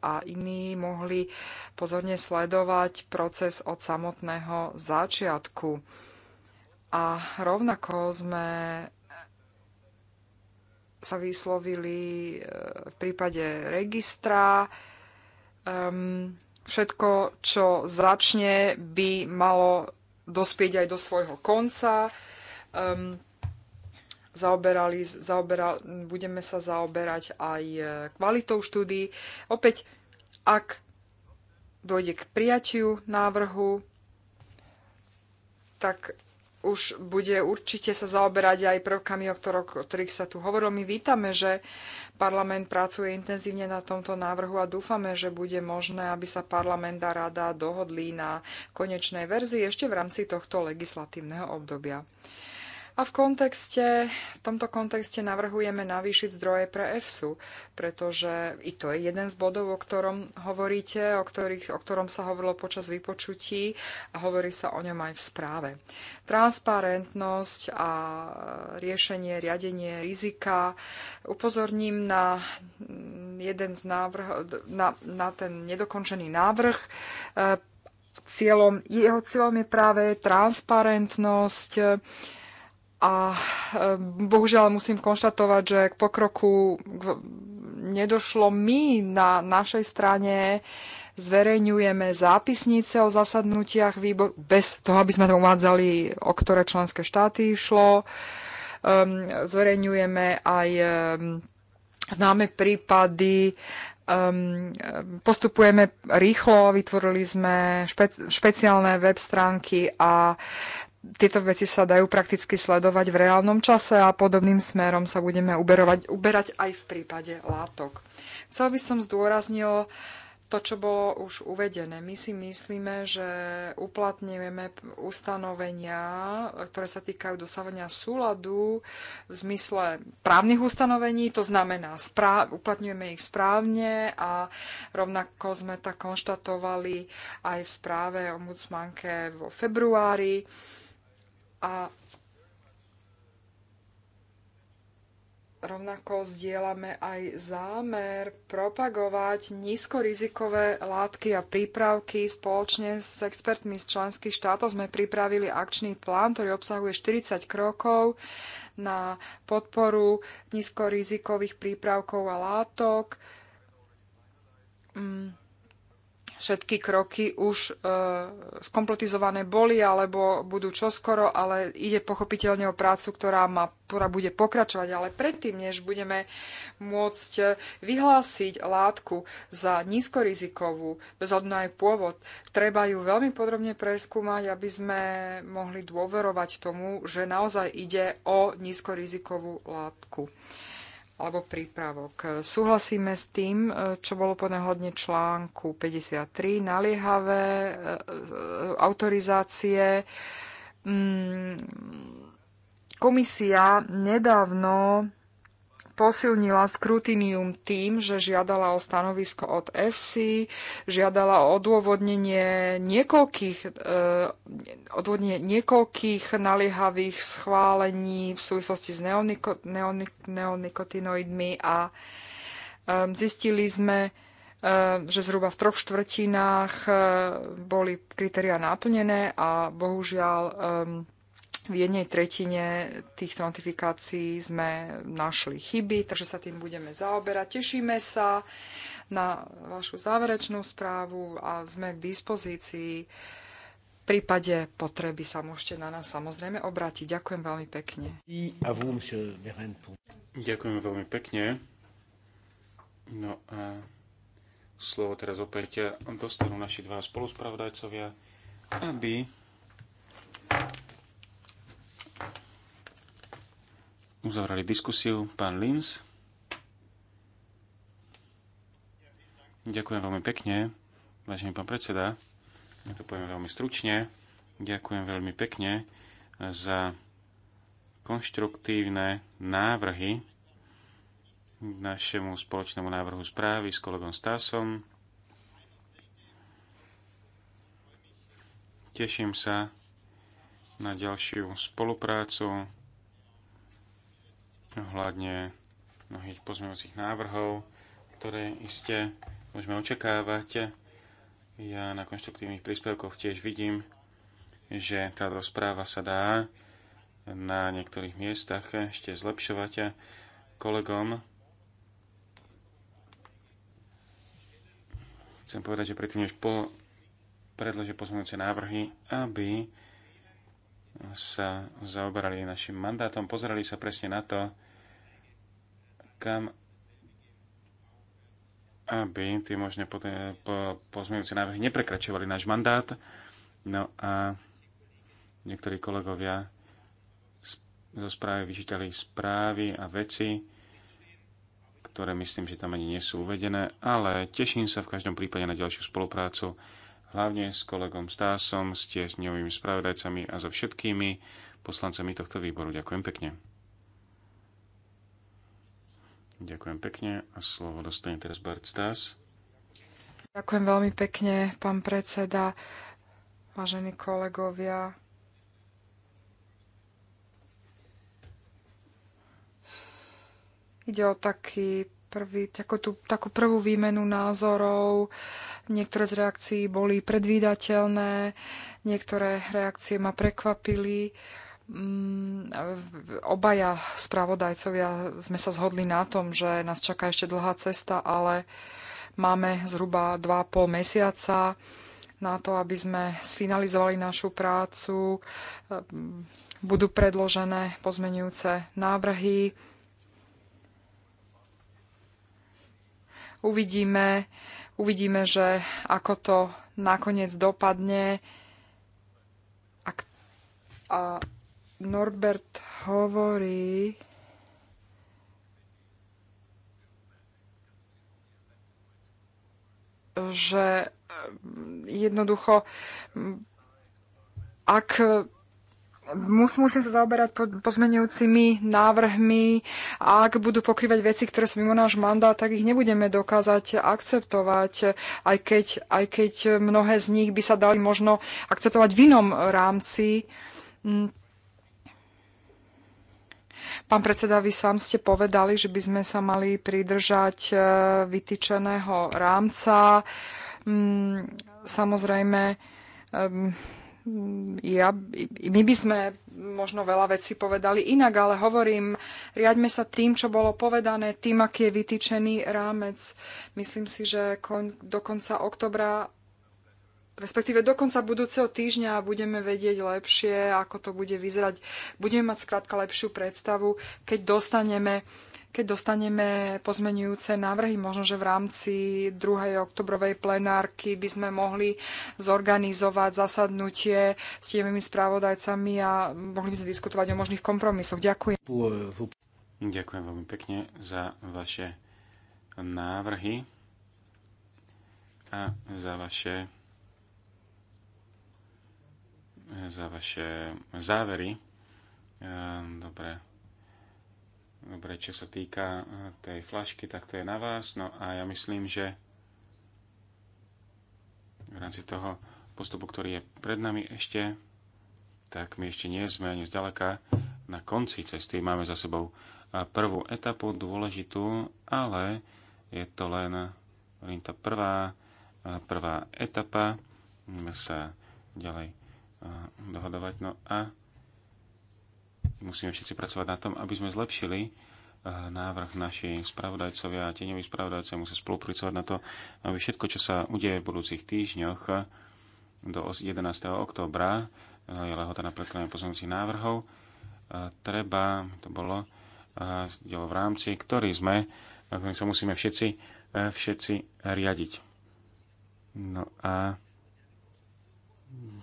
a iní mohli pozorne sledovať proces od samotného začiatku. A rovnako sme sa vyslovili eh, v prípade registra. Um, všetko, čo začne, by malo dospieť aj do svojho konca. Um, zaoberali, zaoberal, budeme sa zaoberať aj e, kvalitou štúdií. Opäť, ak dojde k prijatiu návrhu, tak už bude určite sa zaoberať aj prvkami, o ktorých sa tu hovorilo. My vítame, že parlament pracuje intenzívne na tomto návrhu a dúfame, že bude možné, aby sa parlament a rada dohodli na konečnej verzii ešte v rámci tohto legislatívneho obdobia. A v kontexte, v tomto kontexte navrhujeme navýšiť zdroje pre EFSU, pretože i to je jeden z bodov, o ktorom hovoríte, o, ktorých, o ktorom sa hovorilo počas vypočutí a hovorí sa o ňom aj v správe. Transparentnosť a riešenie, riadenie rizika. Upozorním na jeden z návrh, na, na ten nedokončený návrh e, cieľom, jeho cieľom je práve transparentnosť, a eh, bohužiaľ musím konštatovať, že k pokroku nedošlo. My na našej strane zverejňujeme zápisnice o zasadnutiach výboru bez toho, aby sme tam uvádzali, o ktoré členské štáty išlo. Ehm, zverejňujeme aj ehm, známe prípady um, postupujeme rýchlo, vytvorili sme špeciálne web stránky a tieto veci sa dajú prakticky sledovať v reálnom čase a podobným smerom sa budeme uberovať, uberať aj v prípade látok. Chcel by som zdôraznil to, čo bolo už uvedené. My si myslíme, že uplatňujeme ustanovenia, ktoré sa týkajú dosávania súladu v zmysle právnych ustanovení, to znamená, správ, uplatňujeme ich správne a rovnako sme tak konštatovali aj v správe o mucmanke vo februári a rovnako zdieľame aj zámer propagovať nízkorizikové látky a prípravky. Spoločne s expertmi z členských štátov sme pripravili akčný plán, ktorý obsahuje 40 krokov na podporu nízkorizikových prípravkov a látok. Mm všetky kroky už e, skompletizované boli alebo budú čoskoro, ale ide pochopiteľne o prácu, ktorá, má, ktorá bude pokračovať. Ale predtým, než budeme môcť e, vyhlásiť látku za nízkorizikovú, bez na jej pôvod, treba ju veľmi podrobne preskúmať, aby sme mohli dôverovať tomu, že naozaj ide o nízkorizikovú látku alebo prípravok. Súhlasíme s tým, e, čo bolo podľa hodne článku 53, naliehavé e, e, autorizácie. Mm, komisia nedávno posilnila skrutinium tým, že žiadala o stanovisko od FC, žiadala o odôvodnenie niekoľkých, e, odôvodnenie niekoľkých naliehavých schválení v súvislosti s neoniko, neonik, neonikotinoidmi a e, zistili sme, ehm, že zhruba v troch štvrtinách eh, boli kritéria naplnené a bohužiaľ ehm, v jednej tretine týchto notifikácií sme našli chyby, takže sa tým budeme zaoberať. Tešíme sa na vašu záverečnú správu a sme k dispozícii. V prípade potreby sa môžete na nás samozrejme obrátiť. Ďakujem veľmi pekne. Ďakujem veľmi pekne. No a slovo teraz opäť dostanú naši dva spoluspravodajcovia, aby uzavrali diskusiu. Pán Lins. Ďakujem veľmi pekne, vážený pán predseda. Ja to poviem veľmi stručne. Ďakujem veľmi pekne za konštruktívne návrhy k našemu spoločnému návrhu správy s kolegom Stásom. Teším sa na ďalšiu spoluprácu ohľadne mnohých pozmeňujúcich návrhov, ktoré iste môžeme očakávať. Ja na konštruktívnych príspevkoch tiež vidím, že tá rozpráva sa dá na niektorých miestach ešte zlepšovať kolegom. Chcem povedať, že predtým, než po pozmeňujúce návrhy, aby sa zaoberali našim mandátom, pozerali sa presne na to, kam aby tie možné po, po, pozmeňujúce návrhy neprekračovali náš mandát. No a niektorí kolegovia zo správy vyčítali správy a veci, ktoré myslím, že tam ani nie sú uvedené, ale teším sa v každom prípade na ďalšiu spoluprácu hlavne s kolegom Stásom, s tiesňovými spravodajcami a so všetkými poslancami tohto výboru. Ďakujem pekne. Ďakujem pekne a slovo dostane teraz Bart Stás. Ďakujem veľmi pekne, pán predseda, vážení kolegovia. Ide o taký prvý, takú, tú, takú prvú výmenu názorov. Uh, Niektoré z reakcií boli predvídateľné, niektoré reakcie ma prekvapili. Mm, obaja spravodajcovia sme sa zhodli na tom, že nás čaká ešte dlhá cesta, ale máme zhruba 2,5 mesiaca na to, aby sme sfinalizovali našu prácu. Budú predložené pozmenujúce návrhy. Uvidíme, Uvidíme, že ako to nakoniec dopadne. A Norbert hovorí, že eh, jednoducho, ak mus, musím sa zaoberať po, pozmenujúcimi návrhmi a ak budú pokrývať veci, ktoré sú mimo náš mandát, tak ich nebudeme dokázať akceptovať, aj keď, aj keď mnohé z nich by sa dali možno akceptovať v inom rámci. Mm. Pán predseda, vy sám ste povedali, že by sme sa mali pridržať e, vytýčeného rámca. Mm, samozrejme, e, ja, my by sme možno veľa vecí povedali inak, ale hovorím, riadme sa tým, čo bolo povedané, tým, aký je vytýčený rámec. Myslím si, že kon, do konca oktobra, respektíve do konca budúceho týždňa budeme vedieť lepšie, ako to bude vyzerať. Budeme mať skrátka lepšiu predstavu, keď dostaneme uh, keď dostaneme pozmenujúce návrhy, možno, že v rámci 2. oktobrovej plenárky by sme mohli zorganizovať zasadnutie s tými správodajcami a mohli by sme diskutovať o možných kompromisoch. Ďakujem. Ďakujem veľmi pekne za vaše návrhy a za vaše za vaše závery. Ehm, dobre, Dobre, čo sa týka eh, tej flašky, tak to je na vás. No a ja myslím, že v rámci toho postupu, ktorý je pred nami ešte, tak my ešte nie sme ani zďaleka na konci cesty. Máme za sebou eh, prvú etapu, dôležitú, ale je to len, len tá prvá, eh, prvá etapa. Môžeme sa ďalej dohodovať. No a musíme všetci pracovať na tom, aby sme zlepšili eh, návrh naši spravodajcovia a tieňoví spravodajcovia musia spolupracovať na to, aby všetko, čo sa udeje v budúcich týždňoch eh, do 11. októbra, eh, je lehota na predkladanie pozornúcich návrhov, treba, to bolo, dielo v rámci, ktorý sme, ktorým sa musíme všetci, všetci riadiť. No a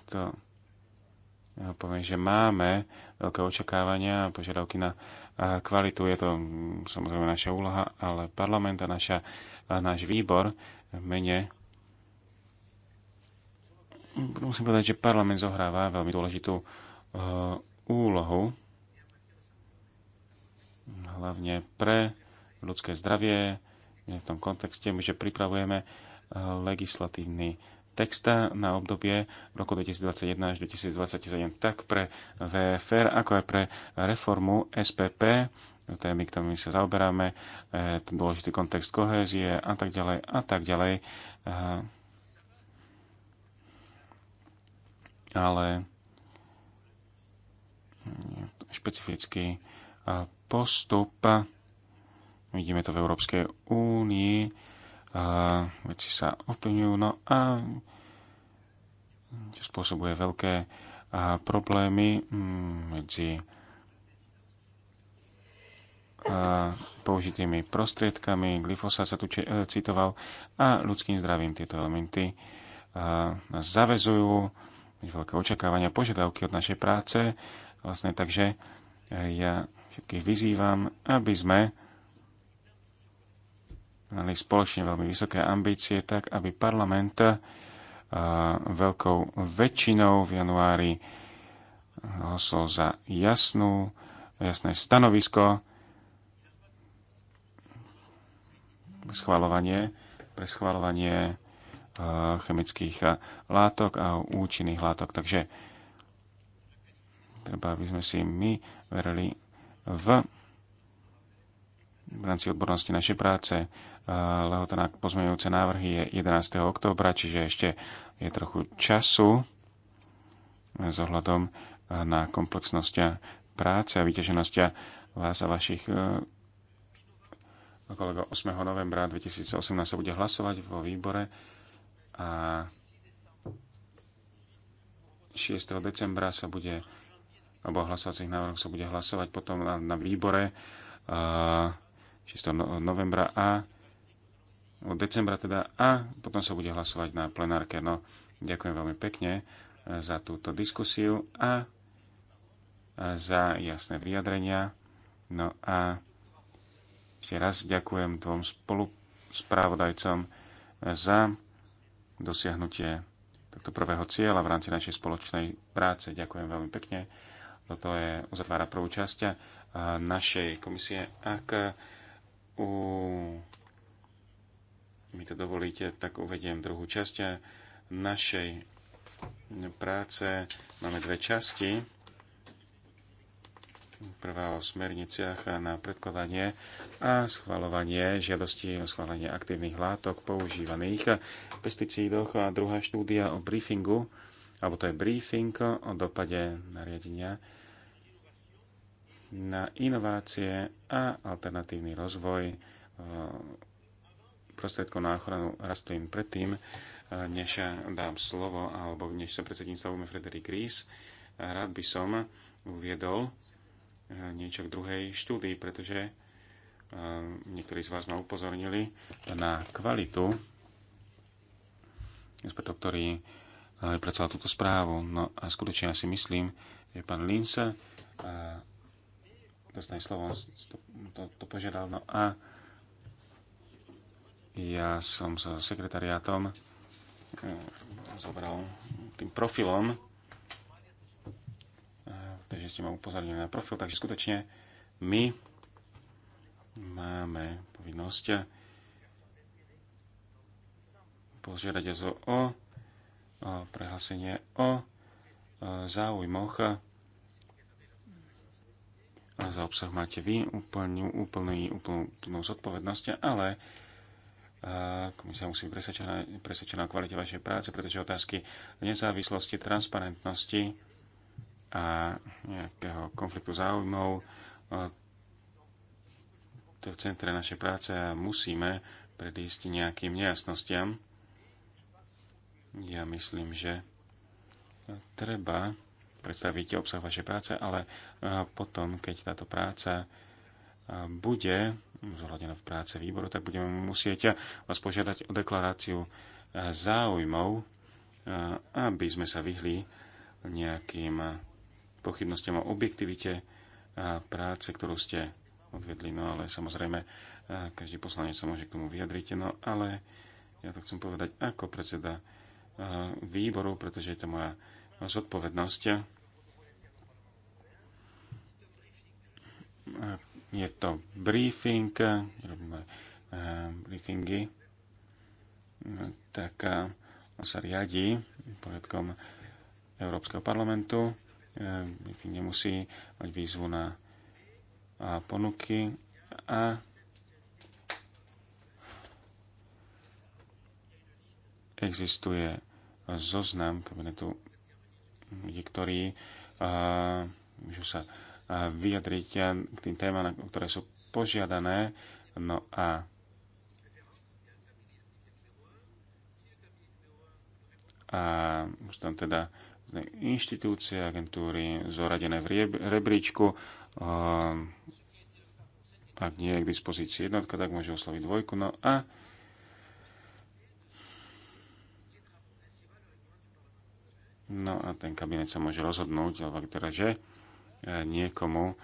to poviem, že máme veľké očakávania a požiadavky na kvalitu. Je to mm, samozrejme naša úloha, ale parlament a, naša, a náš výbor v mene musím povedať, že parlament zohráva veľmi dôležitú e, úlohu hlavne pre ľudské zdravie v tom kontexte, že pripravujeme e, legislatívny texta na obdobie roku 2021 až 2027 tak pre VFR, ako aj pre reformu SPP, témy, ktorými sa zaoberáme, e, dôležitý kontext kohézie a tak ďalej a tak ďalej. Ale špecifický e, postup, vidíme to v Európskej únii, veci sa ovplyvňujú, no a spôsobuje veľké problémy mm, medzi použitými prostriedkami, glyfosát sa tu e, citoval, a ľudským zdravím tieto elementy nás zavezujú, veľké očakávania, požiadavky od našej práce. Vlastne takže e, ja všetkých vyzývam, aby sme mali spoločne veľmi vysoké ambície, tak aby parlament veľkou väčšinou v januári hlasol za jasnú, jasné stanovisko, schvalovanie, pre schvalovanie chemických látok a účinných látok. Takže treba, aby sme si my verili v v rámci odbornosti našej práce lehota na pozmeňujúce návrhy je 11. októbra, čiže ešte je trochu času s ohľadom e, na komplexnosť práce a vyťaženosť vás a vašich e, kolegov 8. novembra 2018 sa bude hlasovať vo výbore a 6. decembra sa bude alebo hlasovacích návrhov sa bude hlasovať potom na, na výbore 6. E, no-, novembra a od decembra teda, a potom sa bude hlasovať na plenárke. No, ďakujem veľmi pekne e, za túto diskusiu a za jasné vyjadrenia. No a ešte raz ďakujem dvom spoluspravodajcom e, za dosiahnutie tohto prvého cieľa v rámci našej spoločnej práce. Ďakujem veľmi pekne. Toto je, uzatvára prvú časť e, našej komisie. Ak u mi to dovolíte, tak uvediem druhú časť našej práce. Máme dve časti. Prvá o smerniciach na predkladanie a schvalovanie žiadosti o schválenie aktívnych látok používaných v pesticídoch a druhá štúdia o briefingu, alebo to je briefing o dopade nariadenia na inovácie a alternatívny rozvoj prostriedkov na ochranu rastlín predtým, e, než dám slovo, alebo než sa predsedím ujme Frederik Ries, rád by som uviedol e, niečo k druhej štúdii, pretože e, niektorí z vás ma upozornili na kvalitu expertov, ktorý vypracoval túto správu. No a skutočne ja si myslím, že pán Lince dostane slovo, to, to, to požiadal. No a ja som so sekretariátom eh, zobral tým profilom, eh, takže ste ma upozornili na profil, takže skutočne my máme povinnosť požiadať o, o prehlásenie o záujmoch a za obsah máte vy úplnú, úplnú, úplnú, úplnú zodpovednosť, ale komisia musí byť presvedčená, presvedčená o kvalite vašej práce, pretože otázky nezávislosti, transparentnosti a nejakého konfliktu záujmov eh, to je v centre našej práce a musíme predísť nejakým nejasnostiam. Ja myslím, že treba predstaviť obsah vašej práce, ale eh, potom, keď táto práca eh, bude zohľadené v práce výboru, tak budeme musieť vás požiadať o deklaráciu eh, záujmov, eh, aby sme sa vyhli nejakým eh, pochybnostiam o objektivite práce, ktorú ste odvedli. No ale samozrejme, každý poslanec sa môže k tomu vyjadriť. No ale ja to chcem povedať ako predseda výboru, pretože je to moja zodpovednosť je to briefing, robíme eh, briefingy, tak eh, on sa riadi poriadkom Európskeho parlamentu. Eh, briefing nemusí mať výzvu na ponuky a existuje zoznam kabinetu ľudí, ktorí môžu sa vyjadriť k tým témam, ktoré sú požiadané. No a a už tam teda inštitúcie, agentúry zoradené v rebríčku. Ehm, ak nie je k dispozícii jednotka, tak môže osloviť dvojku. No a No a ten kabinet sa môže rozhodnúť, alebo teda, že E, niekomu e,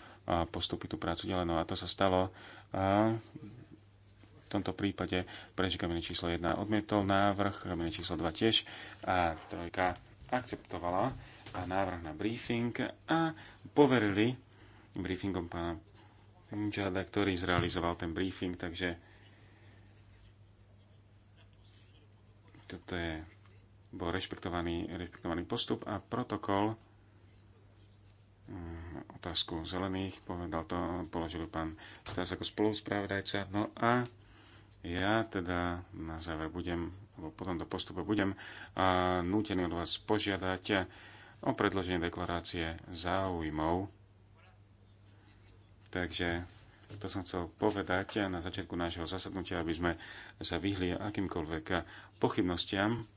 postúpiť tú prácu delenú. No a to sa stalo e, v tomto prípade preč kamene číslo 1 odmietol návrh, kamene číslo 2 tiež a trojka akceptovala a návrh na briefing a poverili briefingom pána Mčada, ktorý zrealizoval ten briefing, takže toto je, bol rešpektovaný, rešpektovaný postup a protokol Eh, otázku zelených, povedal to, položil pán Stas ako spoluspravodajca. No a ja teda na záver budem, alebo potom do postupu budem a eh, nútený od vás požiadať o predloženie deklarácie záujmov. Takže to som chcel povedať na začiatku nášho zasadnutia, aby sme sa vyhli akýmkoľvek pochybnostiam.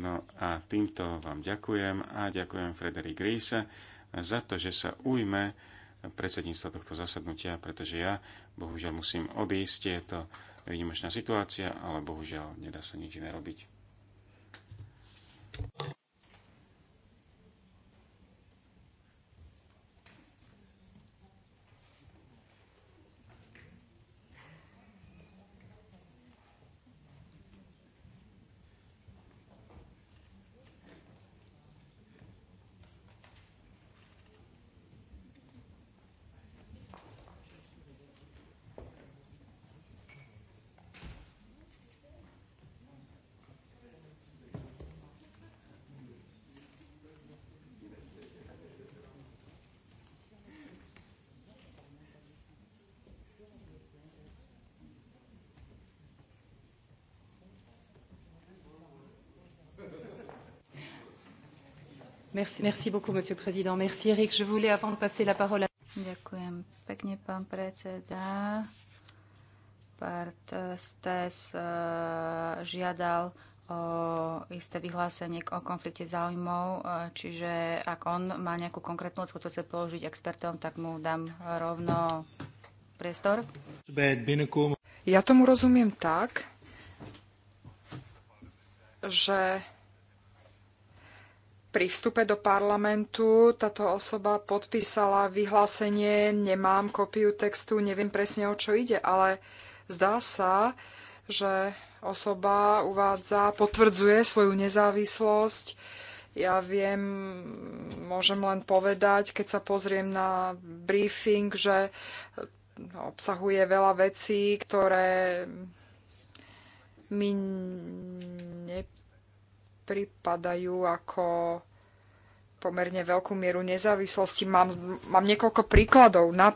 No a týmto vám ďakujem a ďakujem Frederik Riese za to, že sa ujme predsedníctva tohto zasadnutia, pretože ja bohužiaľ musím odísť. Je to výnimočná situácia, ale bohužiaľ nedá sa nič iné robiť. Merci, merci beaucoup, monsieur le président. Merci, Eric. Je voulais, avant de passer la parole à... Ďakujem pekne, pán predseda. Part STES eh, žiadal o isté vyhlásenie o konflikte záujmov, uh, čiže ak on má nejakú konkrétnu otázku, chce položiť expertom, tak mu dám rovno priestor. Ja tomu rozumiem tak, že pri vstupe do parlamentu táto osoba podpísala vyhlásenie, nemám kopiu textu, neviem presne o čo ide, ale zdá sa, že osoba uvádza, potvrdzuje svoju nezávislosť. Ja viem, môžem len povedať, keď sa pozriem na briefing, že obsahuje veľa vecí, ktoré mi nepovedajú pripadajú ako pomerne veľkú mieru nezávislosti. Mám, mám niekoľko príkladov. Na,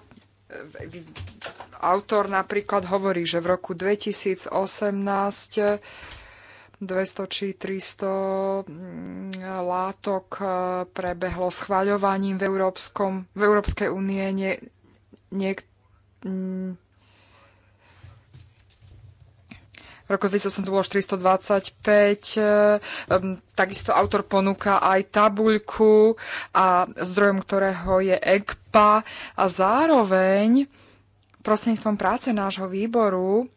autor napríklad hovorí, že v roku 2018 200 či 300 mm, látok e, prebehlo schváľovaním v, Európskom, v Európskej únie. Nie, nie, mm, roku 2008 to bolo 425. Eh, takisto autor ponúka aj tabuľku a zdrojom ktorého je EGPA a zároveň prostredníctvom práce nášho výboru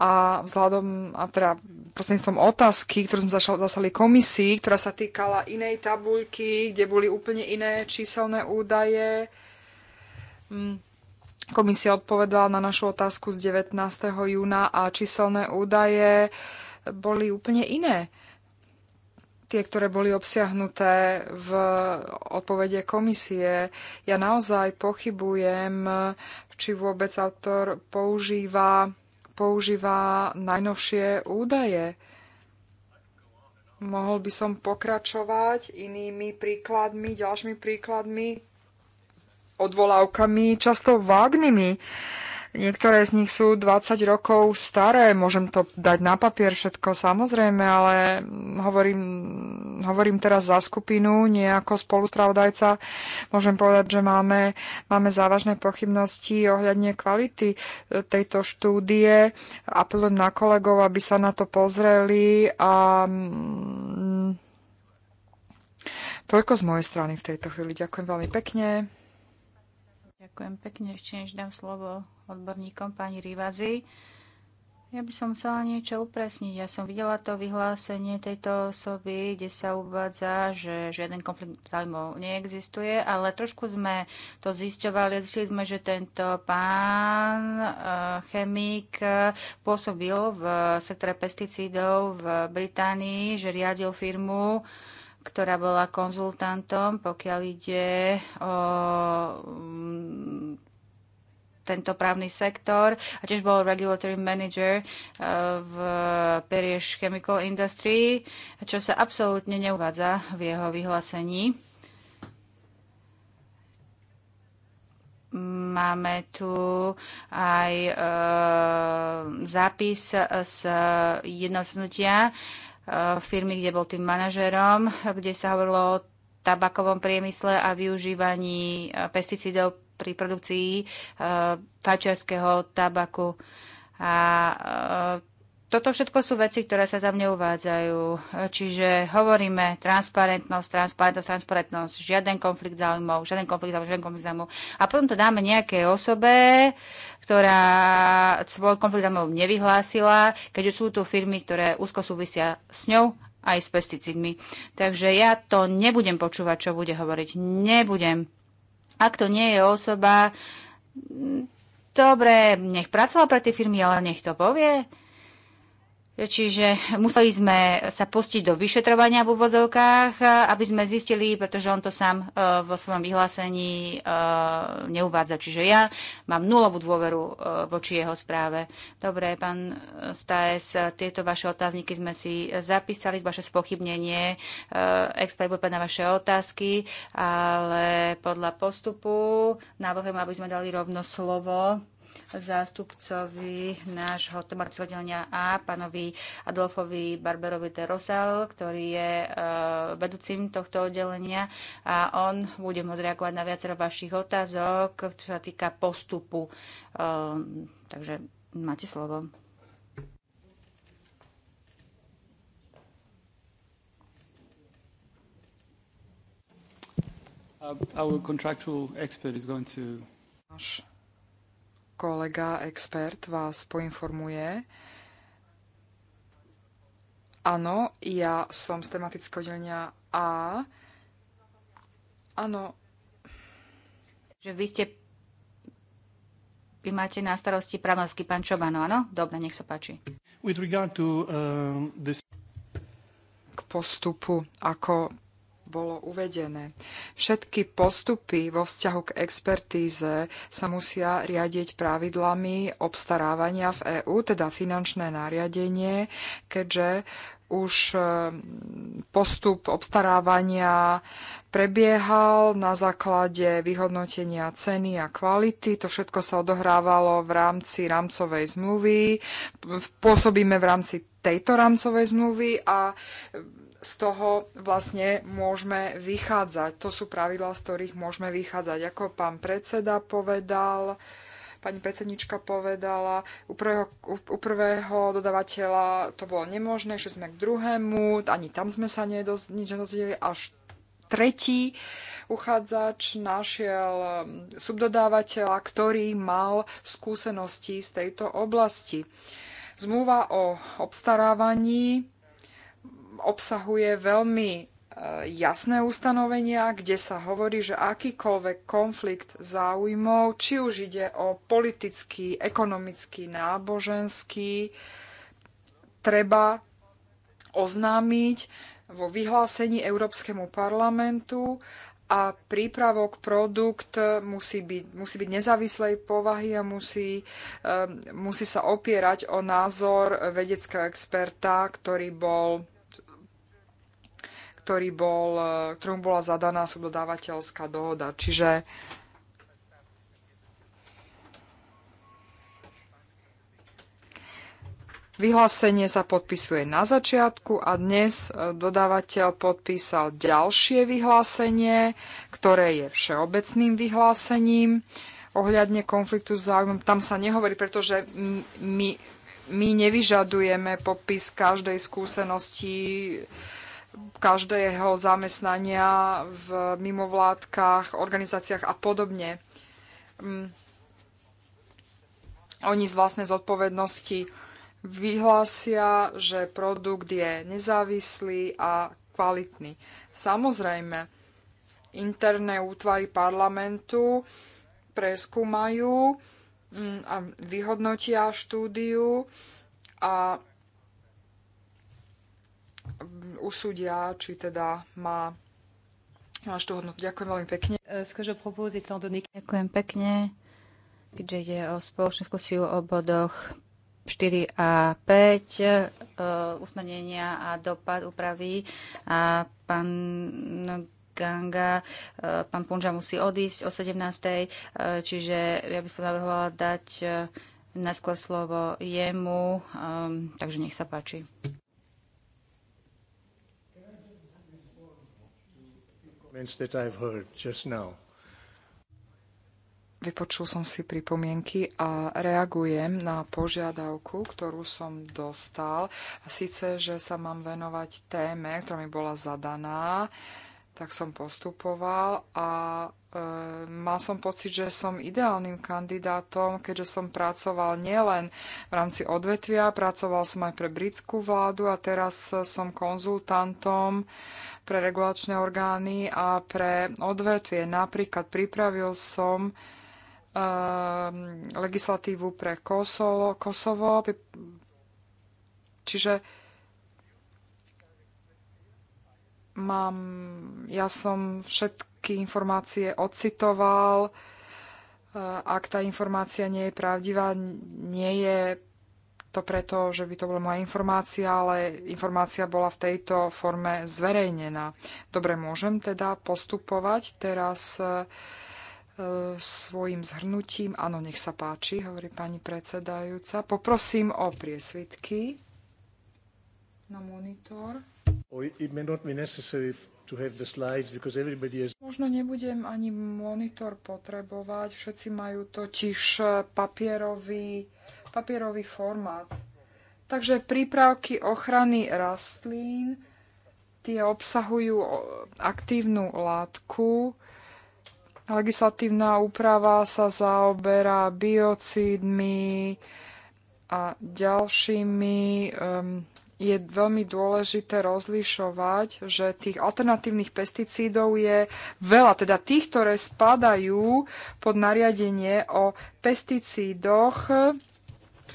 a vzhľadom, a teda prostredníctvom otázky, ktorú sme zaslali komisii, ktorá sa týkala inej tabuľky, kde boli úplne iné číselné údaje, mm, Komisia odpovedala na našu otázku z 19. júna a číselné údaje boli úplne iné. Tie, ktoré boli obsiahnuté v odpovede komisie. Ja naozaj pochybujem, či vôbec autor používa, používa najnovšie údaje. Mohol by som pokračovať inými príkladmi, ďalšími príkladmi, odvolávkami, často vágnymi. Niektoré z nich sú 20 rokov staré, môžem to dať na papier všetko samozrejme, ale hovorím, hovorím teraz za skupinu, nie ako spolupravodajca. Môžem povedať, že máme, máme závažné pochybnosti ohľadne kvality e, tejto štúdie. Apelujem na kolegov, aby sa na to pozreli a mm, toľko z mojej strany v tejto chvíli. Ďakujem veľmi pekne. Ďakujem pekne. Ešte než dám slovo odborníkom pani Rivazi. Ja by som chcela niečo upresniť. Ja som videla to vyhlásenie tejto osoby, kde sa uvádza, že žiaden konflikt zájmov neexistuje, ale trošku sme to zisťovali. Zistili sme, že tento pán eh, chemik eh, pôsobil v sektore pesticídov v Británii, že riadil firmu, ktorá bola konzultantom, pokiaľ ide o mm, tento právny sektor a tiež bol regulatory manager e, v Perieš Chemical Industry, čo sa absolútne neuvádza v jeho vyhlásení. Máme tu aj e, zápis z jedného zhrnutia. Eh, firmy, kde bol tým manažerom, kde sa hovorilo o tabakovom priemysle a využívaní eh, pesticídov pri produkcii fačerského eh, tabaku. A toto všetko sú veci, ktoré sa tam neuvádzajú. Čiže hovoríme transparentnosť, transparentnosť, transparentnosť, žiaden konflikt záujmov, žiaden konflikt záujmov, žiaden konflikt záujmov. A potom to dáme nejakej osobe, ktorá svoj konflikt záujmov nevyhlásila, keďže sú tu firmy, ktoré úzko súvisia s ňou aj s pesticídmi. Takže ja to nebudem počúvať, čo bude hovoriť. Nebudem. Ak to nie je osoba, dobre, nech pracoval pre tie firmy, ale nech to povie Čiže museli sme sa pustiť do vyšetrovania v uvozovkách, aby sme zistili, pretože on to sám e, vo svojom vyhlásení e, neuvádza. Čiže ja mám nulovú dôveru e, voči jeho správe. Dobre, pán Staes, tieto vaše otázniky sme si zapísali, vaše spochybnenie, expert bude na vaše otázky, ale podľa postupu navrhujem, aby sme dali rovno slovo zástupcovi nášho tematického oddelenia A, pánovi Adolfovi Barberovi de Rosal, ktorý je uh, vedúcim tohto oddelenia a on bude môcť reagovať na viacero vašich otázok, čo sa týka postupu. E, takže máte slovo. Uh, our contractual expert is going to kolega, expert vás poinformuje. Áno, ja som z tematického delenia A. Áno. Že vy ste vy máte na starosti právnický pán Čobano, áno? Dobre, nech sa páči. With regard to, um, this... K postupu, ako bolo uvedené. Všetky postupy vo vzťahu k expertíze sa musia riadiť pravidlami obstarávania v EÚ, teda finančné nariadenie, keďže už e, postup obstarávania prebiehal na základe vyhodnotenia ceny a kvality. To všetko sa odohrávalo v rámci rámcovej zmluvy. Pôsobíme v rámci tejto rámcovej zmluvy a z toho vlastne môžeme vychádzať. To sú pravidlá, z ktorých môžeme vychádzať. Ako pán predseda povedal, pani predsednička povedala, u prvého, u prvého dodavateľa to bolo nemožné, že sme k druhému, ani tam sme sa nedoz, nič nedozvedeli, až tretí uchádzač našiel um, subdodávateľa, ktorý mal skúsenosti z tejto oblasti. Zmluva o obstarávaní obsahuje veľmi e, jasné ustanovenia, kde sa hovorí, že akýkoľvek konflikt záujmov, či už ide o politický, ekonomický, náboženský, treba oznámiť vo vyhlásení Európskemu parlamentu a prípravok, produkt musí byť, musí byť nezávislej povahy a musí, e, musí sa opierať o názor vedeckého experta, ktorý bol ktorý bol, e, ktorom bola zadaná subdodávateľská dohoda. Čiže Vyhlásenie sa podpisuje na začiatku a dnes e, dodávateľ podpísal ďalšie vyhlásenie, ktoré je všeobecným vyhlásením ohľadne konfliktu s záujmom. Tam sa nehovorí, pretože my, my nevyžadujeme popis každej skúsenosti každého zamestnania v mimovládkach, organizáciách a podobne. Mm. Oni z vlastnej zodpovednosti vyhlásia, že produkt je nezávislý a kvalitný. Samozrejme, interné útvary parlamentu preskúmajú mm, a vyhodnotia štúdiu a usúdia, či teda má máš tú hodnotu. Ďakujem veľmi pekne. E, Ďakujem pekne, keďže ide o spoločnú diskusiu o bodoch 4 a 5 e, usmenenia a dopad úpravy a pán Ganga, e, pán Punža musí odísť o 17. Čiže ja by som navrhovala dať najskôr slovo jemu, takže nech sa páči. Vypočul som si pripomienky a reagujem na požiadavku, ktorú som dostal. A síce, že sa mám venovať téme, ktorá mi bola zadaná, tak som postupoval a e, mal som pocit, že som ideálnym kandidátom, keďže som pracoval nielen v rámci odvetvia, pracoval som aj pre britskú vládu a teraz som konzultantom e, pre regulačné orgány a pre odvetvie. Napríklad pripravil som ehm, legislatívu pre Kosovo, Kosovo čiže mám, ja som všetky informácie ocitoval, e, ak tá informácia nie je pravdivá, nie je to preto, že by to bola moja informácia, ale informácia bola v tejto forme zverejnená. Dobre, môžem teda postupovať teraz e, svojim zhrnutím. Áno, nech sa páči, hovorí pani predsedajúca. Poprosím o priesvitky na monitor. Možno nebudem ani monitor potrebovať, všetci majú totiž papierový papierový formát. Takže prípravky ochrany rastlín, tie obsahujú aktívnu látku. Legislatívna úprava sa zaoberá biocídmi a ďalšími. Ehm, je veľmi dôležité rozlišovať, že tých alternatívnych pesticídov je veľa, teda tých, ktoré spadajú pod nariadenie o pesticídoch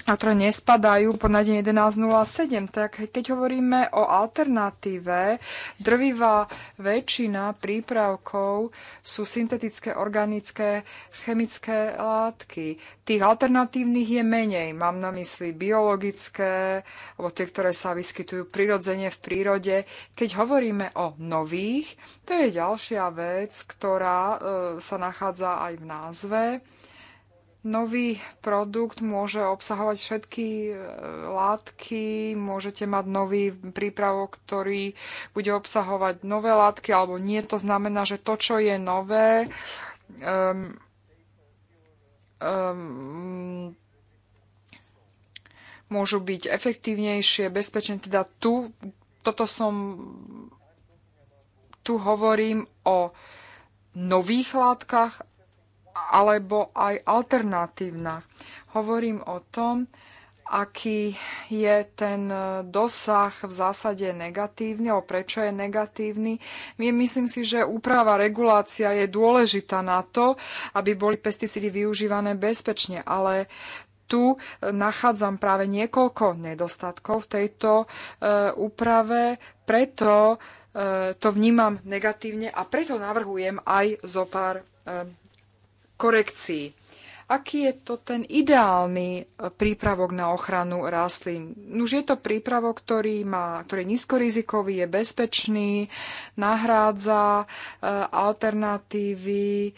a ktoré nespadajú po deň 11.07. Tak keď hovoríme o alternatíve, drvivá väčšina prípravkov sú syntetické, organické, chemické látky. Tých alternatívnych je menej. Mám na mysli biologické, alebo tie, ktoré sa vyskytujú prirodzene v prírode. Keď hovoríme o nových, to je ďalšia vec, ktorá e, sa nachádza aj v názve nový produkt môže obsahovať všetky e, látky, môžete mať nový prípravok, ktorý bude obsahovať nové látky alebo nie. To znamená, že to, čo je nové, um, um, môžu byť efektívnejšie, bezpečne. Teda tu, toto som, tu hovorím o nových látkach alebo aj alternatívna. Hovorím o tom, aký je ten e, dosah v zásade negatívny, alebo prečo je negatívny. My myslím si, že úprava regulácia je dôležitá na to, aby boli pesticídy využívané bezpečne, ale tu e, nachádzam práve niekoľko nedostatkov v tejto e, úprave, preto to vnímam negatívne a preto navrhujem aj zo pár korekcií. Aký je to ten ideálny e, prípravok na ochranu rastlín? Už je to prípravok, ktorý, má, ktorý je nízkorizikový, je bezpečný, nahrádza e, alternatívy,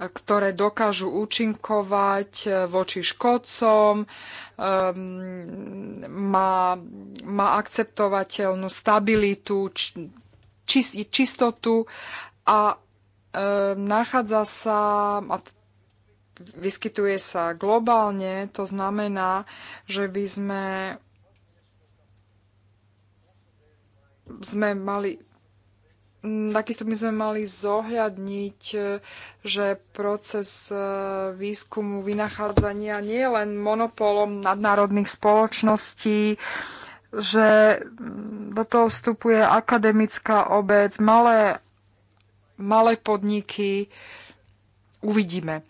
ktoré dokážu účinkovať e, voči škodcom, um, má, má akceptovateľnú stabilitu, či, čistotu a Ehm, nachádza sa a vyskytuje sa globálne, to znamená, že by sme sme mali Takisto by sme mali zohľadniť, že proces e, výskumu vynachádzania nie je len monopolom nadnárodných spoločností, že do toho vstupuje akademická obec, malé malé podniky. Uvidíme.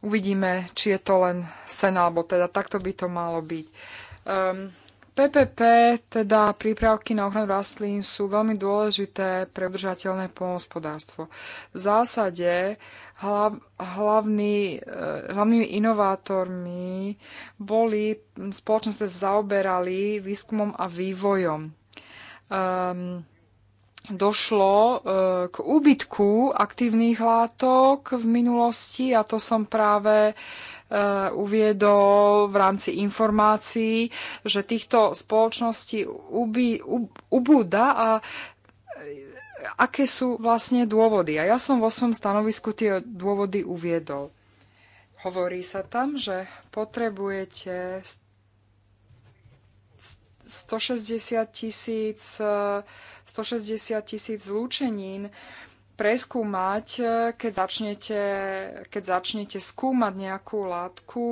Uvidíme, či je to len sen, alebo teda takto by to malo byť. Um, ehm, PPP, teda prípravky na ochranu rastlín, sú veľmi dôležité pre udržateľné polnospodárstvo. V zásade hlav, hlavný, eh, hlavnými inovátormi boli spoločnosti, zaoberali výskumom a vývojom. Um, došlo e, k úbytku aktívnych látok v minulosti a to som práve e, uviedol v rámci informácií, že týchto spoločností uby, ub, ubúda a e, aké sú vlastne dôvody. A ja som vo svojom stanovisku tie dôvody uviedol. Hovorí sa tam, že potrebujete 160 tisíc 160 tisíc zlúčenín preskúmať, eh, keď začnete, keď začnete skúmať nejakú látku.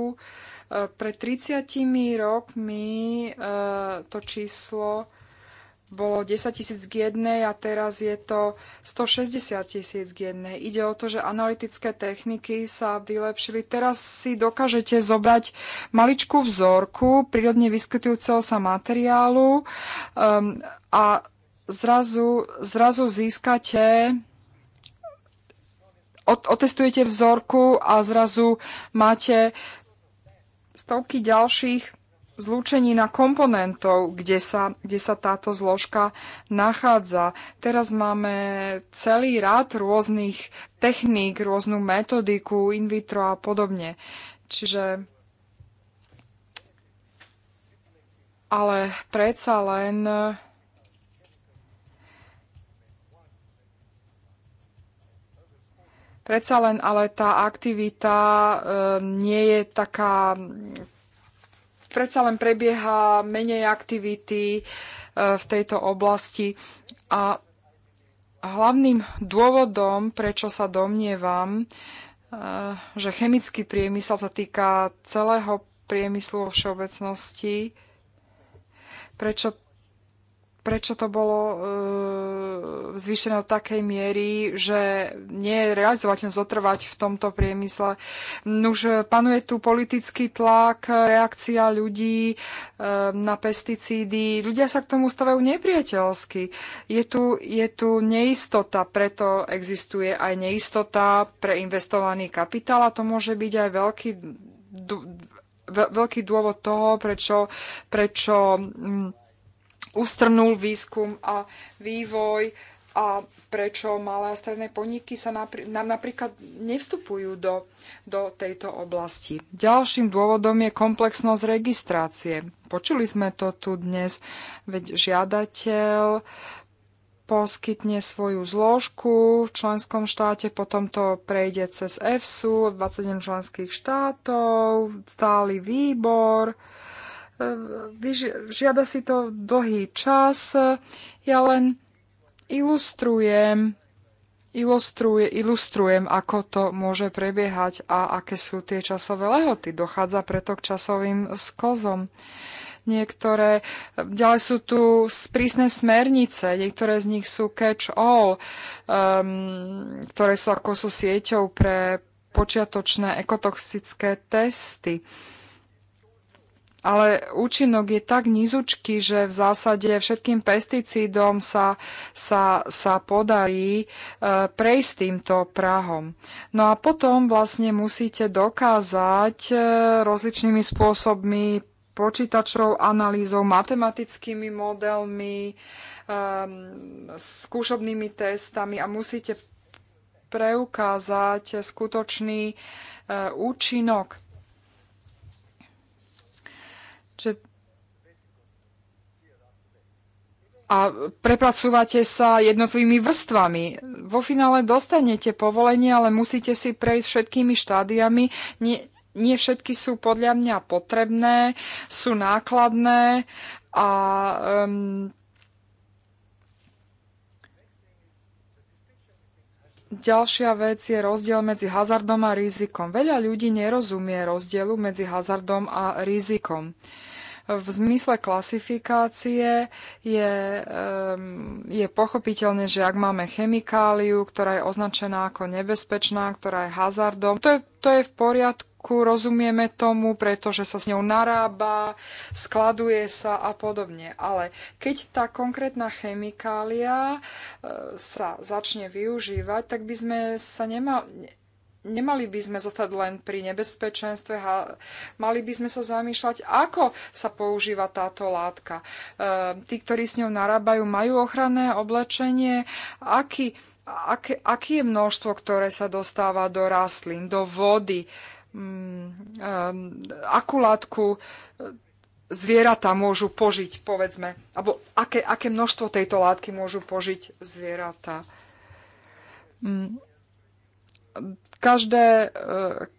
Eh, pred 30 rokmi eh, to číslo bolo 10 tisíc k jednej a teraz je to 160 tisíc k jednej. Ide o to, že analytické techniky sa vylepšili. Teraz si dokážete zobrať maličkú vzorku prírodne vyskytujúceho sa materiálu um, a zrazu, zrazu získate otestujete vzorku a zrazu máte stovky ďalších zlúčenina komponentov, kde sa, kde sa táto zložka nachádza. Teraz máme celý rád rôznych techník, rôznu metodiku, in vitro a podobne. Čiže ale predsa len predsa len ale tá aktivita e, nie je taká predsa len prebieha menej aktivity e, v tejto oblasti. A hlavným dôvodom, prečo sa domnievam, e, že chemický priemysel sa týka celého priemyslu vo všeobecnosti, prečo prečo to bolo e, zvýšené do takej miery, že nie je realizovateľné zotrvať v tomto priemysle. Už e, panuje tu politický tlak, reakcia ľudí e, na pesticídy. Ľudia sa k tomu stavajú nepriateľsky. Je tu, je tu neistota, preto existuje aj neistota pre investovaný kapitál a to môže byť aj veľký veľký dôvod toho, prečo, prečo ustrnul výskum a vývoj a prečo malé a stredné podniky sa napr- nám napríklad nevstupujú do, do tejto oblasti. Ďalším dôvodom je komplexnosť registrácie. Počuli sme to tu dnes, veď žiadateľ poskytne svoju zložku v členskom štáte, potom to prejde cez EFSU, 27 členských štátov, stály výbor, žiada si to dlhý čas. Ja len ilustrujem, ilustruje, ilustrujem, ako to môže prebiehať a aké sú tie časové lehoty. Dochádza preto k časovým skozom. Niektoré, ďalej sú tu sprísne smernice, niektoré z nich sú catch-all, um, ktoré sú ako sú sieťou pre počiatočné ekotoxické testy ale účinok je tak nízučký, že v zásade všetkým pesticídom sa, sa, sa podarí e, prejsť týmto prahom. No a potom vlastne musíte dokázať e, rozličnými spôsobmi počítačov, analýzou, matematickými modelmi, e, skúšobnými testami a musíte preukázať skutočný e, účinok že a prepracúvate sa jednotlivými vrstvami. Vo finále dostanete povolenie, ale musíte si prejsť všetkými štádiami. Nie, nie všetky sú podľa mňa potrebné, sú nákladné a um, Ďalšia vec je rozdiel medzi hazardom a rizikom. Veľa ľudí nerozumie rozdielu medzi hazardom a rizikom. Uh, v zmysle klasifikácie je, je pochopiteľné, že ak máme chemikáliu, ktorá je označená ako nebezpečná, ktorá je hazardom, to je, to je v poriadku rozumieme tomu, pretože sa s ňou narába, skladuje sa a podobne. Ale keď tá konkrétna chemikália eh, sa začne využívať, tak by sme sa nemali nemali by sme zostať len pri nebezpečenstve, mali by sme sa zamýšľať, ako sa používa táto látka. E, tí, ktorí s ňou narábajú, majú ochranné oblečenie, aký, aké, aké je množstvo, ktoré sa dostáva do rastlín, do vody, um, um, akú látku e, zvieratá môžu požiť, povedzme, alebo aké, aké množstvo tejto látky môžu požiť zvieratá. Um, každé, eh,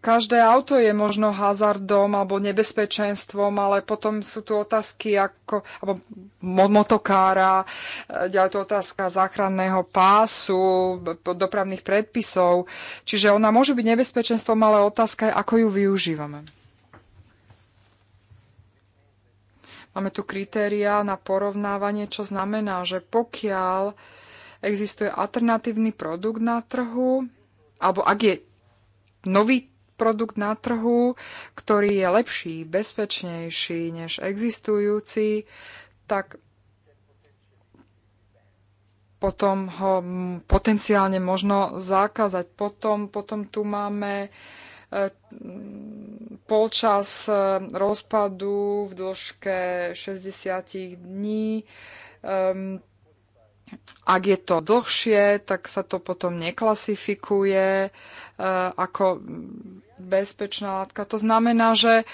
každé auto je možno hazardom alebo nebezpečenstvom, ale potom sú tu otázky ako alebo motokára, eh, ďalej tu otázka záchranného pásu, dopravných predpisov. Čiže ona môže byť nebezpečenstvom, ale otázka je, ako ju využívame. Máme tu kritéria na porovnávanie, čo znamená, že pokiaľ existuje alternatívny produkt na trhu, alebo ak je nový produkt na trhu, ktorý je lepší, bezpečnejší než existujúci, tak potom ho potenciálne možno zakázať. Potom, potom tu máme e, polčas e, rozpadu v dĺžke 60 dní. Ehm, ak je to dlhšie, tak sa to potom neklasifikuje e, ako bezpečná látka. To znamená, že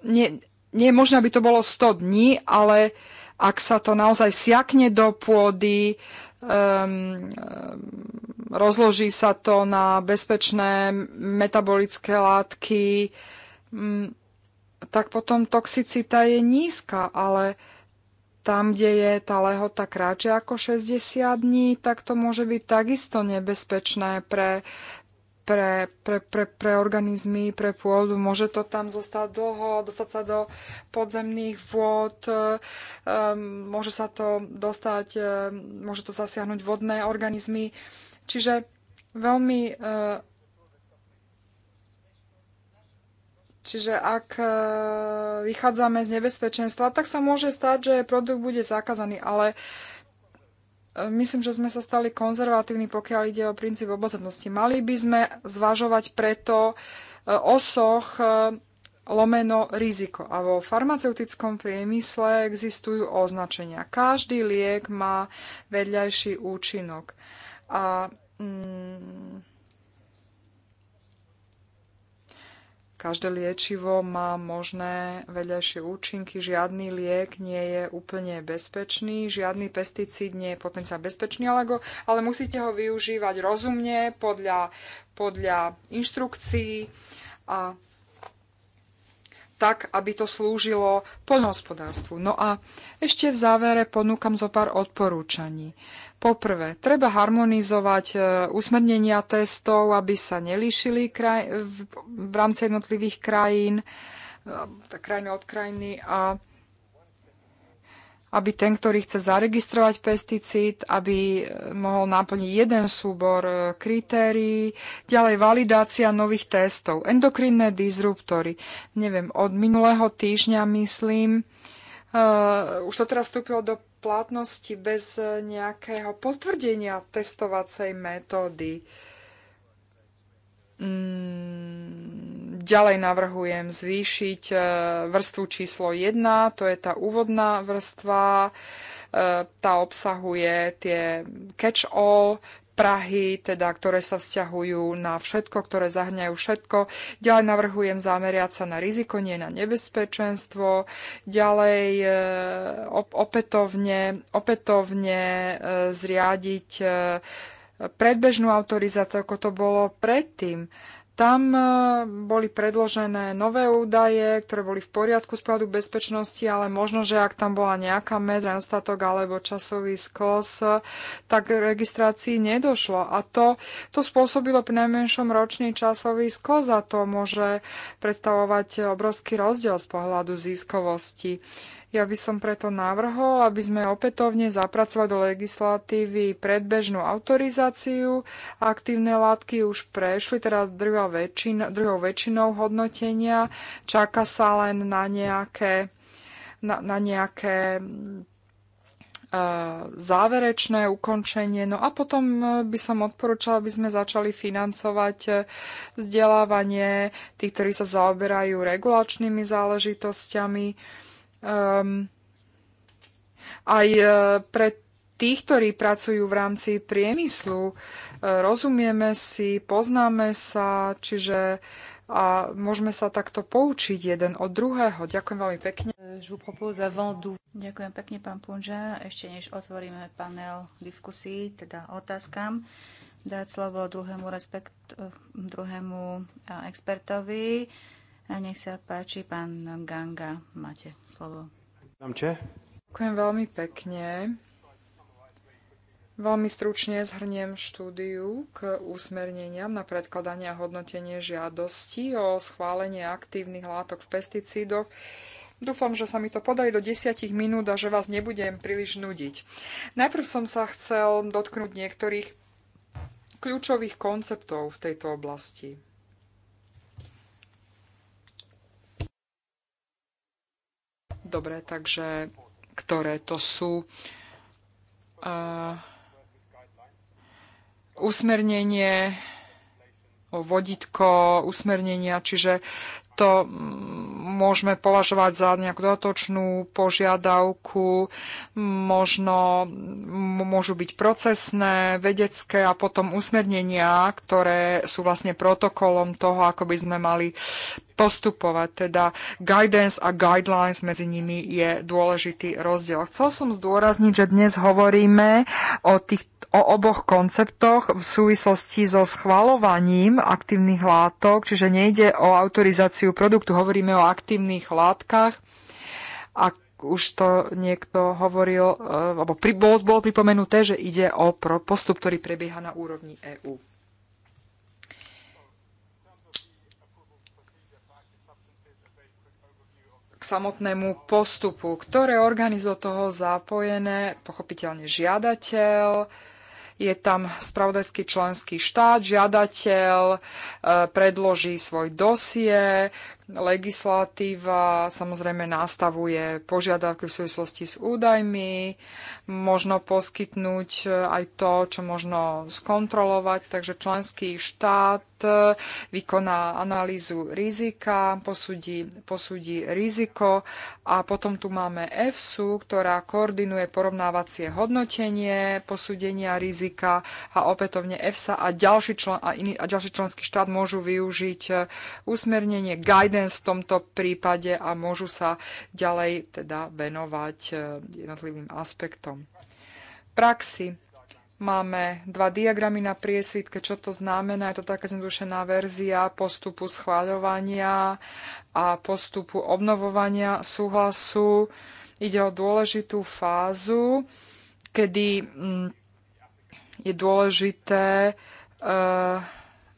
nie, nie je možné, aby to bolo 100 dní, ale ak sa to naozaj siakne do pôdy, um, rozloží sa to na bezpečné metabolické látky, um, tak potom toxicita je nízka, ale uh, tam, kde je tá lehota kratšia ako 60 dní, tak to môže byť takisto nebezpečné pre, pre, pre, pre, pre organizmy, pre pôdu. Môže to tam zostať dlho, dostať sa do podzemných vôd, e, môže sa to dostať, e, môže to zasiahnuť vodné organizmy. Čiže veľmi e, Čiže ak e, vychádzame z nebezpečenstva, tak sa môže stať, že produkt bude zakázaný, ale e, myslím, že sme sa stali konzervatívni, pokiaľ ide o princíp obozrednosti. Mali by sme zvažovať preto e, osoch lomeno riziko. A vo farmaceutickom priemysle existujú označenia. Každý liek má vedľajší účinok. A mm, Každé liečivo má možné vedľajšie účinky, žiadny liek nie je úplne bezpečný, žiadny pesticíd nie je potenciálne bezpečný, ale, go, ale musíte ho využívať rozumne, podľa, podľa inštrukcií a tak, aby to slúžilo poľnohospodárstvu. No a ešte v závere ponúkam zo pár odporúčaní. Poprvé, treba harmonizovať e, usmernenia testov, aby sa nelíšili kraj- v, v rámci jednotlivých krajín, e, krajiny od krajiny a aby ten, ktorý chce zaregistrovať pesticíd, aby e, mohol naplniť jeden súbor kritérií, ďalej validácia nových testov, endokrinné disruptory. Neviem, od minulého týždňa myslím, Eh, už to teraz vstúpilo do platnosti bez nejakého potvrdenia testovacej metódy. Mm, ďalej navrhujem zvýšiť eh, vrstvu číslo 1, to je tá úvodná vrstva. Eh, tá obsahuje tie catch-all Prahy, teda, ktoré sa vzťahujú na všetko, ktoré zahňajú všetko. Ďalej navrhujem zameriať sa na riziko, nie na nebezpečenstvo. Ďalej e, opätovne, opätovne e, zriadiť e, predbežnú autorizáciu, ako to bolo predtým. Tam e, boli predložené nové údaje, ktoré boli v poriadku z pohľadu bezpečnosti, ale možno, že ak tam bola nejaká medra, nedostatok alebo časový skos, tak registrácii nedošlo. A to, to spôsobilo pri najmenšom ročný časový skos a to môže predstavovať obrovský rozdiel z pohľadu ziskovosti. Ja by som preto navrhol, aby sme opätovne zapracovali do legislatívy predbežnú autorizáciu. Aktívne látky už prešli, teraz druhou, väčšin, druhou väčšinou hodnotenia. Čaká sa len na nejaké, na, na nejaké eh, záverečné ukončenie. No a potom eh, by som odporúčala, aby sme začali financovať eh, vzdelávanie tých, ktorí sa zaoberajú regulačnými záležitosťami um, aj e, pre tých, ktorí pracujú v rámci priemyslu. E, rozumieme si, poznáme sa, čiže a môžeme sa takto poučiť jeden od druhého. Ďakujem veľmi pekne. E, Ďakujem pekne, pán Punža. Ešte než otvoríme panel diskusí, teda otázkam, dať slovo druhému, respekt, druhému expertovi. A nech sa páči, pán Ganga, máte slovo. Ďakujem veľmi pekne. Veľmi stručne zhrniem štúdiu k usmerneniam na predkladanie a hodnotenie žiadosti o schválenie aktívnych látok v pesticídoch. Dúfam, že sa mi to podarí do 10 minút a že vás nebudem príliš nudiť. Najprv som sa chcel dotknúť niektorých kľúčových konceptov v tejto oblasti. Dobre, takže ktoré to sú? Uh, usmernenie, vodítko usmernenia, čiže to môžeme považovať za nejakú dodatočnú požiadavku, možno môžu byť procesné, vedecké a potom usmernenia, ktoré sú vlastne protokolom toho, ako by sme mali postupovať. Teda guidance a guidelines medzi nimi je dôležitý rozdiel. Chcel som zdôrazniť, že dnes hovoríme o, tých, o oboch konceptoch v súvislosti so schvalovaním aktívnych látok, čiže nejde o autorizáciu produktu, hovoríme o aktívnych látkach. A už to niekto hovoril, eh, alebo pri, bolo, bolo pripomenuté, že ide o postup, ktorý prebieha na úrovni EÚ. k samotnému postupu. Ktoré orgány toho zapojené? Pochopiteľne žiadateľ, je tam spravodajský členský štát, žiadateľ e, predloží svoj dosie, legislatíva samozrejme nastavuje požiadavky v súvislosti s údajmi, možno poskytnúť e, aj to, čo možno skontrolovať, takže členský štát e, vykoná analýzu rizika, posudí, posudí riziko a potom tu máme EFSU, ktorá koordinuje porovnávacie hodnotenie posúdenia rizika a opätovne EFSA a ďalší, člen, a, iný, a ďalší členský štát môžu využiť e, usmernenie guide guidance v tomto prípade a môžu sa ďalej teda venovať e, jednotlivým aspektom. V praxi máme dva diagramy na priesvitke, čo to znamená. Je to taká zjednodušená verzia postupu schváľovania a postupu obnovovania súhlasu. Ide o dôležitú fázu, kedy mm, je dôležité uh,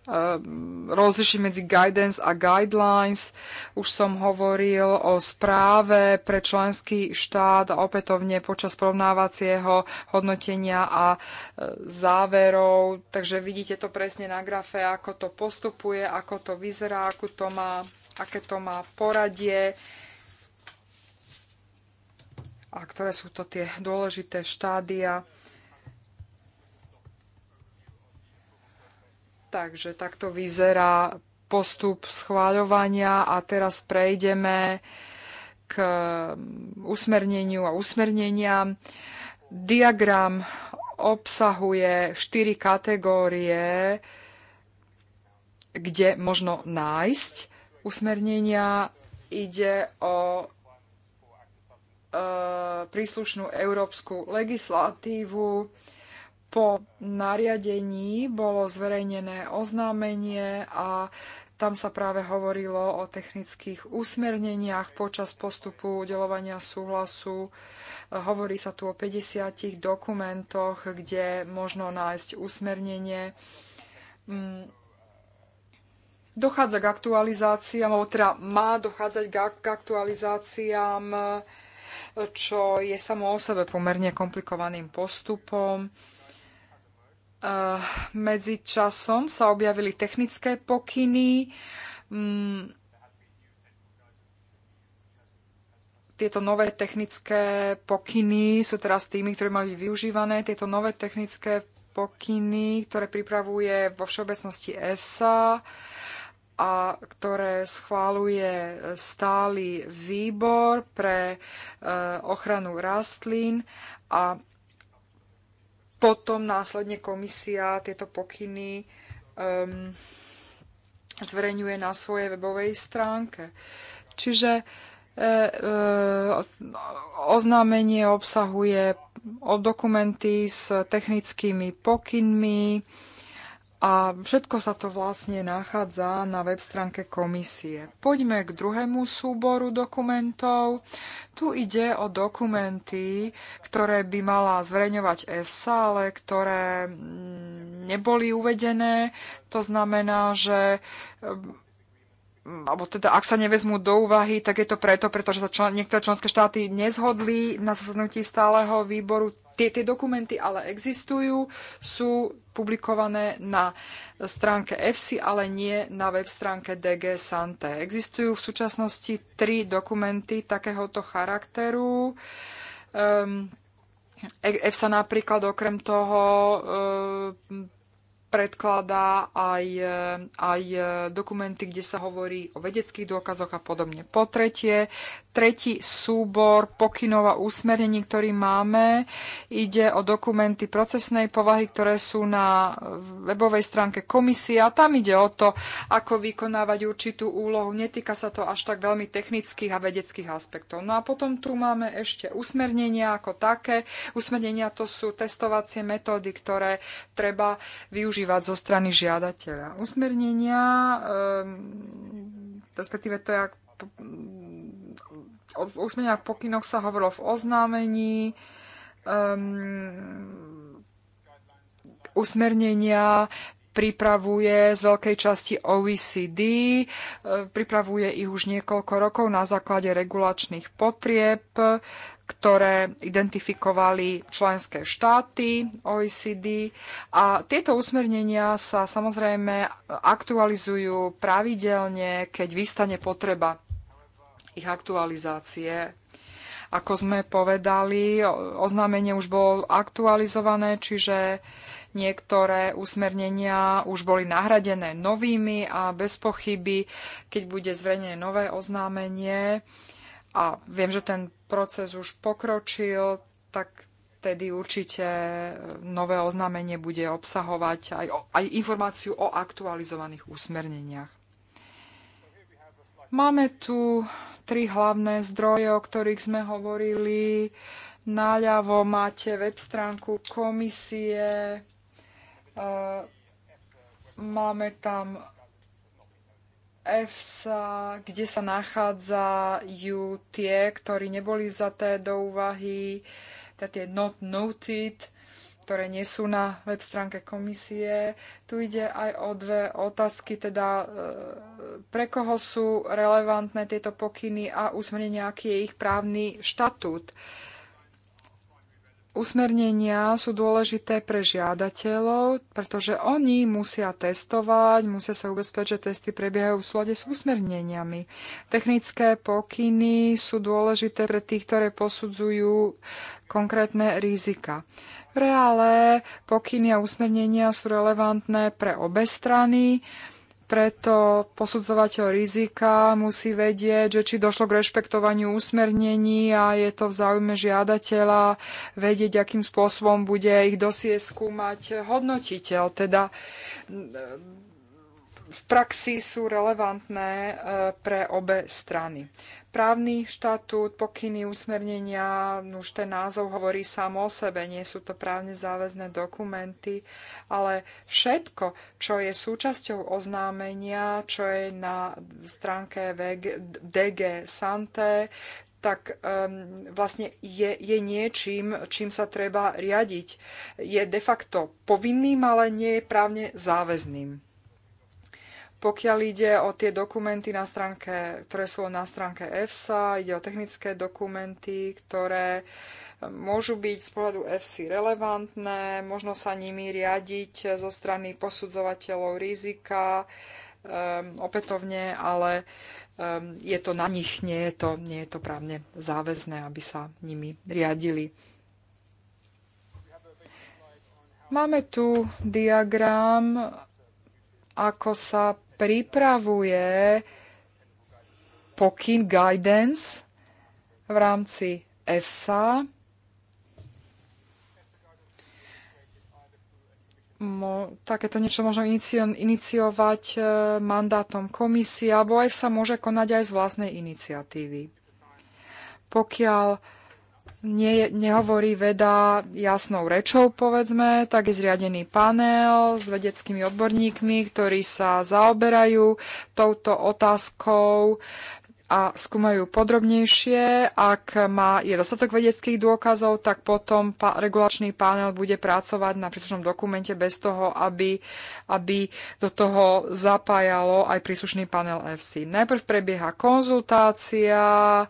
Ehm, rozlišiť medzi guidance a guidelines. Už som hovoril o správe pre členský štát a opätovne počas porovnávacieho hodnotenia a e, záverov. Takže vidíte to presne na grafe, ako to postupuje, ako to vyzerá, ako to má, aké to má poradie a ktoré sú to tie dôležité štádia. Takže takto vyzerá postup schváľovania a teraz prejdeme k usmerneniu a usmerneniam. Diagram obsahuje štyri kategórie, kde možno nájsť usmernenia. Ide o e, príslušnú európsku legislatívu, po nariadení bolo zverejnené oznámenie a tam sa práve hovorilo o technických usmerneniach počas postupu udelovania súhlasu. Hovorí sa tu o 50 dokumentoch, kde možno nájsť usmernenie. Mm. Dochádza k aktualizáciám, alebo teda má dochádzať k aktualizáciám, čo je samo o sebe pomerne komplikovaným postupom. Eh, medzi časom sa objavili technické pokyny. Mm, tieto nové technické pokyny sú teraz tými, ktoré mali byť využívané. Tieto nové technické pokyny, ktoré pripravuje vo všeobecnosti EFSA a ktoré schváluje stály výbor pre eh, ochranu rastlín a potom následne komisia tieto pokyny um, zverejňuje na svojej webovej stránke. Čiže e, e, oznámenie obsahuje dokumenty s technickými pokynmi, a všetko sa to vlastne nachádza na web stránke komisie. Poďme k druhému súboru dokumentov. Tu ide o dokumenty, ktoré by mala zverejňovať EFSA, ale ktoré mm, neboli uvedené. To znamená, že alebo teda ak sa nevezmú do úvahy, tak je to preto, pretože sa člen, niektoré členské štáty nezhodli na zasadnutí stáleho výboru. Tie, tie dokumenty ale existujú, sú publikované na stránke EFSI, ale nie na web stránke DG Sante. Existujú v súčasnosti tri dokumenty takéhoto charakteru. Um, ehm, EFSA napríklad okrem toho predkladá aj, aj dokumenty, kde sa hovorí o vedeckých dôkazoch a podobne. Po tretie, tretí súbor pokynov a úsmernení, ktorý máme. Ide o dokumenty procesnej povahy, ktoré sú na webovej stránke komisie a tam ide o to, ako vykonávať určitú úlohu. Netýka sa to až tak veľmi technických a vedeckých aspektov. No a potom tu máme ešte usmernenia ako také. Usmernenia to sú testovacie metódy, ktoré treba využívať zo strany žiadateľa. Usmernenia, um, respektíve to je o v pokynoch sa hovorilo v oznámení, um, usmernenia pripravuje z veľkej časti OECD, e, pripravuje ich už niekoľko rokov na základe regulačných potrieb, ktoré identifikovali členské štáty OECD. A tieto usmernenia sa samozrejme aktualizujú pravidelne, keď vystane potreba ich aktualizácie. Ako sme povedali, oznámenie už bolo aktualizované, čiže niektoré usmernenia už boli nahradené novými a bez pochyby, keď bude zverejnené nové oznámenie, a viem, že ten proces už pokročil, tak tedy určite nové oznámenie bude obsahovať aj, aj informáciu o aktualizovaných úsmerneniach. Máme tu tri hlavné zdroje, o ktorých sme hovorili. Náľavo máte web stránku komisie, eh, máme tam EFSA, kde sa nachádzajú tie, ktorí neboli vzaté do úvahy, tie not noted ktoré nie sú na web stránke komisie. Tu ide aj o dve otázky, teda e, pre koho sú relevantné tieto pokyny a usmernenia, aký je ich právny štatút usmernenia sú dôležité pre žiadateľov, pretože oni musia testovať, musia sa ubezpečiť, že testy prebiehajú v slade s usmerneniami. Technické pokyny sú dôležité pre tých, ktoré posudzujú konkrétne rizika. V reále pokyny a usmernenia sú relevantné pre obe strany. Preto posudzovateľ rizika musí vedieť, že či došlo k rešpektovaniu usmernení a je to v záujme žiadateľa vedieť, akým spôsobom bude ich dosie skúmať hodnotiteľ. Teda mm, v praxi sú relevantné e, pre obe strany. Právny štatút, pokyny, usmernenia, no už ten názov hovorí sám o sebe, nie sú to právne záväzné dokumenty, ale všetko, čo je súčasťou oznámenia, čo je na stránke DG Santé, tak um, vlastne je, je niečím, čím sa treba riadiť. Je de facto povinným, ale nie je právne záväzným. Pokiaľ ide o tie dokumenty, na stránke, ktoré sú na stránke EFSA, ide o technické dokumenty, ktoré e, môžu byť z pohľadu EFSI relevantné, možno sa nimi riadiť zo strany posudzovateľov rizika um, opätovne, ale um, je to na nich, nie je to, nie je to právne záväzné, aby sa nimi riadili. Máme tu diagram, ako sa pripravuje pokyn guidance v rámci EFSA. Mo, takéto niečo možno inicio, iniciovať e, mandátom komisie, alebo EFSA môže konať aj z vlastnej iniciatívy. Pokiaľ nie, nehovorí veda jasnou rečou, povedzme, tak je zriadený panel s vedeckými odborníkmi, ktorí sa zaoberajú touto otázkou a skúmajú podrobnejšie. Ak má, je dostatok vedeckých dôkazov, tak potom pa, regulačný panel bude pracovať na príslušnom dokumente bez toho, aby, aby do toho zapájalo aj príslušný panel FC. Najprv prebieha konzultácia,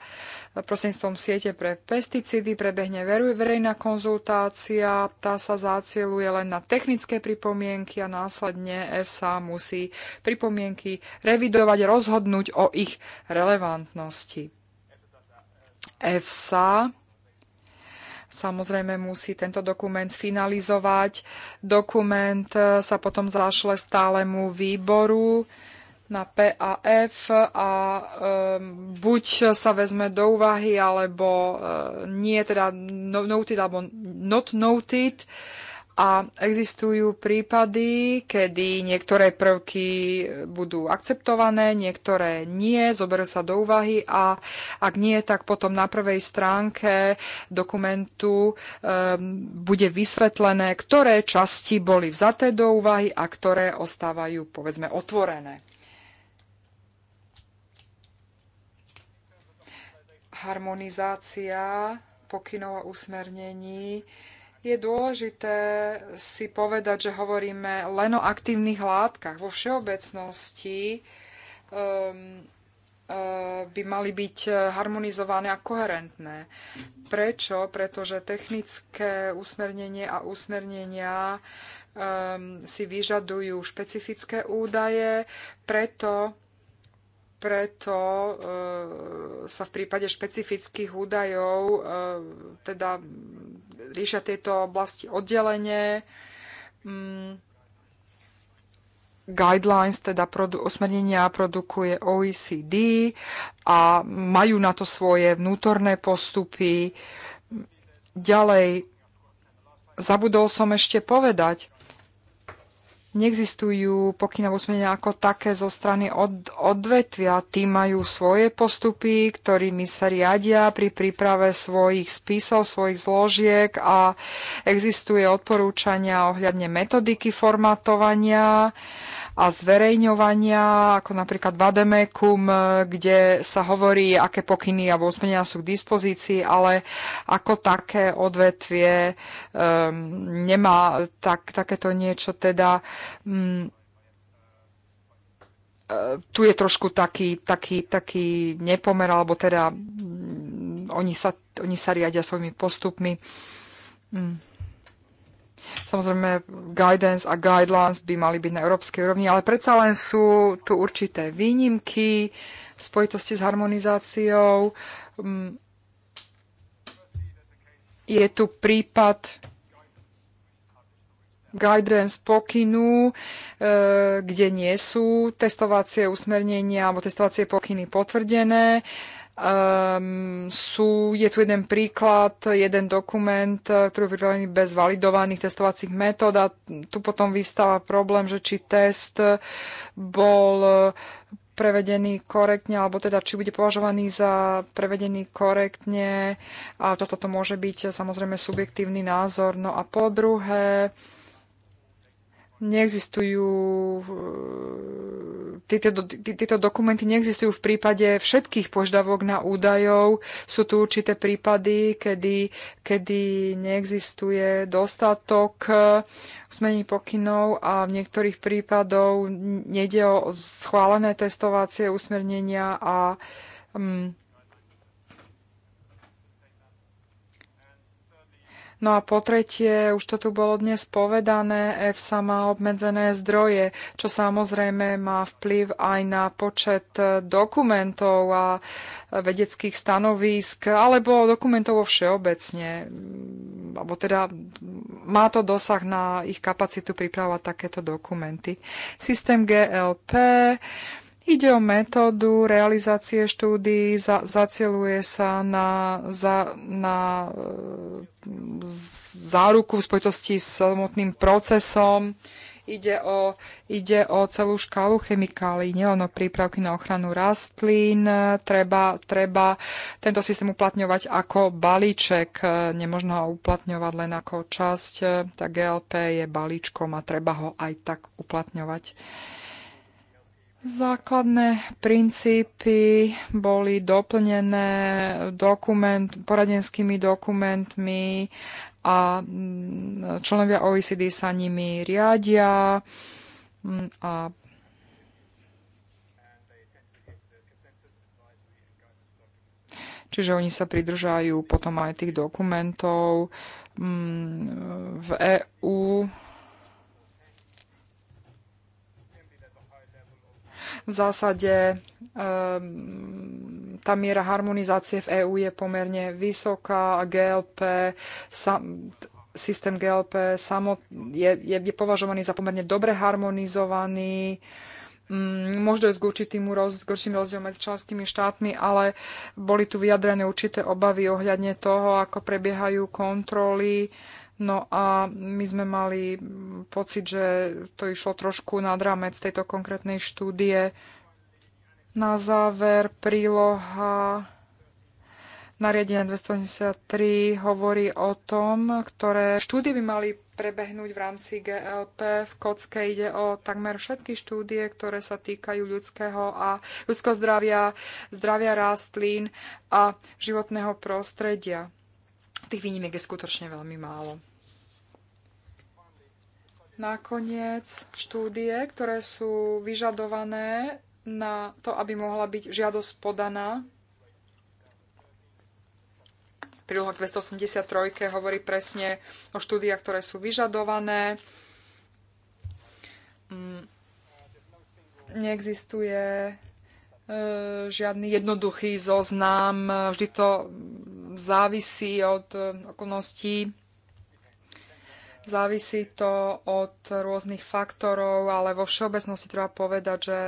Prostredníctvom siete pre pesticídy prebehne verejná konzultácia, tá sa zacieluje len na technické pripomienky a následne EFSA musí pripomienky revidovať, rozhodnúť o ich relevantnosti. EFSA samozrejme musí tento dokument sfinalizovať. Dokument sa potom zašle stálemu výboru na PAF a um, buď sa vezme do úvahy, alebo eh, nie, teda no, noted alebo not noted. A existujú prípady, kedy niektoré prvky budú akceptované, niektoré nie, zoberú sa do úvahy a ak nie, tak potom na prvej stránke dokumentu um, bude vysvetlené, ktoré časti boli vzaté do úvahy a ktoré ostávajú, povedzme, otvorené. harmonizácia pokynov a usmernení, je dôležité si povedať, že hovoríme len o aktívnych látkach. Vo všeobecnosti um, uh, by mali byť harmonizované a koherentné. Prečo? Pretože technické usmernenie a usmernenia um, si vyžadujú špecifické údaje, preto preto e, sa v prípade špecifických údajov e, teda riešia tieto oblasti oddelenie. Mm, guidelines, teda produ- osmernenia produkuje OECD a majú na to svoje vnútorné postupy. Ďalej, zabudol som ešte povedať, neexistujú pokyna usmenia ako také zo strany od, odvetvia. Tí majú svoje postupy, ktorými sa riadia pri príprave svojich spisov, svojich zložiek a existuje odporúčania ohľadne metodiky formatovania a zverejňovania, ako napríklad Vademecum, eh, kde sa hovorí, aké pokyny alebo usmenia sú k dispozícii, ale ako také odvetvie um, nemá tak, takéto niečo teda. Um, tu je trošku taký, taký, taký nepomer, alebo teda mm, oni sa, oni sa riadia svojimi postupmi. Mm. Samozrejme, guidance a guidelines by mali byť na európskej úrovni, ale predsa len sú tu určité výnimky v spojitosti s harmonizáciou. Mm, je tu prípad guidance pokynu, e, kde nie sú testovacie usmernenia alebo testovacie pokyny potvrdené. Um, sú, je tu jeden príklad, jeden dokument, eh, ktorý je pripravený bez validovaných testovacích metód a tu potom vystáva problém, že či test eh, bol eh, prevedený korektne, alebo teda či bude považovaný za prevedený korektne a často to môže byť samozrejme subjektívny názor. No a po druhé, neexistujú e, tieto, tieto dokumenty neexistujú v prípade všetkých požadavok na údajov. Sú tu určité prípady, kedy, kedy neexistuje dostatok e, usmení pokynov a v niektorých prípadoch nejde o schválené testovacie usmernenia a um, No a po tretie, už to tu bolo dnes povedané, EFSA má obmedzené zdroje, čo samozrejme má vplyv aj na počet dokumentov a vedeckých stanovísk, alebo dokumentov vo všeobecne. Alebo teda má to dosah na ich kapacitu pripravovať takéto dokumenty. Systém GLP, Ide o metódu realizácie štúdií, za, zacieluje sa na, za, na e, záruku v spojitosti s samotným procesom. Ide o, ide o celú škálu chemikálií, nielen o prípravky na ochranu rastlín. Treba, treba tento systém uplatňovať ako balíček. Nemožno ho uplatňovať len ako časť. E, tak GLP je balíčkom a treba ho aj tak uplatňovať. Základné princípy boli doplnené dokument, poradenskými dokumentmi a mm, členovia OECD sa nimi riadia mm, a Čiže oni sa pridržajú potom aj tých dokumentov. Mm, v EÚ V zásade um, tá miera harmonizácie v EÚ je pomerne vysoká a GLP systém GLP samot, je, je, je považovaný za pomerne dobre harmonizovaný. Mm, možno je s určitým roz, rozdielom medzi členskými štátmi, ale boli tu vyjadrené určité obavy ohľadne toho, ako prebiehajú kontroly. Uh, No a my sme mali pocit, že to išlo trošku nad rámec tejto konkrétnej štúdie. Na záver príloha nariadenia 283 hovorí o tom, ktoré štúdie by mali prebehnúť v rámci GLP. V kocke ide o takmer všetky štúdie, ktoré sa týkajú ľudského a ľudského zdravia, zdravia rastlín a životného prostredia tých výnimiek je skutočne veľmi málo. Nakoniec štúdie, ktoré sú vyžadované na to, aby mohla byť žiadosť podaná. Príloha 283 hovorí presne o štúdiách, ktoré sú vyžadované. Mm, neexistuje e, žiadny jednoduchý zoznam. Vždy to závisí od e, okolností, závisí to od rôznych faktorov, ale vo všeobecnosti treba povedať, že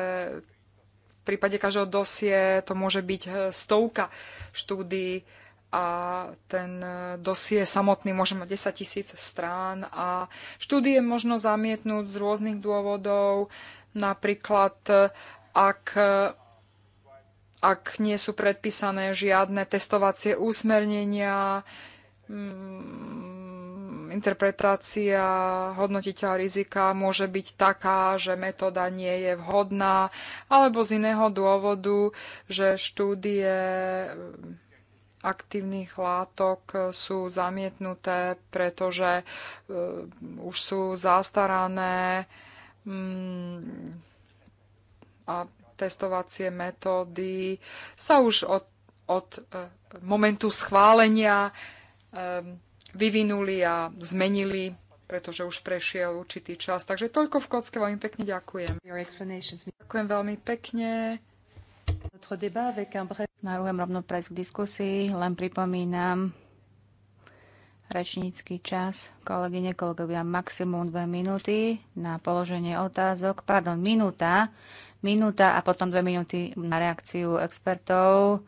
v prípade každého dosie to môže byť e, stovka štúdií a ten e, dosie samotný môže mať 10 tisíc strán a štúdie možno zamietnúť z rôznych dôvodov, napríklad ak ak nie sú predpísané žiadne testovacie úsmernenia, mm, interpretácia hodnotiteľa rizika môže byť taká, že metóda nie je vhodná, alebo z iného dôvodu, že štúdie aktívnych látok sú zamietnuté, pretože eh, už sú zastarané mm, a testovacie metódy sa už od, od e, momentu schválenia e, vyvinuli a zmenili, pretože už prešiel určitý čas. Takže toľko v kocke, veľmi pekne ďakujem. Ďakujem veľmi pekne. Navrhujem rovno prejsť k diskusii, len pripomínam rečnícky čas. Kolegyne, kolegovia, maximum dve minúty na položenie otázok. Pardon, minúta minúta a potom dve minúty na reakciu expertov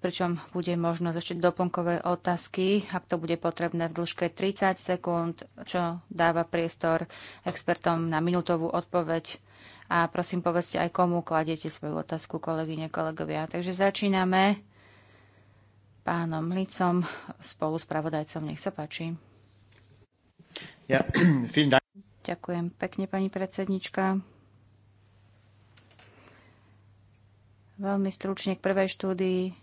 pričom bude možnosť ešte doplnkové otázky, ak to bude potrebné v dĺžke 30 sekúnd, čo dáva priestor expertom na minútovú odpoveď. A prosím, povedzte aj, komu kladete svoju otázku, kolegyne, kolegovia. Takže začíname pánom Licom, spolu s pravodajcom. Nech sa páči. Ja, Ďakujem pekne, pani predsednička. Veľmi stručne k prvej štúdii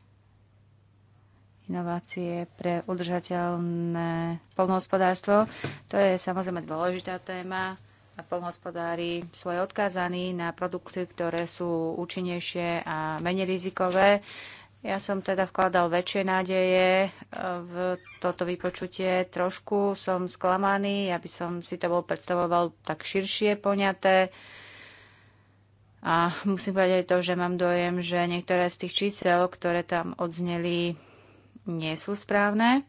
inovácie pre udržateľné polnohospodárstvo. To je samozrejme dôležitá téma a polnohospodári sú aj odkázaní na produkty, ktoré sú účinnejšie a menej rizikové. Ja som teda vkladal väčšie nádeje e, v toto vypočutie. Trošku som sklamaný, aby som si to bol predstavoval tak širšie poňaté. A musím povedať aj to, že mám dojem, že niektoré z tých čísel, ktoré tam odzneli, nie sú správne.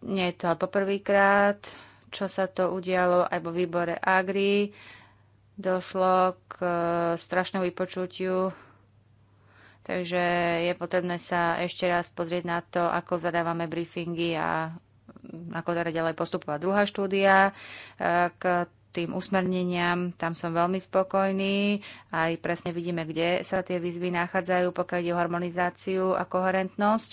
Nie je to poprvýkrát, čo sa to udialo aj vo výbore Agri. Došlo k e, strašnému vypočutiu, takže je potrebné sa ešte raz pozrieť na to, ako zadávame briefingy a ako teda ďalej postupovať. Druhá štúdia, e, tým usmerneniam, tam som veľmi spokojný. Aj presne vidíme, kde sa tie výzvy nachádzajú, pokiaľ ide o harmonizáciu a koherentnosť.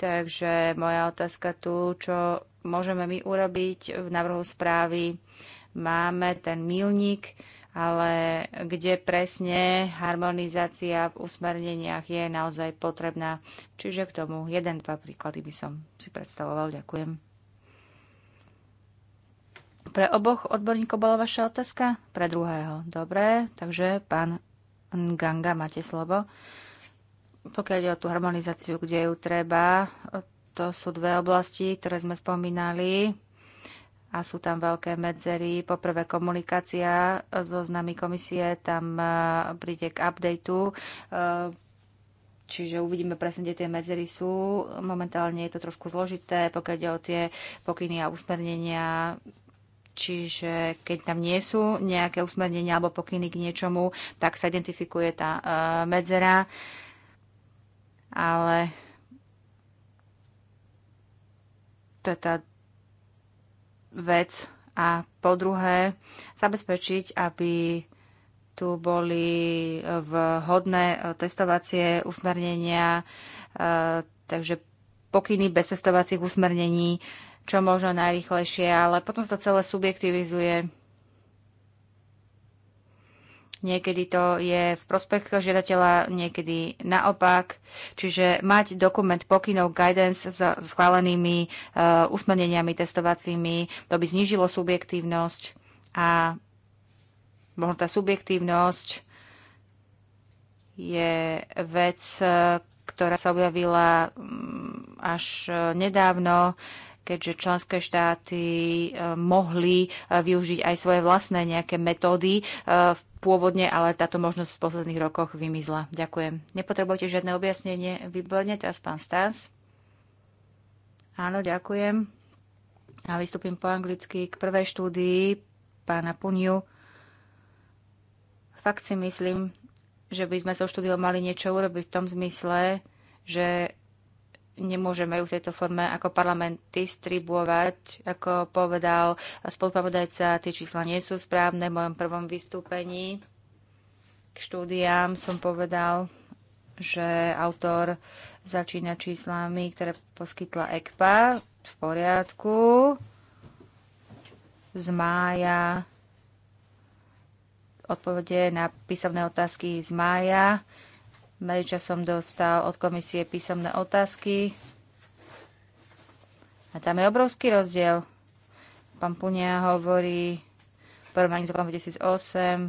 Takže moja otázka tu, čo môžeme my urobiť v návrhu správy. Máme ten milník, ale kde presne harmonizácia v usmerneniach je naozaj potrebná. Čiže k tomu jeden, dva príklady by som si predstavoval. Ďakujem. Pre oboch odborníkov bola vaša otázka? Pre druhého. Dobre, takže pán Ganga, máte slovo. Pokiaľ ide o tú harmonizáciu, kde ju treba, to sú dve oblasti, ktoré sme spomínali a sú tam veľké medzery. Poprvé komunikácia so e, znami komisie, tam e, príde k updateu e, čiže uvidíme presne, kde tie medzery sú. Momentálne je to trošku zložité, pokiaľ ide o tie pokyny a usmernenia, Čiže keď tam nie sú nejaké usmernenia alebo pokyny k niečomu, tak sa identifikuje tá e, medzera. Ale to je tá vec. A po druhé, zabezpečiť, aby tu boli vhodné e, testovacie usmernenia, e, takže pokyny bez testovacích usmernení čo možno najrychlejšie, ale potom sa to celé subjektivizuje. Niekedy to je v prospech žiadateľa, niekedy naopak. Čiže mať dokument pokynov guidance s schválenými uh, usmerneniami testovacími, to by znížilo subjektívnosť a možno tá subjektívnosť je vec, e, ktorá sa objavila mm, až e, nedávno. Uh, keďže členské štáty e, mohli e, využiť aj svoje vlastné nejaké metódy e, v pôvodne, ale táto možnosť v posledných rokoch vymizla. Ďakujem. Nepotrebujete žiadne objasnenie? Výborne, teraz pán Stas. Áno, ďakujem. A vystúpim po anglicky k prvej štúdii pána Puniu. Fakt si myslím, že by sme so štúdiou mali niečo urobiť v tom zmysle, že nemôžeme ju v tejto forme ako parlament distribuovať. Ako povedal spolupravodajca, tie čísla nie sú správne. V mojom prvom vystúpení k štúdiám som povedal, že autor začína číslami, ktoré poskytla ECPA v poriadku z mája odpovede na písomné otázky z mája Medičasom dostal od komisie písomné otázky. A tam je obrovský rozdiel. Pán Punia hovorí v porovnaní s rokom 2008,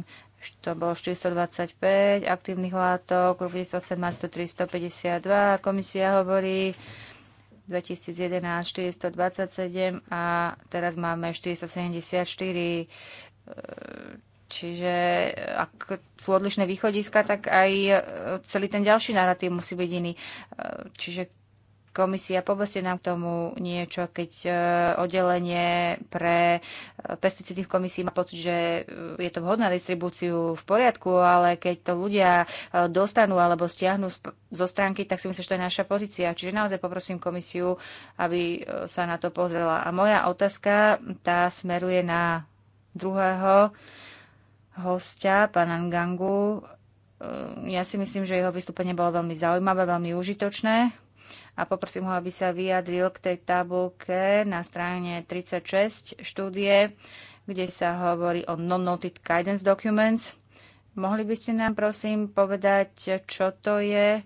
to bolo 425 aktívnych látok, v 2018 352 a komisia hovorí 2011 427 a teraz máme 474 Čiže eh, ak sú odlišné východiska, tak aj eh, celý ten ďalší narratív musí byť iný. Eh, čiže komisia, povedzte nám k tomu niečo, keď oddelenie pre pesticídy v komisii má pocit, že je to vhodná distribúciu v poriadku, ale keď to ľudia dostanú alebo stiahnu zo stránky, tak si myslím, že to je naša pozícia. Čiže naozaj poprosím komisiu, aby sa na to pozrela. A moja otázka, tá smeruje na druhého hostia, pána Ngangu. Ja si myslím, že jeho vystúpenie bolo veľmi zaujímavé, veľmi užitočné a poprosím ho, aby sa vyjadril k tej tabulke na strane 36 štúdie, kde sa hovorí o non-noted guidance documents. Mohli by ste nám prosím povedať, čo to je,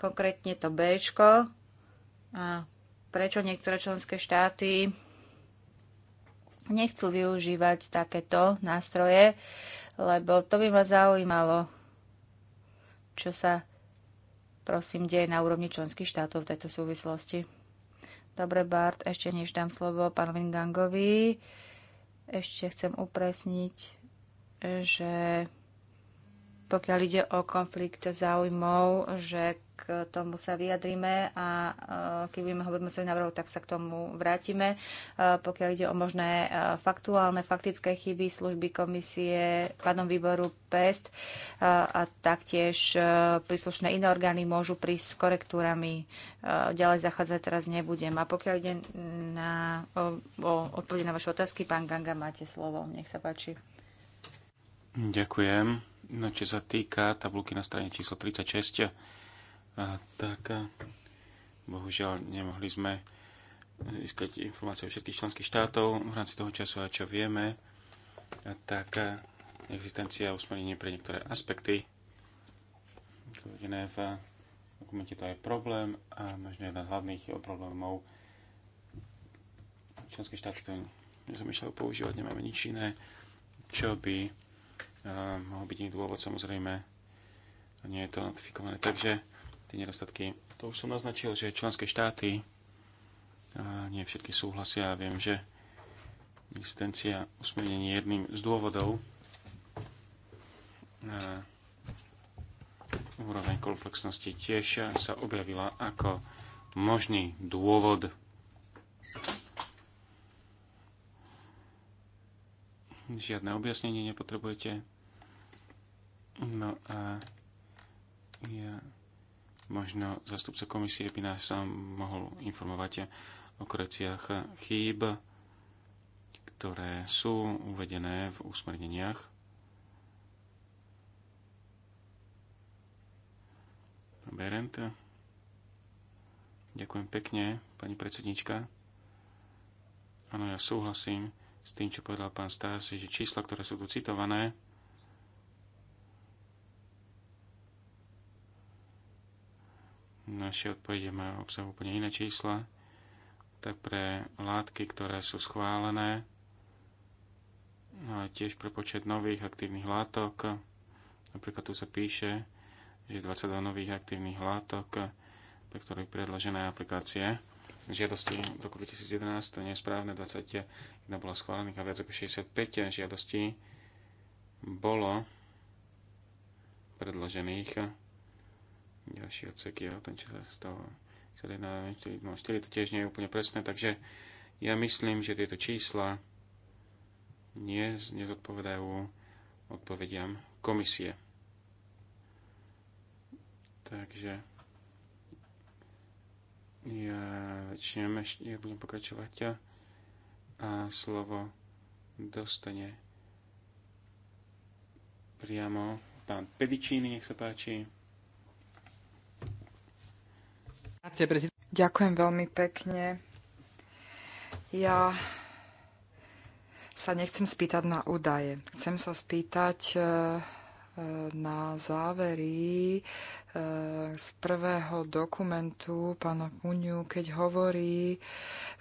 konkrétne to B, a prečo niektoré členské štáty nechcú využívať takéto nástroje, lebo to by ma zaujímalo, čo sa prosím deje na úrovni členských štátov v tejto súvislosti. Dobre, Bart, ešte než dám slovo pán Vingangovi, ešte chcem upresniť, že pokiaľ ide o konflikt záujmov, že k tomu sa vyjadríme a keď budeme hovoriť o návrhov, tak sa k tomu vrátime. Pokiaľ ide o možné faktuálne, faktické chyby služby komisie, pádom výboru PEST a taktiež príslušné iné orgány môžu prísť s korektúrami. Ďalej zachádzať teraz nebudem. A pokiaľ ide na, o, o odpovede na vaše otázky, pán Ganga, máte slovo. Nech sa páči. Ďakujem. No, čo sa týka tabulky na strane číslo 36, tak bohužiaľ nemohli sme získať informácie o všetkých členských štátov v rámci toho času a čo vieme, tak existencia usmernenie pre niektoré aspekty uvedené v dokumente to je problém a možno jedna z hlavných problémov členské štáty to nezamýšľajú používať, nemáme nič iné, čo by mohol byť iný dôvod samozrejme, nie je to notifikované. Takže tie nedostatky, to už som naznačil, že členské štáty nie všetky súhlasia a viem, že existencia usmernenie jedným z dôvodov na úroveň komplexnosti tiež sa objavila ako možný dôvod Žiadne objasnenie nepotrebujete. No a ja, možno zastupca komisie by nás mohol informovať o koreciách chýb, ktoré sú uvedené v usmerneniach. Berend. Ďakujem pekne, pani predsednička. Áno, ja súhlasím s tým, čo povedal pán Stás, že čísla, ktoré sú tu citované, naše odpovede majú obsah úplne iné čísla, tak pre látky, ktoré sú schválené, a tiež pre počet nových aktívnych látok, napríklad tu sa píše, že 22 nových aktívnych látok, pre ktorých predložené aplikácie žiadosti v roku 2011 to nie je správne, 21 bolo schválených a viac ako 65 žiadostí bolo predložených ďalší odsek je o tom, čo sa stalo. 4, 0, 4 to tiež nie je úplne presné, takže ja myslím, že tieto čísla nie, nezodpovedajú odpovediam komisie. Takže ja začnem ešte, ja budem pokračovať a slovo dostane priamo pán Pedičíny, nech sa páči. Ďakujem veľmi pekne. Ja sa nechcem spýtať na údaje. Chcem sa spýtať eh, na závery Eh, z prvého dokumentu pána Puňu, keď hovorí,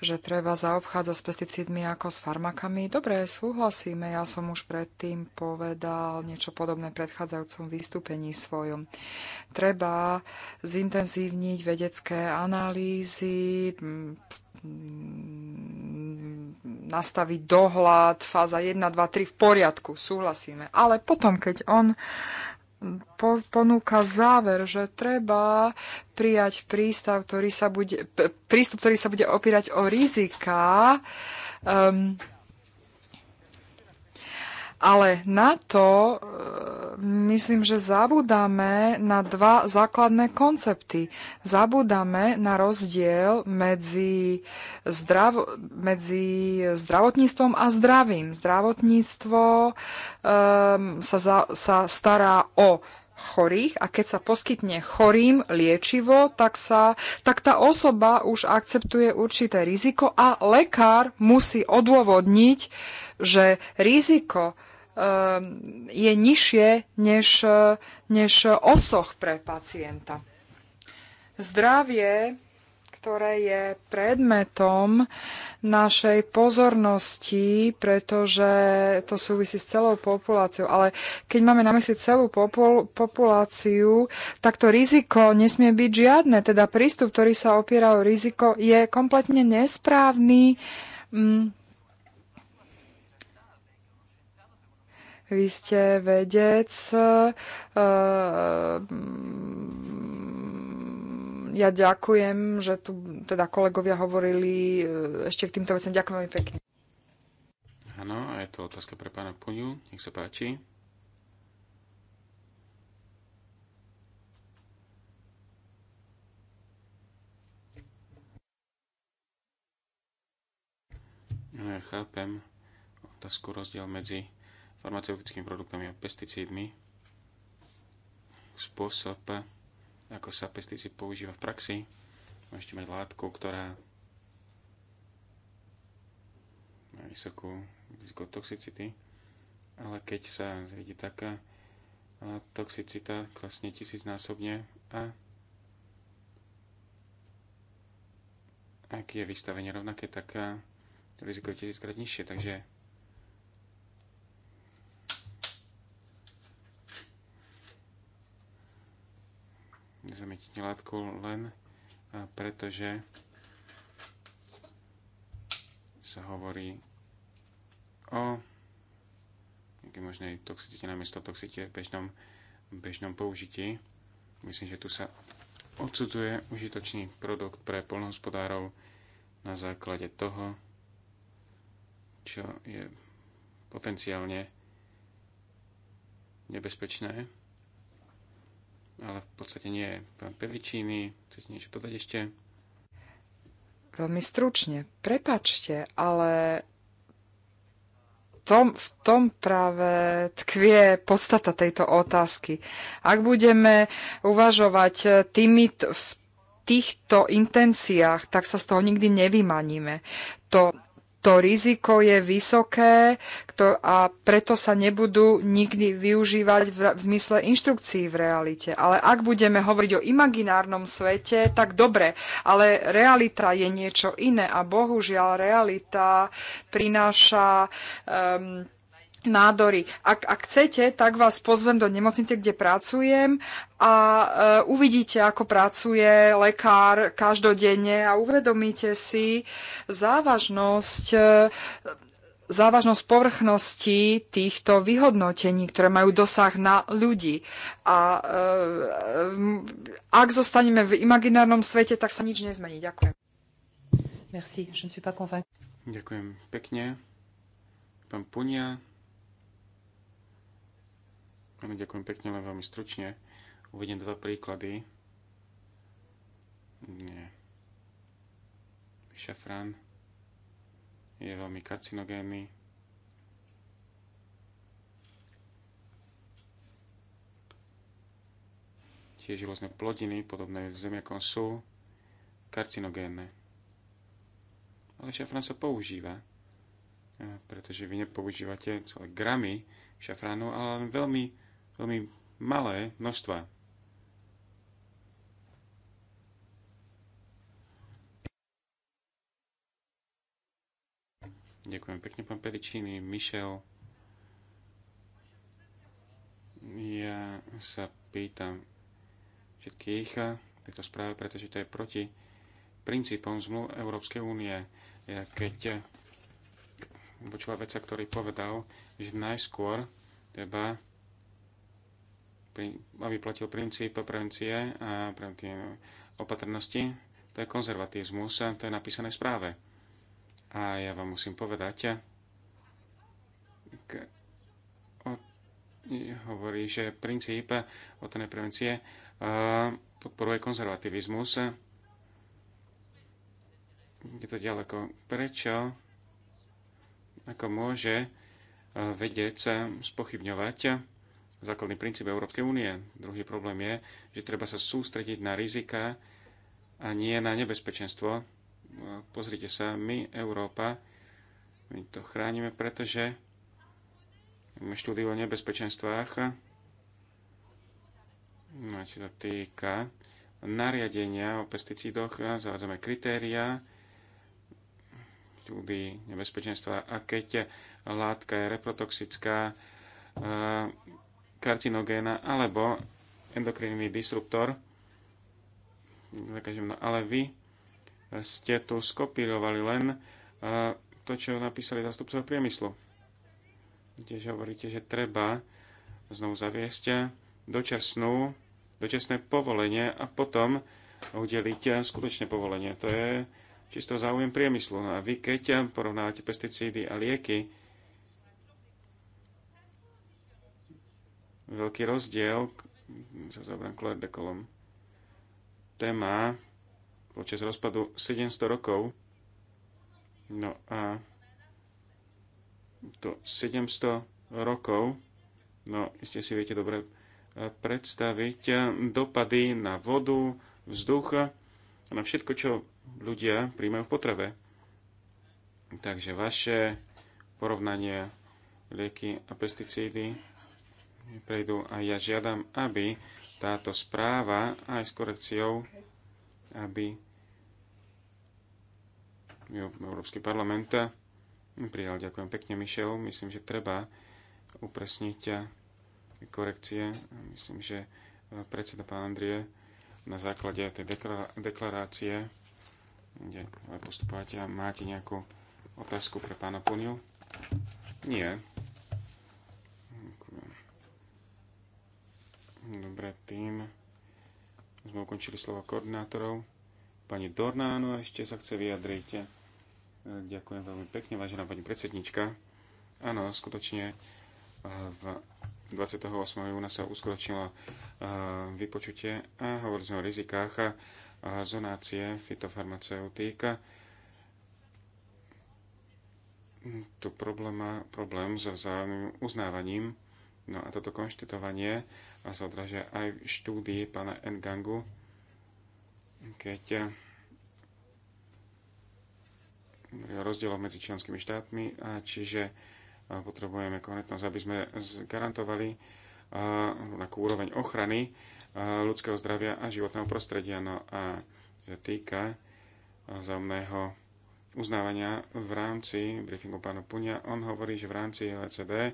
že treba zaobchádzať s pesticídmi ako s farmakami. Dobre, súhlasíme, ja som už predtým povedal niečo podobné v predchádzajúcom vystúpení svojom. Treba zintenzívniť vedecké analýzy, mm, nastaviť dohľad, fáza 1, 2, 3 v poriadku, súhlasíme. Ale potom, keď on ponúka záver, že treba prijať prístav, ktorý sa bude, prístup, ktorý sa bude opírať o rizika. um, ale na to e, myslím, že zabudáme na dva základné koncepty. Zabudáme na rozdiel medzi, zdrav, medzi zdravotníctvom a zdravím. Zdravotníctvo um, sa, za, sa stará o chorých a keď sa poskytne chorým liečivo, tak, sa, tak tá osoba už akceptuje určité riziko a lekár musí odôvodniť, že riziko, je nižšie než, než osoch pre pacienta. Zdravie, ktoré je predmetom našej pozornosti, pretože to súvisí s celou populáciou. Ale keď máme na mysli celú popul- populáciu, tak to riziko nesmie byť žiadne. Teda prístup, ktorý sa opiera o riziko, je kompletne nesprávny. Mm Vy ste vedec. Eh, mm, ja ďakujem, že tu teda kolegovia hovorili eh, ešte k týmto veciam. Ďakujem veľmi pekne. Áno, a je to otázka pre pána Puňu. Nech sa páči. ja chápem otázku rozdiel medzi farmaceutickými produktami a pesticídmi. Spôsob, ako sa pesticíd používa v praxi, môžete mať látku, ktorá má vysokú riziko toxicity, ale keď sa zvedie taká toxicita, klesne tisícnásobne a ak je vystavenie rovnaké, tak riziko je tisíckrát nižšie, takže zamietnite látku len pretože sa hovorí o nejaké možnej toxicite namiesto toxicite v bežnom, bežnom použití. Myslím, že tu sa odsudzuje užitočný produkt pre polnohospodárov na základe toho, čo je potenciálne nebezpečné ale v podstate nie. Pán Peličíny, chcete niečo dodať ešte? Veľmi stručne. Prepačte, ale tom, v tom práve tkvie podstata tejto otázky. Ak budeme uvažovať tými, v týchto intenciách, tak sa z toho nikdy nevymaníme. To to riziko je vysoké a preto sa nebudú nikdy využívať v, zmysle inštrukcií v realite. Ale ak budeme hovoriť o imaginárnom svete, tak dobre, ale realita je niečo iné a bohužiaľ realita prináša um, nádory. Ak, ak chcete, tak vás pozvem do nemocnice, kde pracujem a e, uvidíte, ako pracuje lekár každodenne a uvedomíte si závažnosť, e, závažnosť povrchnosti týchto vyhodnotení, ktoré majú dosah na ľudí. A e, ak zostaneme v imaginárnom svete, tak sa nič nezmení. Ďakujem. Merci, je ne suis pas convaincu. Ďakujem pekne. Pán Punia. Áno, ďakujem pekne, len veľmi stručne. Uvediem dva príklady. Nie. Šafrán je veľmi karcinogénny. Tiež rôzne plodiny, podobné zemiakom, sú karcinogénne. Ale šafrán sa používa, eh, pretože vy nepoužívate celé gramy šafránu, ale len veľmi veľmi malé množstva. Ďakujem pekne, pán Peričíny, Mišel. Ja sa pýtam všetkých v tejto správe, pretože to je proti princípom zmluv Európskej únie. Ja keď počula veca, ktorý povedal, že najskôr treba aby platil princíp prevencie a preventívne opatrnosti. To je konzervatizmus, to je napísané v správe. A ja vám musím povedať, k, o, hovorí, že princíp otrnej prevencie a, podporuje konzervativizmus. Je to ďaleko. Prečo? Ako môže vedec spochybňovať základný princíp Európskej únie. Druhý problém je, že treba sa sústrediť na rizika a nie na nebezpečenstvo. Pozrite sa, my, Európa, my to chránime, pretože máme štúdiu o nebezpečenstvách, no, čo sa týka nariadenia o pesticídoch, zavádzame kritéria, štúdy nebezpečenstva a keď látka je reprotoxická, karcinogéna alebo endokrinný disruptor. No, ale vy ste tu skopírovali len e, to, čo napísali zastupcov priemyslu. Tiež hovoríte, že treba znovu zaviesť dočasnú, dočasné povolenie a potom udeliť skutočné povolenie. To je čisto záujem priemyslu. No a vy, keď porovnávate pesticídy a lieky, veľký rozdiel sa zabrám Claire de Colom. Téma počas rozpadu 700 rokov. No a to 700 rokov, no iste si viete dobre eh, predstaviť eh, dopady na vodu, vzduch a na všetko, čo ľudia príjmajú v potrebe. Takže vaše porovnanie lieky a pesticídy prejdú a ja žiadam, aby táto správa aj s korekciou, aby Európsky parlament prijal. Ďakujem pekne, Mišel. Myslím, že treba upresniť korekcie. Myslím, že predseda pán Andrie na základe tej deklarácie kde postupovať a máte nejakú otázku pre pána Poniu? Nie. Dobre, tým sme ukončili slovo koordinátorov. Pani Dornáno ešte sa chce vyjadriť. E, ďakujem veľmi pekne, vážená pani predsednička. Áno, skutočne e, v 28. júna sa uskutočnilo e, vypočutie a hovorili sme o rizikách a zonácie fitofarmaceutíka. Tu problém, s vzájomným uznávaním No a toto konštitovanie sa odražia aj v štúdii pána Ngangu, keď eh, rozdielov medzi členskými štátmi, a čiže eh, potrebujeme konetnosť, aby sme garantovali eh, rovnakú úroveň ochrany ľudského zdravia a životného prostredia. No a že týka zaujímavého uznávania v rámci briefingu pána Punia, on hovorí, že v rámci LCD. E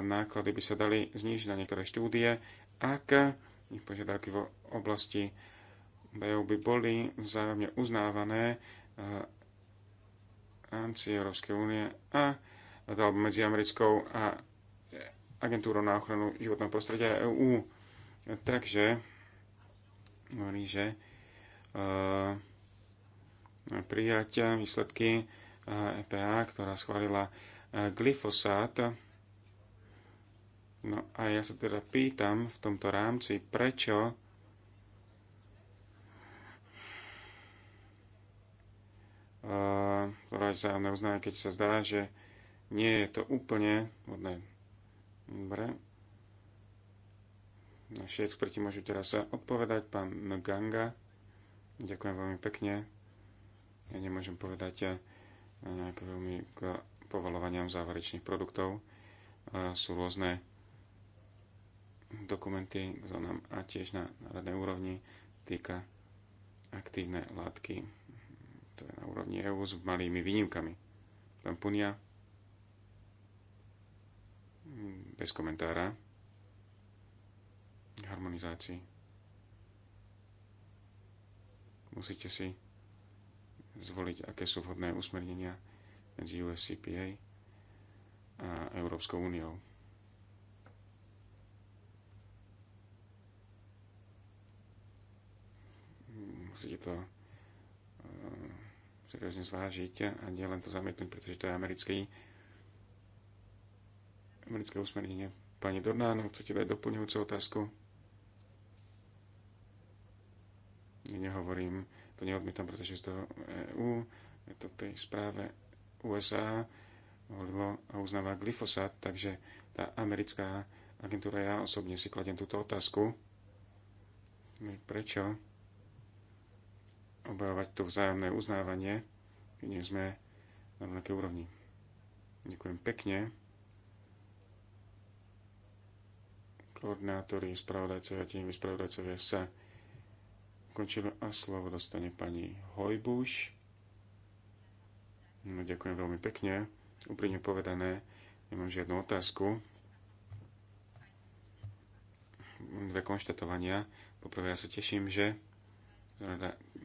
náklady by sa dali znižiť na niektoré štúdie, ak ich požiadavky v oblasti údajov e by boli vzájomne uznávané v rámci Európskej únie a alebo medzi americkou a agentúrou na ochranu životného prostredia EÚ. Takže hovorí, že prijať výsledky EPA, e ktorá schválila glyfosát, No a ja sa teda pýtam v tomto rámci, prečo ktorá je vzájomné uznanie, keď sa zdá, že nie je to úplne vodné. Dobre. Naši experti môžu teraz sa odpovedať. Pán Nganga, ďakujem veľmi pekne. Ja nemôžem povedať nejaké veľmi k povalovaniam záverečných produktov. Sú rôzne dokumenty nám a tiež na národnej úrovni týka aktívne látky. To je na úrovni EU s malými výnimkami. Pán bez komentára harmonizácii. Musíte si zvoliť, aké sú vhodné usmernenia medzi USCPA a Európskou úniou. musíte to eh, seriózne zvážiť a nie len to zamietnúť, pretože to je americký americké usmernenie. Pani Dornáno, chcete dať doplňujúcu otázku? Nehovorím, to neodmietam, pretože je to EU, je to tej správe USA, hovorilo a uznáva glyfosát, takže tá americká agentúra, ja osobne si kladem túto otázku, prečo obávať to vzájomné uznávanie, keď nie sme na rovnakej úrovni. Ďakujem pekne. Koordinátori, spravodajcovia, tými spravodajcovia sa ukončili a slovo dostane pani Hojbuš. No, ďakujem veľmi pekne. Úprimne povedané, nemám žiadnu otázku. Dve konštatovania. Poprvé, ja sa teším, že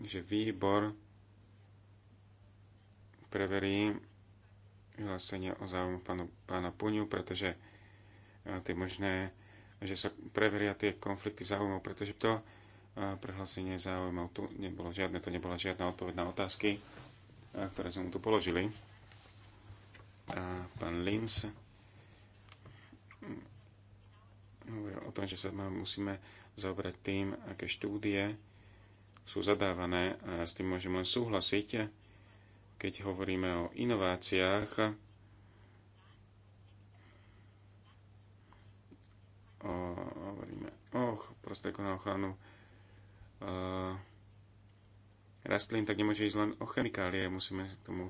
že výbor preverí vyhlásenie o záujmu pánu, pána Puňu, pretože tie možné, že sa preveria tie konflikty záujmov, pretože to e, prehlásenie záujmov tu nebolo žiadne, to nebola žiadna odpoveď na otázky, e, ktoré sme mu tu položili. A pán Lins mm, hovoril o tom, že sa musíme zaobrať tým, aké štúdie sú zadávané a s tým môžem len súhlasiť, keď hovoríme o inováciách, o, hovoríme o prostriedku na ochranu rastlín, tak nemôže ísť len o chemikálie, musíme k tomu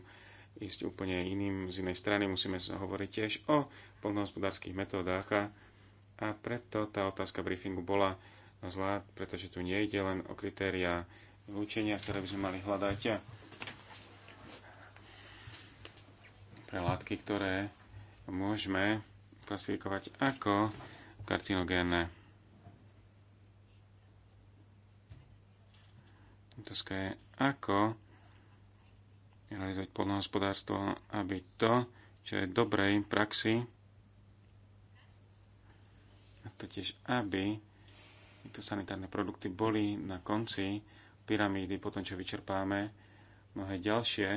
ísť úplne iným, z inej strany, musíme hovoriť tiež o polnohospodárských metódách a, a preto tá otázka briefingu bola zlá, pretože tu nie ide len o kritéria vylúčenia, ktoré by sme mali hľadať pre látky, ktoré môžeme klasifikovať ako karcinogénne. Otázka je, ako realizovať podnohospodárstvo, aby to, čo je dobrej praxi, a totiž aby tieto sanitárne produkty boli na konci pyramídy, potom čo vyčerpáme mnohé ďalšie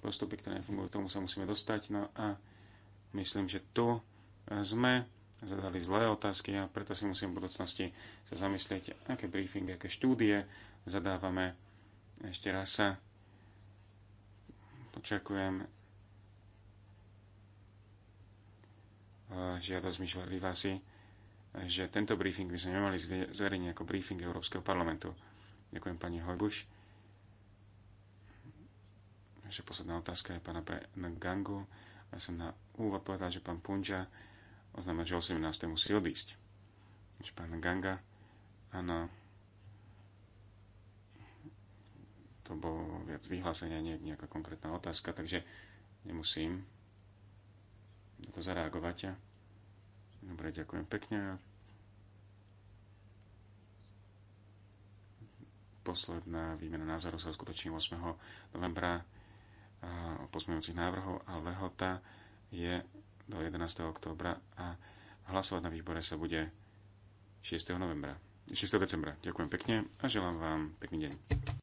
postupy, ktoré nefungujú, tomu sa musíme dostať. No a myslím, že tu sme zadali zlé otázky a preto si musím v budúcnosti sa zamyslieť, aké briefingy, aké štúdie zadávame. Ešte raz sa očakujem žiadosť Mišla Rivasi že tento briefing by sme nemali zverejniť ako briefing Európskeho parlamentu. Ďakujem pani Hojbuš. Ešte posledná otázka je pána Brenna Gangu. Ja som na úvod povedal, že pán Punja oznámil, že 18. musí odísť. Už pán Ganga, áno, to bolo viac vyhlásenia, nie nejaká konkrétna otázka, takže nemusím na to zareagovať. Dobre, ďakujem pekne. Posledná výmena názorov sa uskutoční 8. novembra o pozmeňujúcich návrhov a lehota je do 11. októbra a hlasovať na výbore sa bude 6. novembra. 6. decembra. Ďakujem pekne a želám vám pekný deň.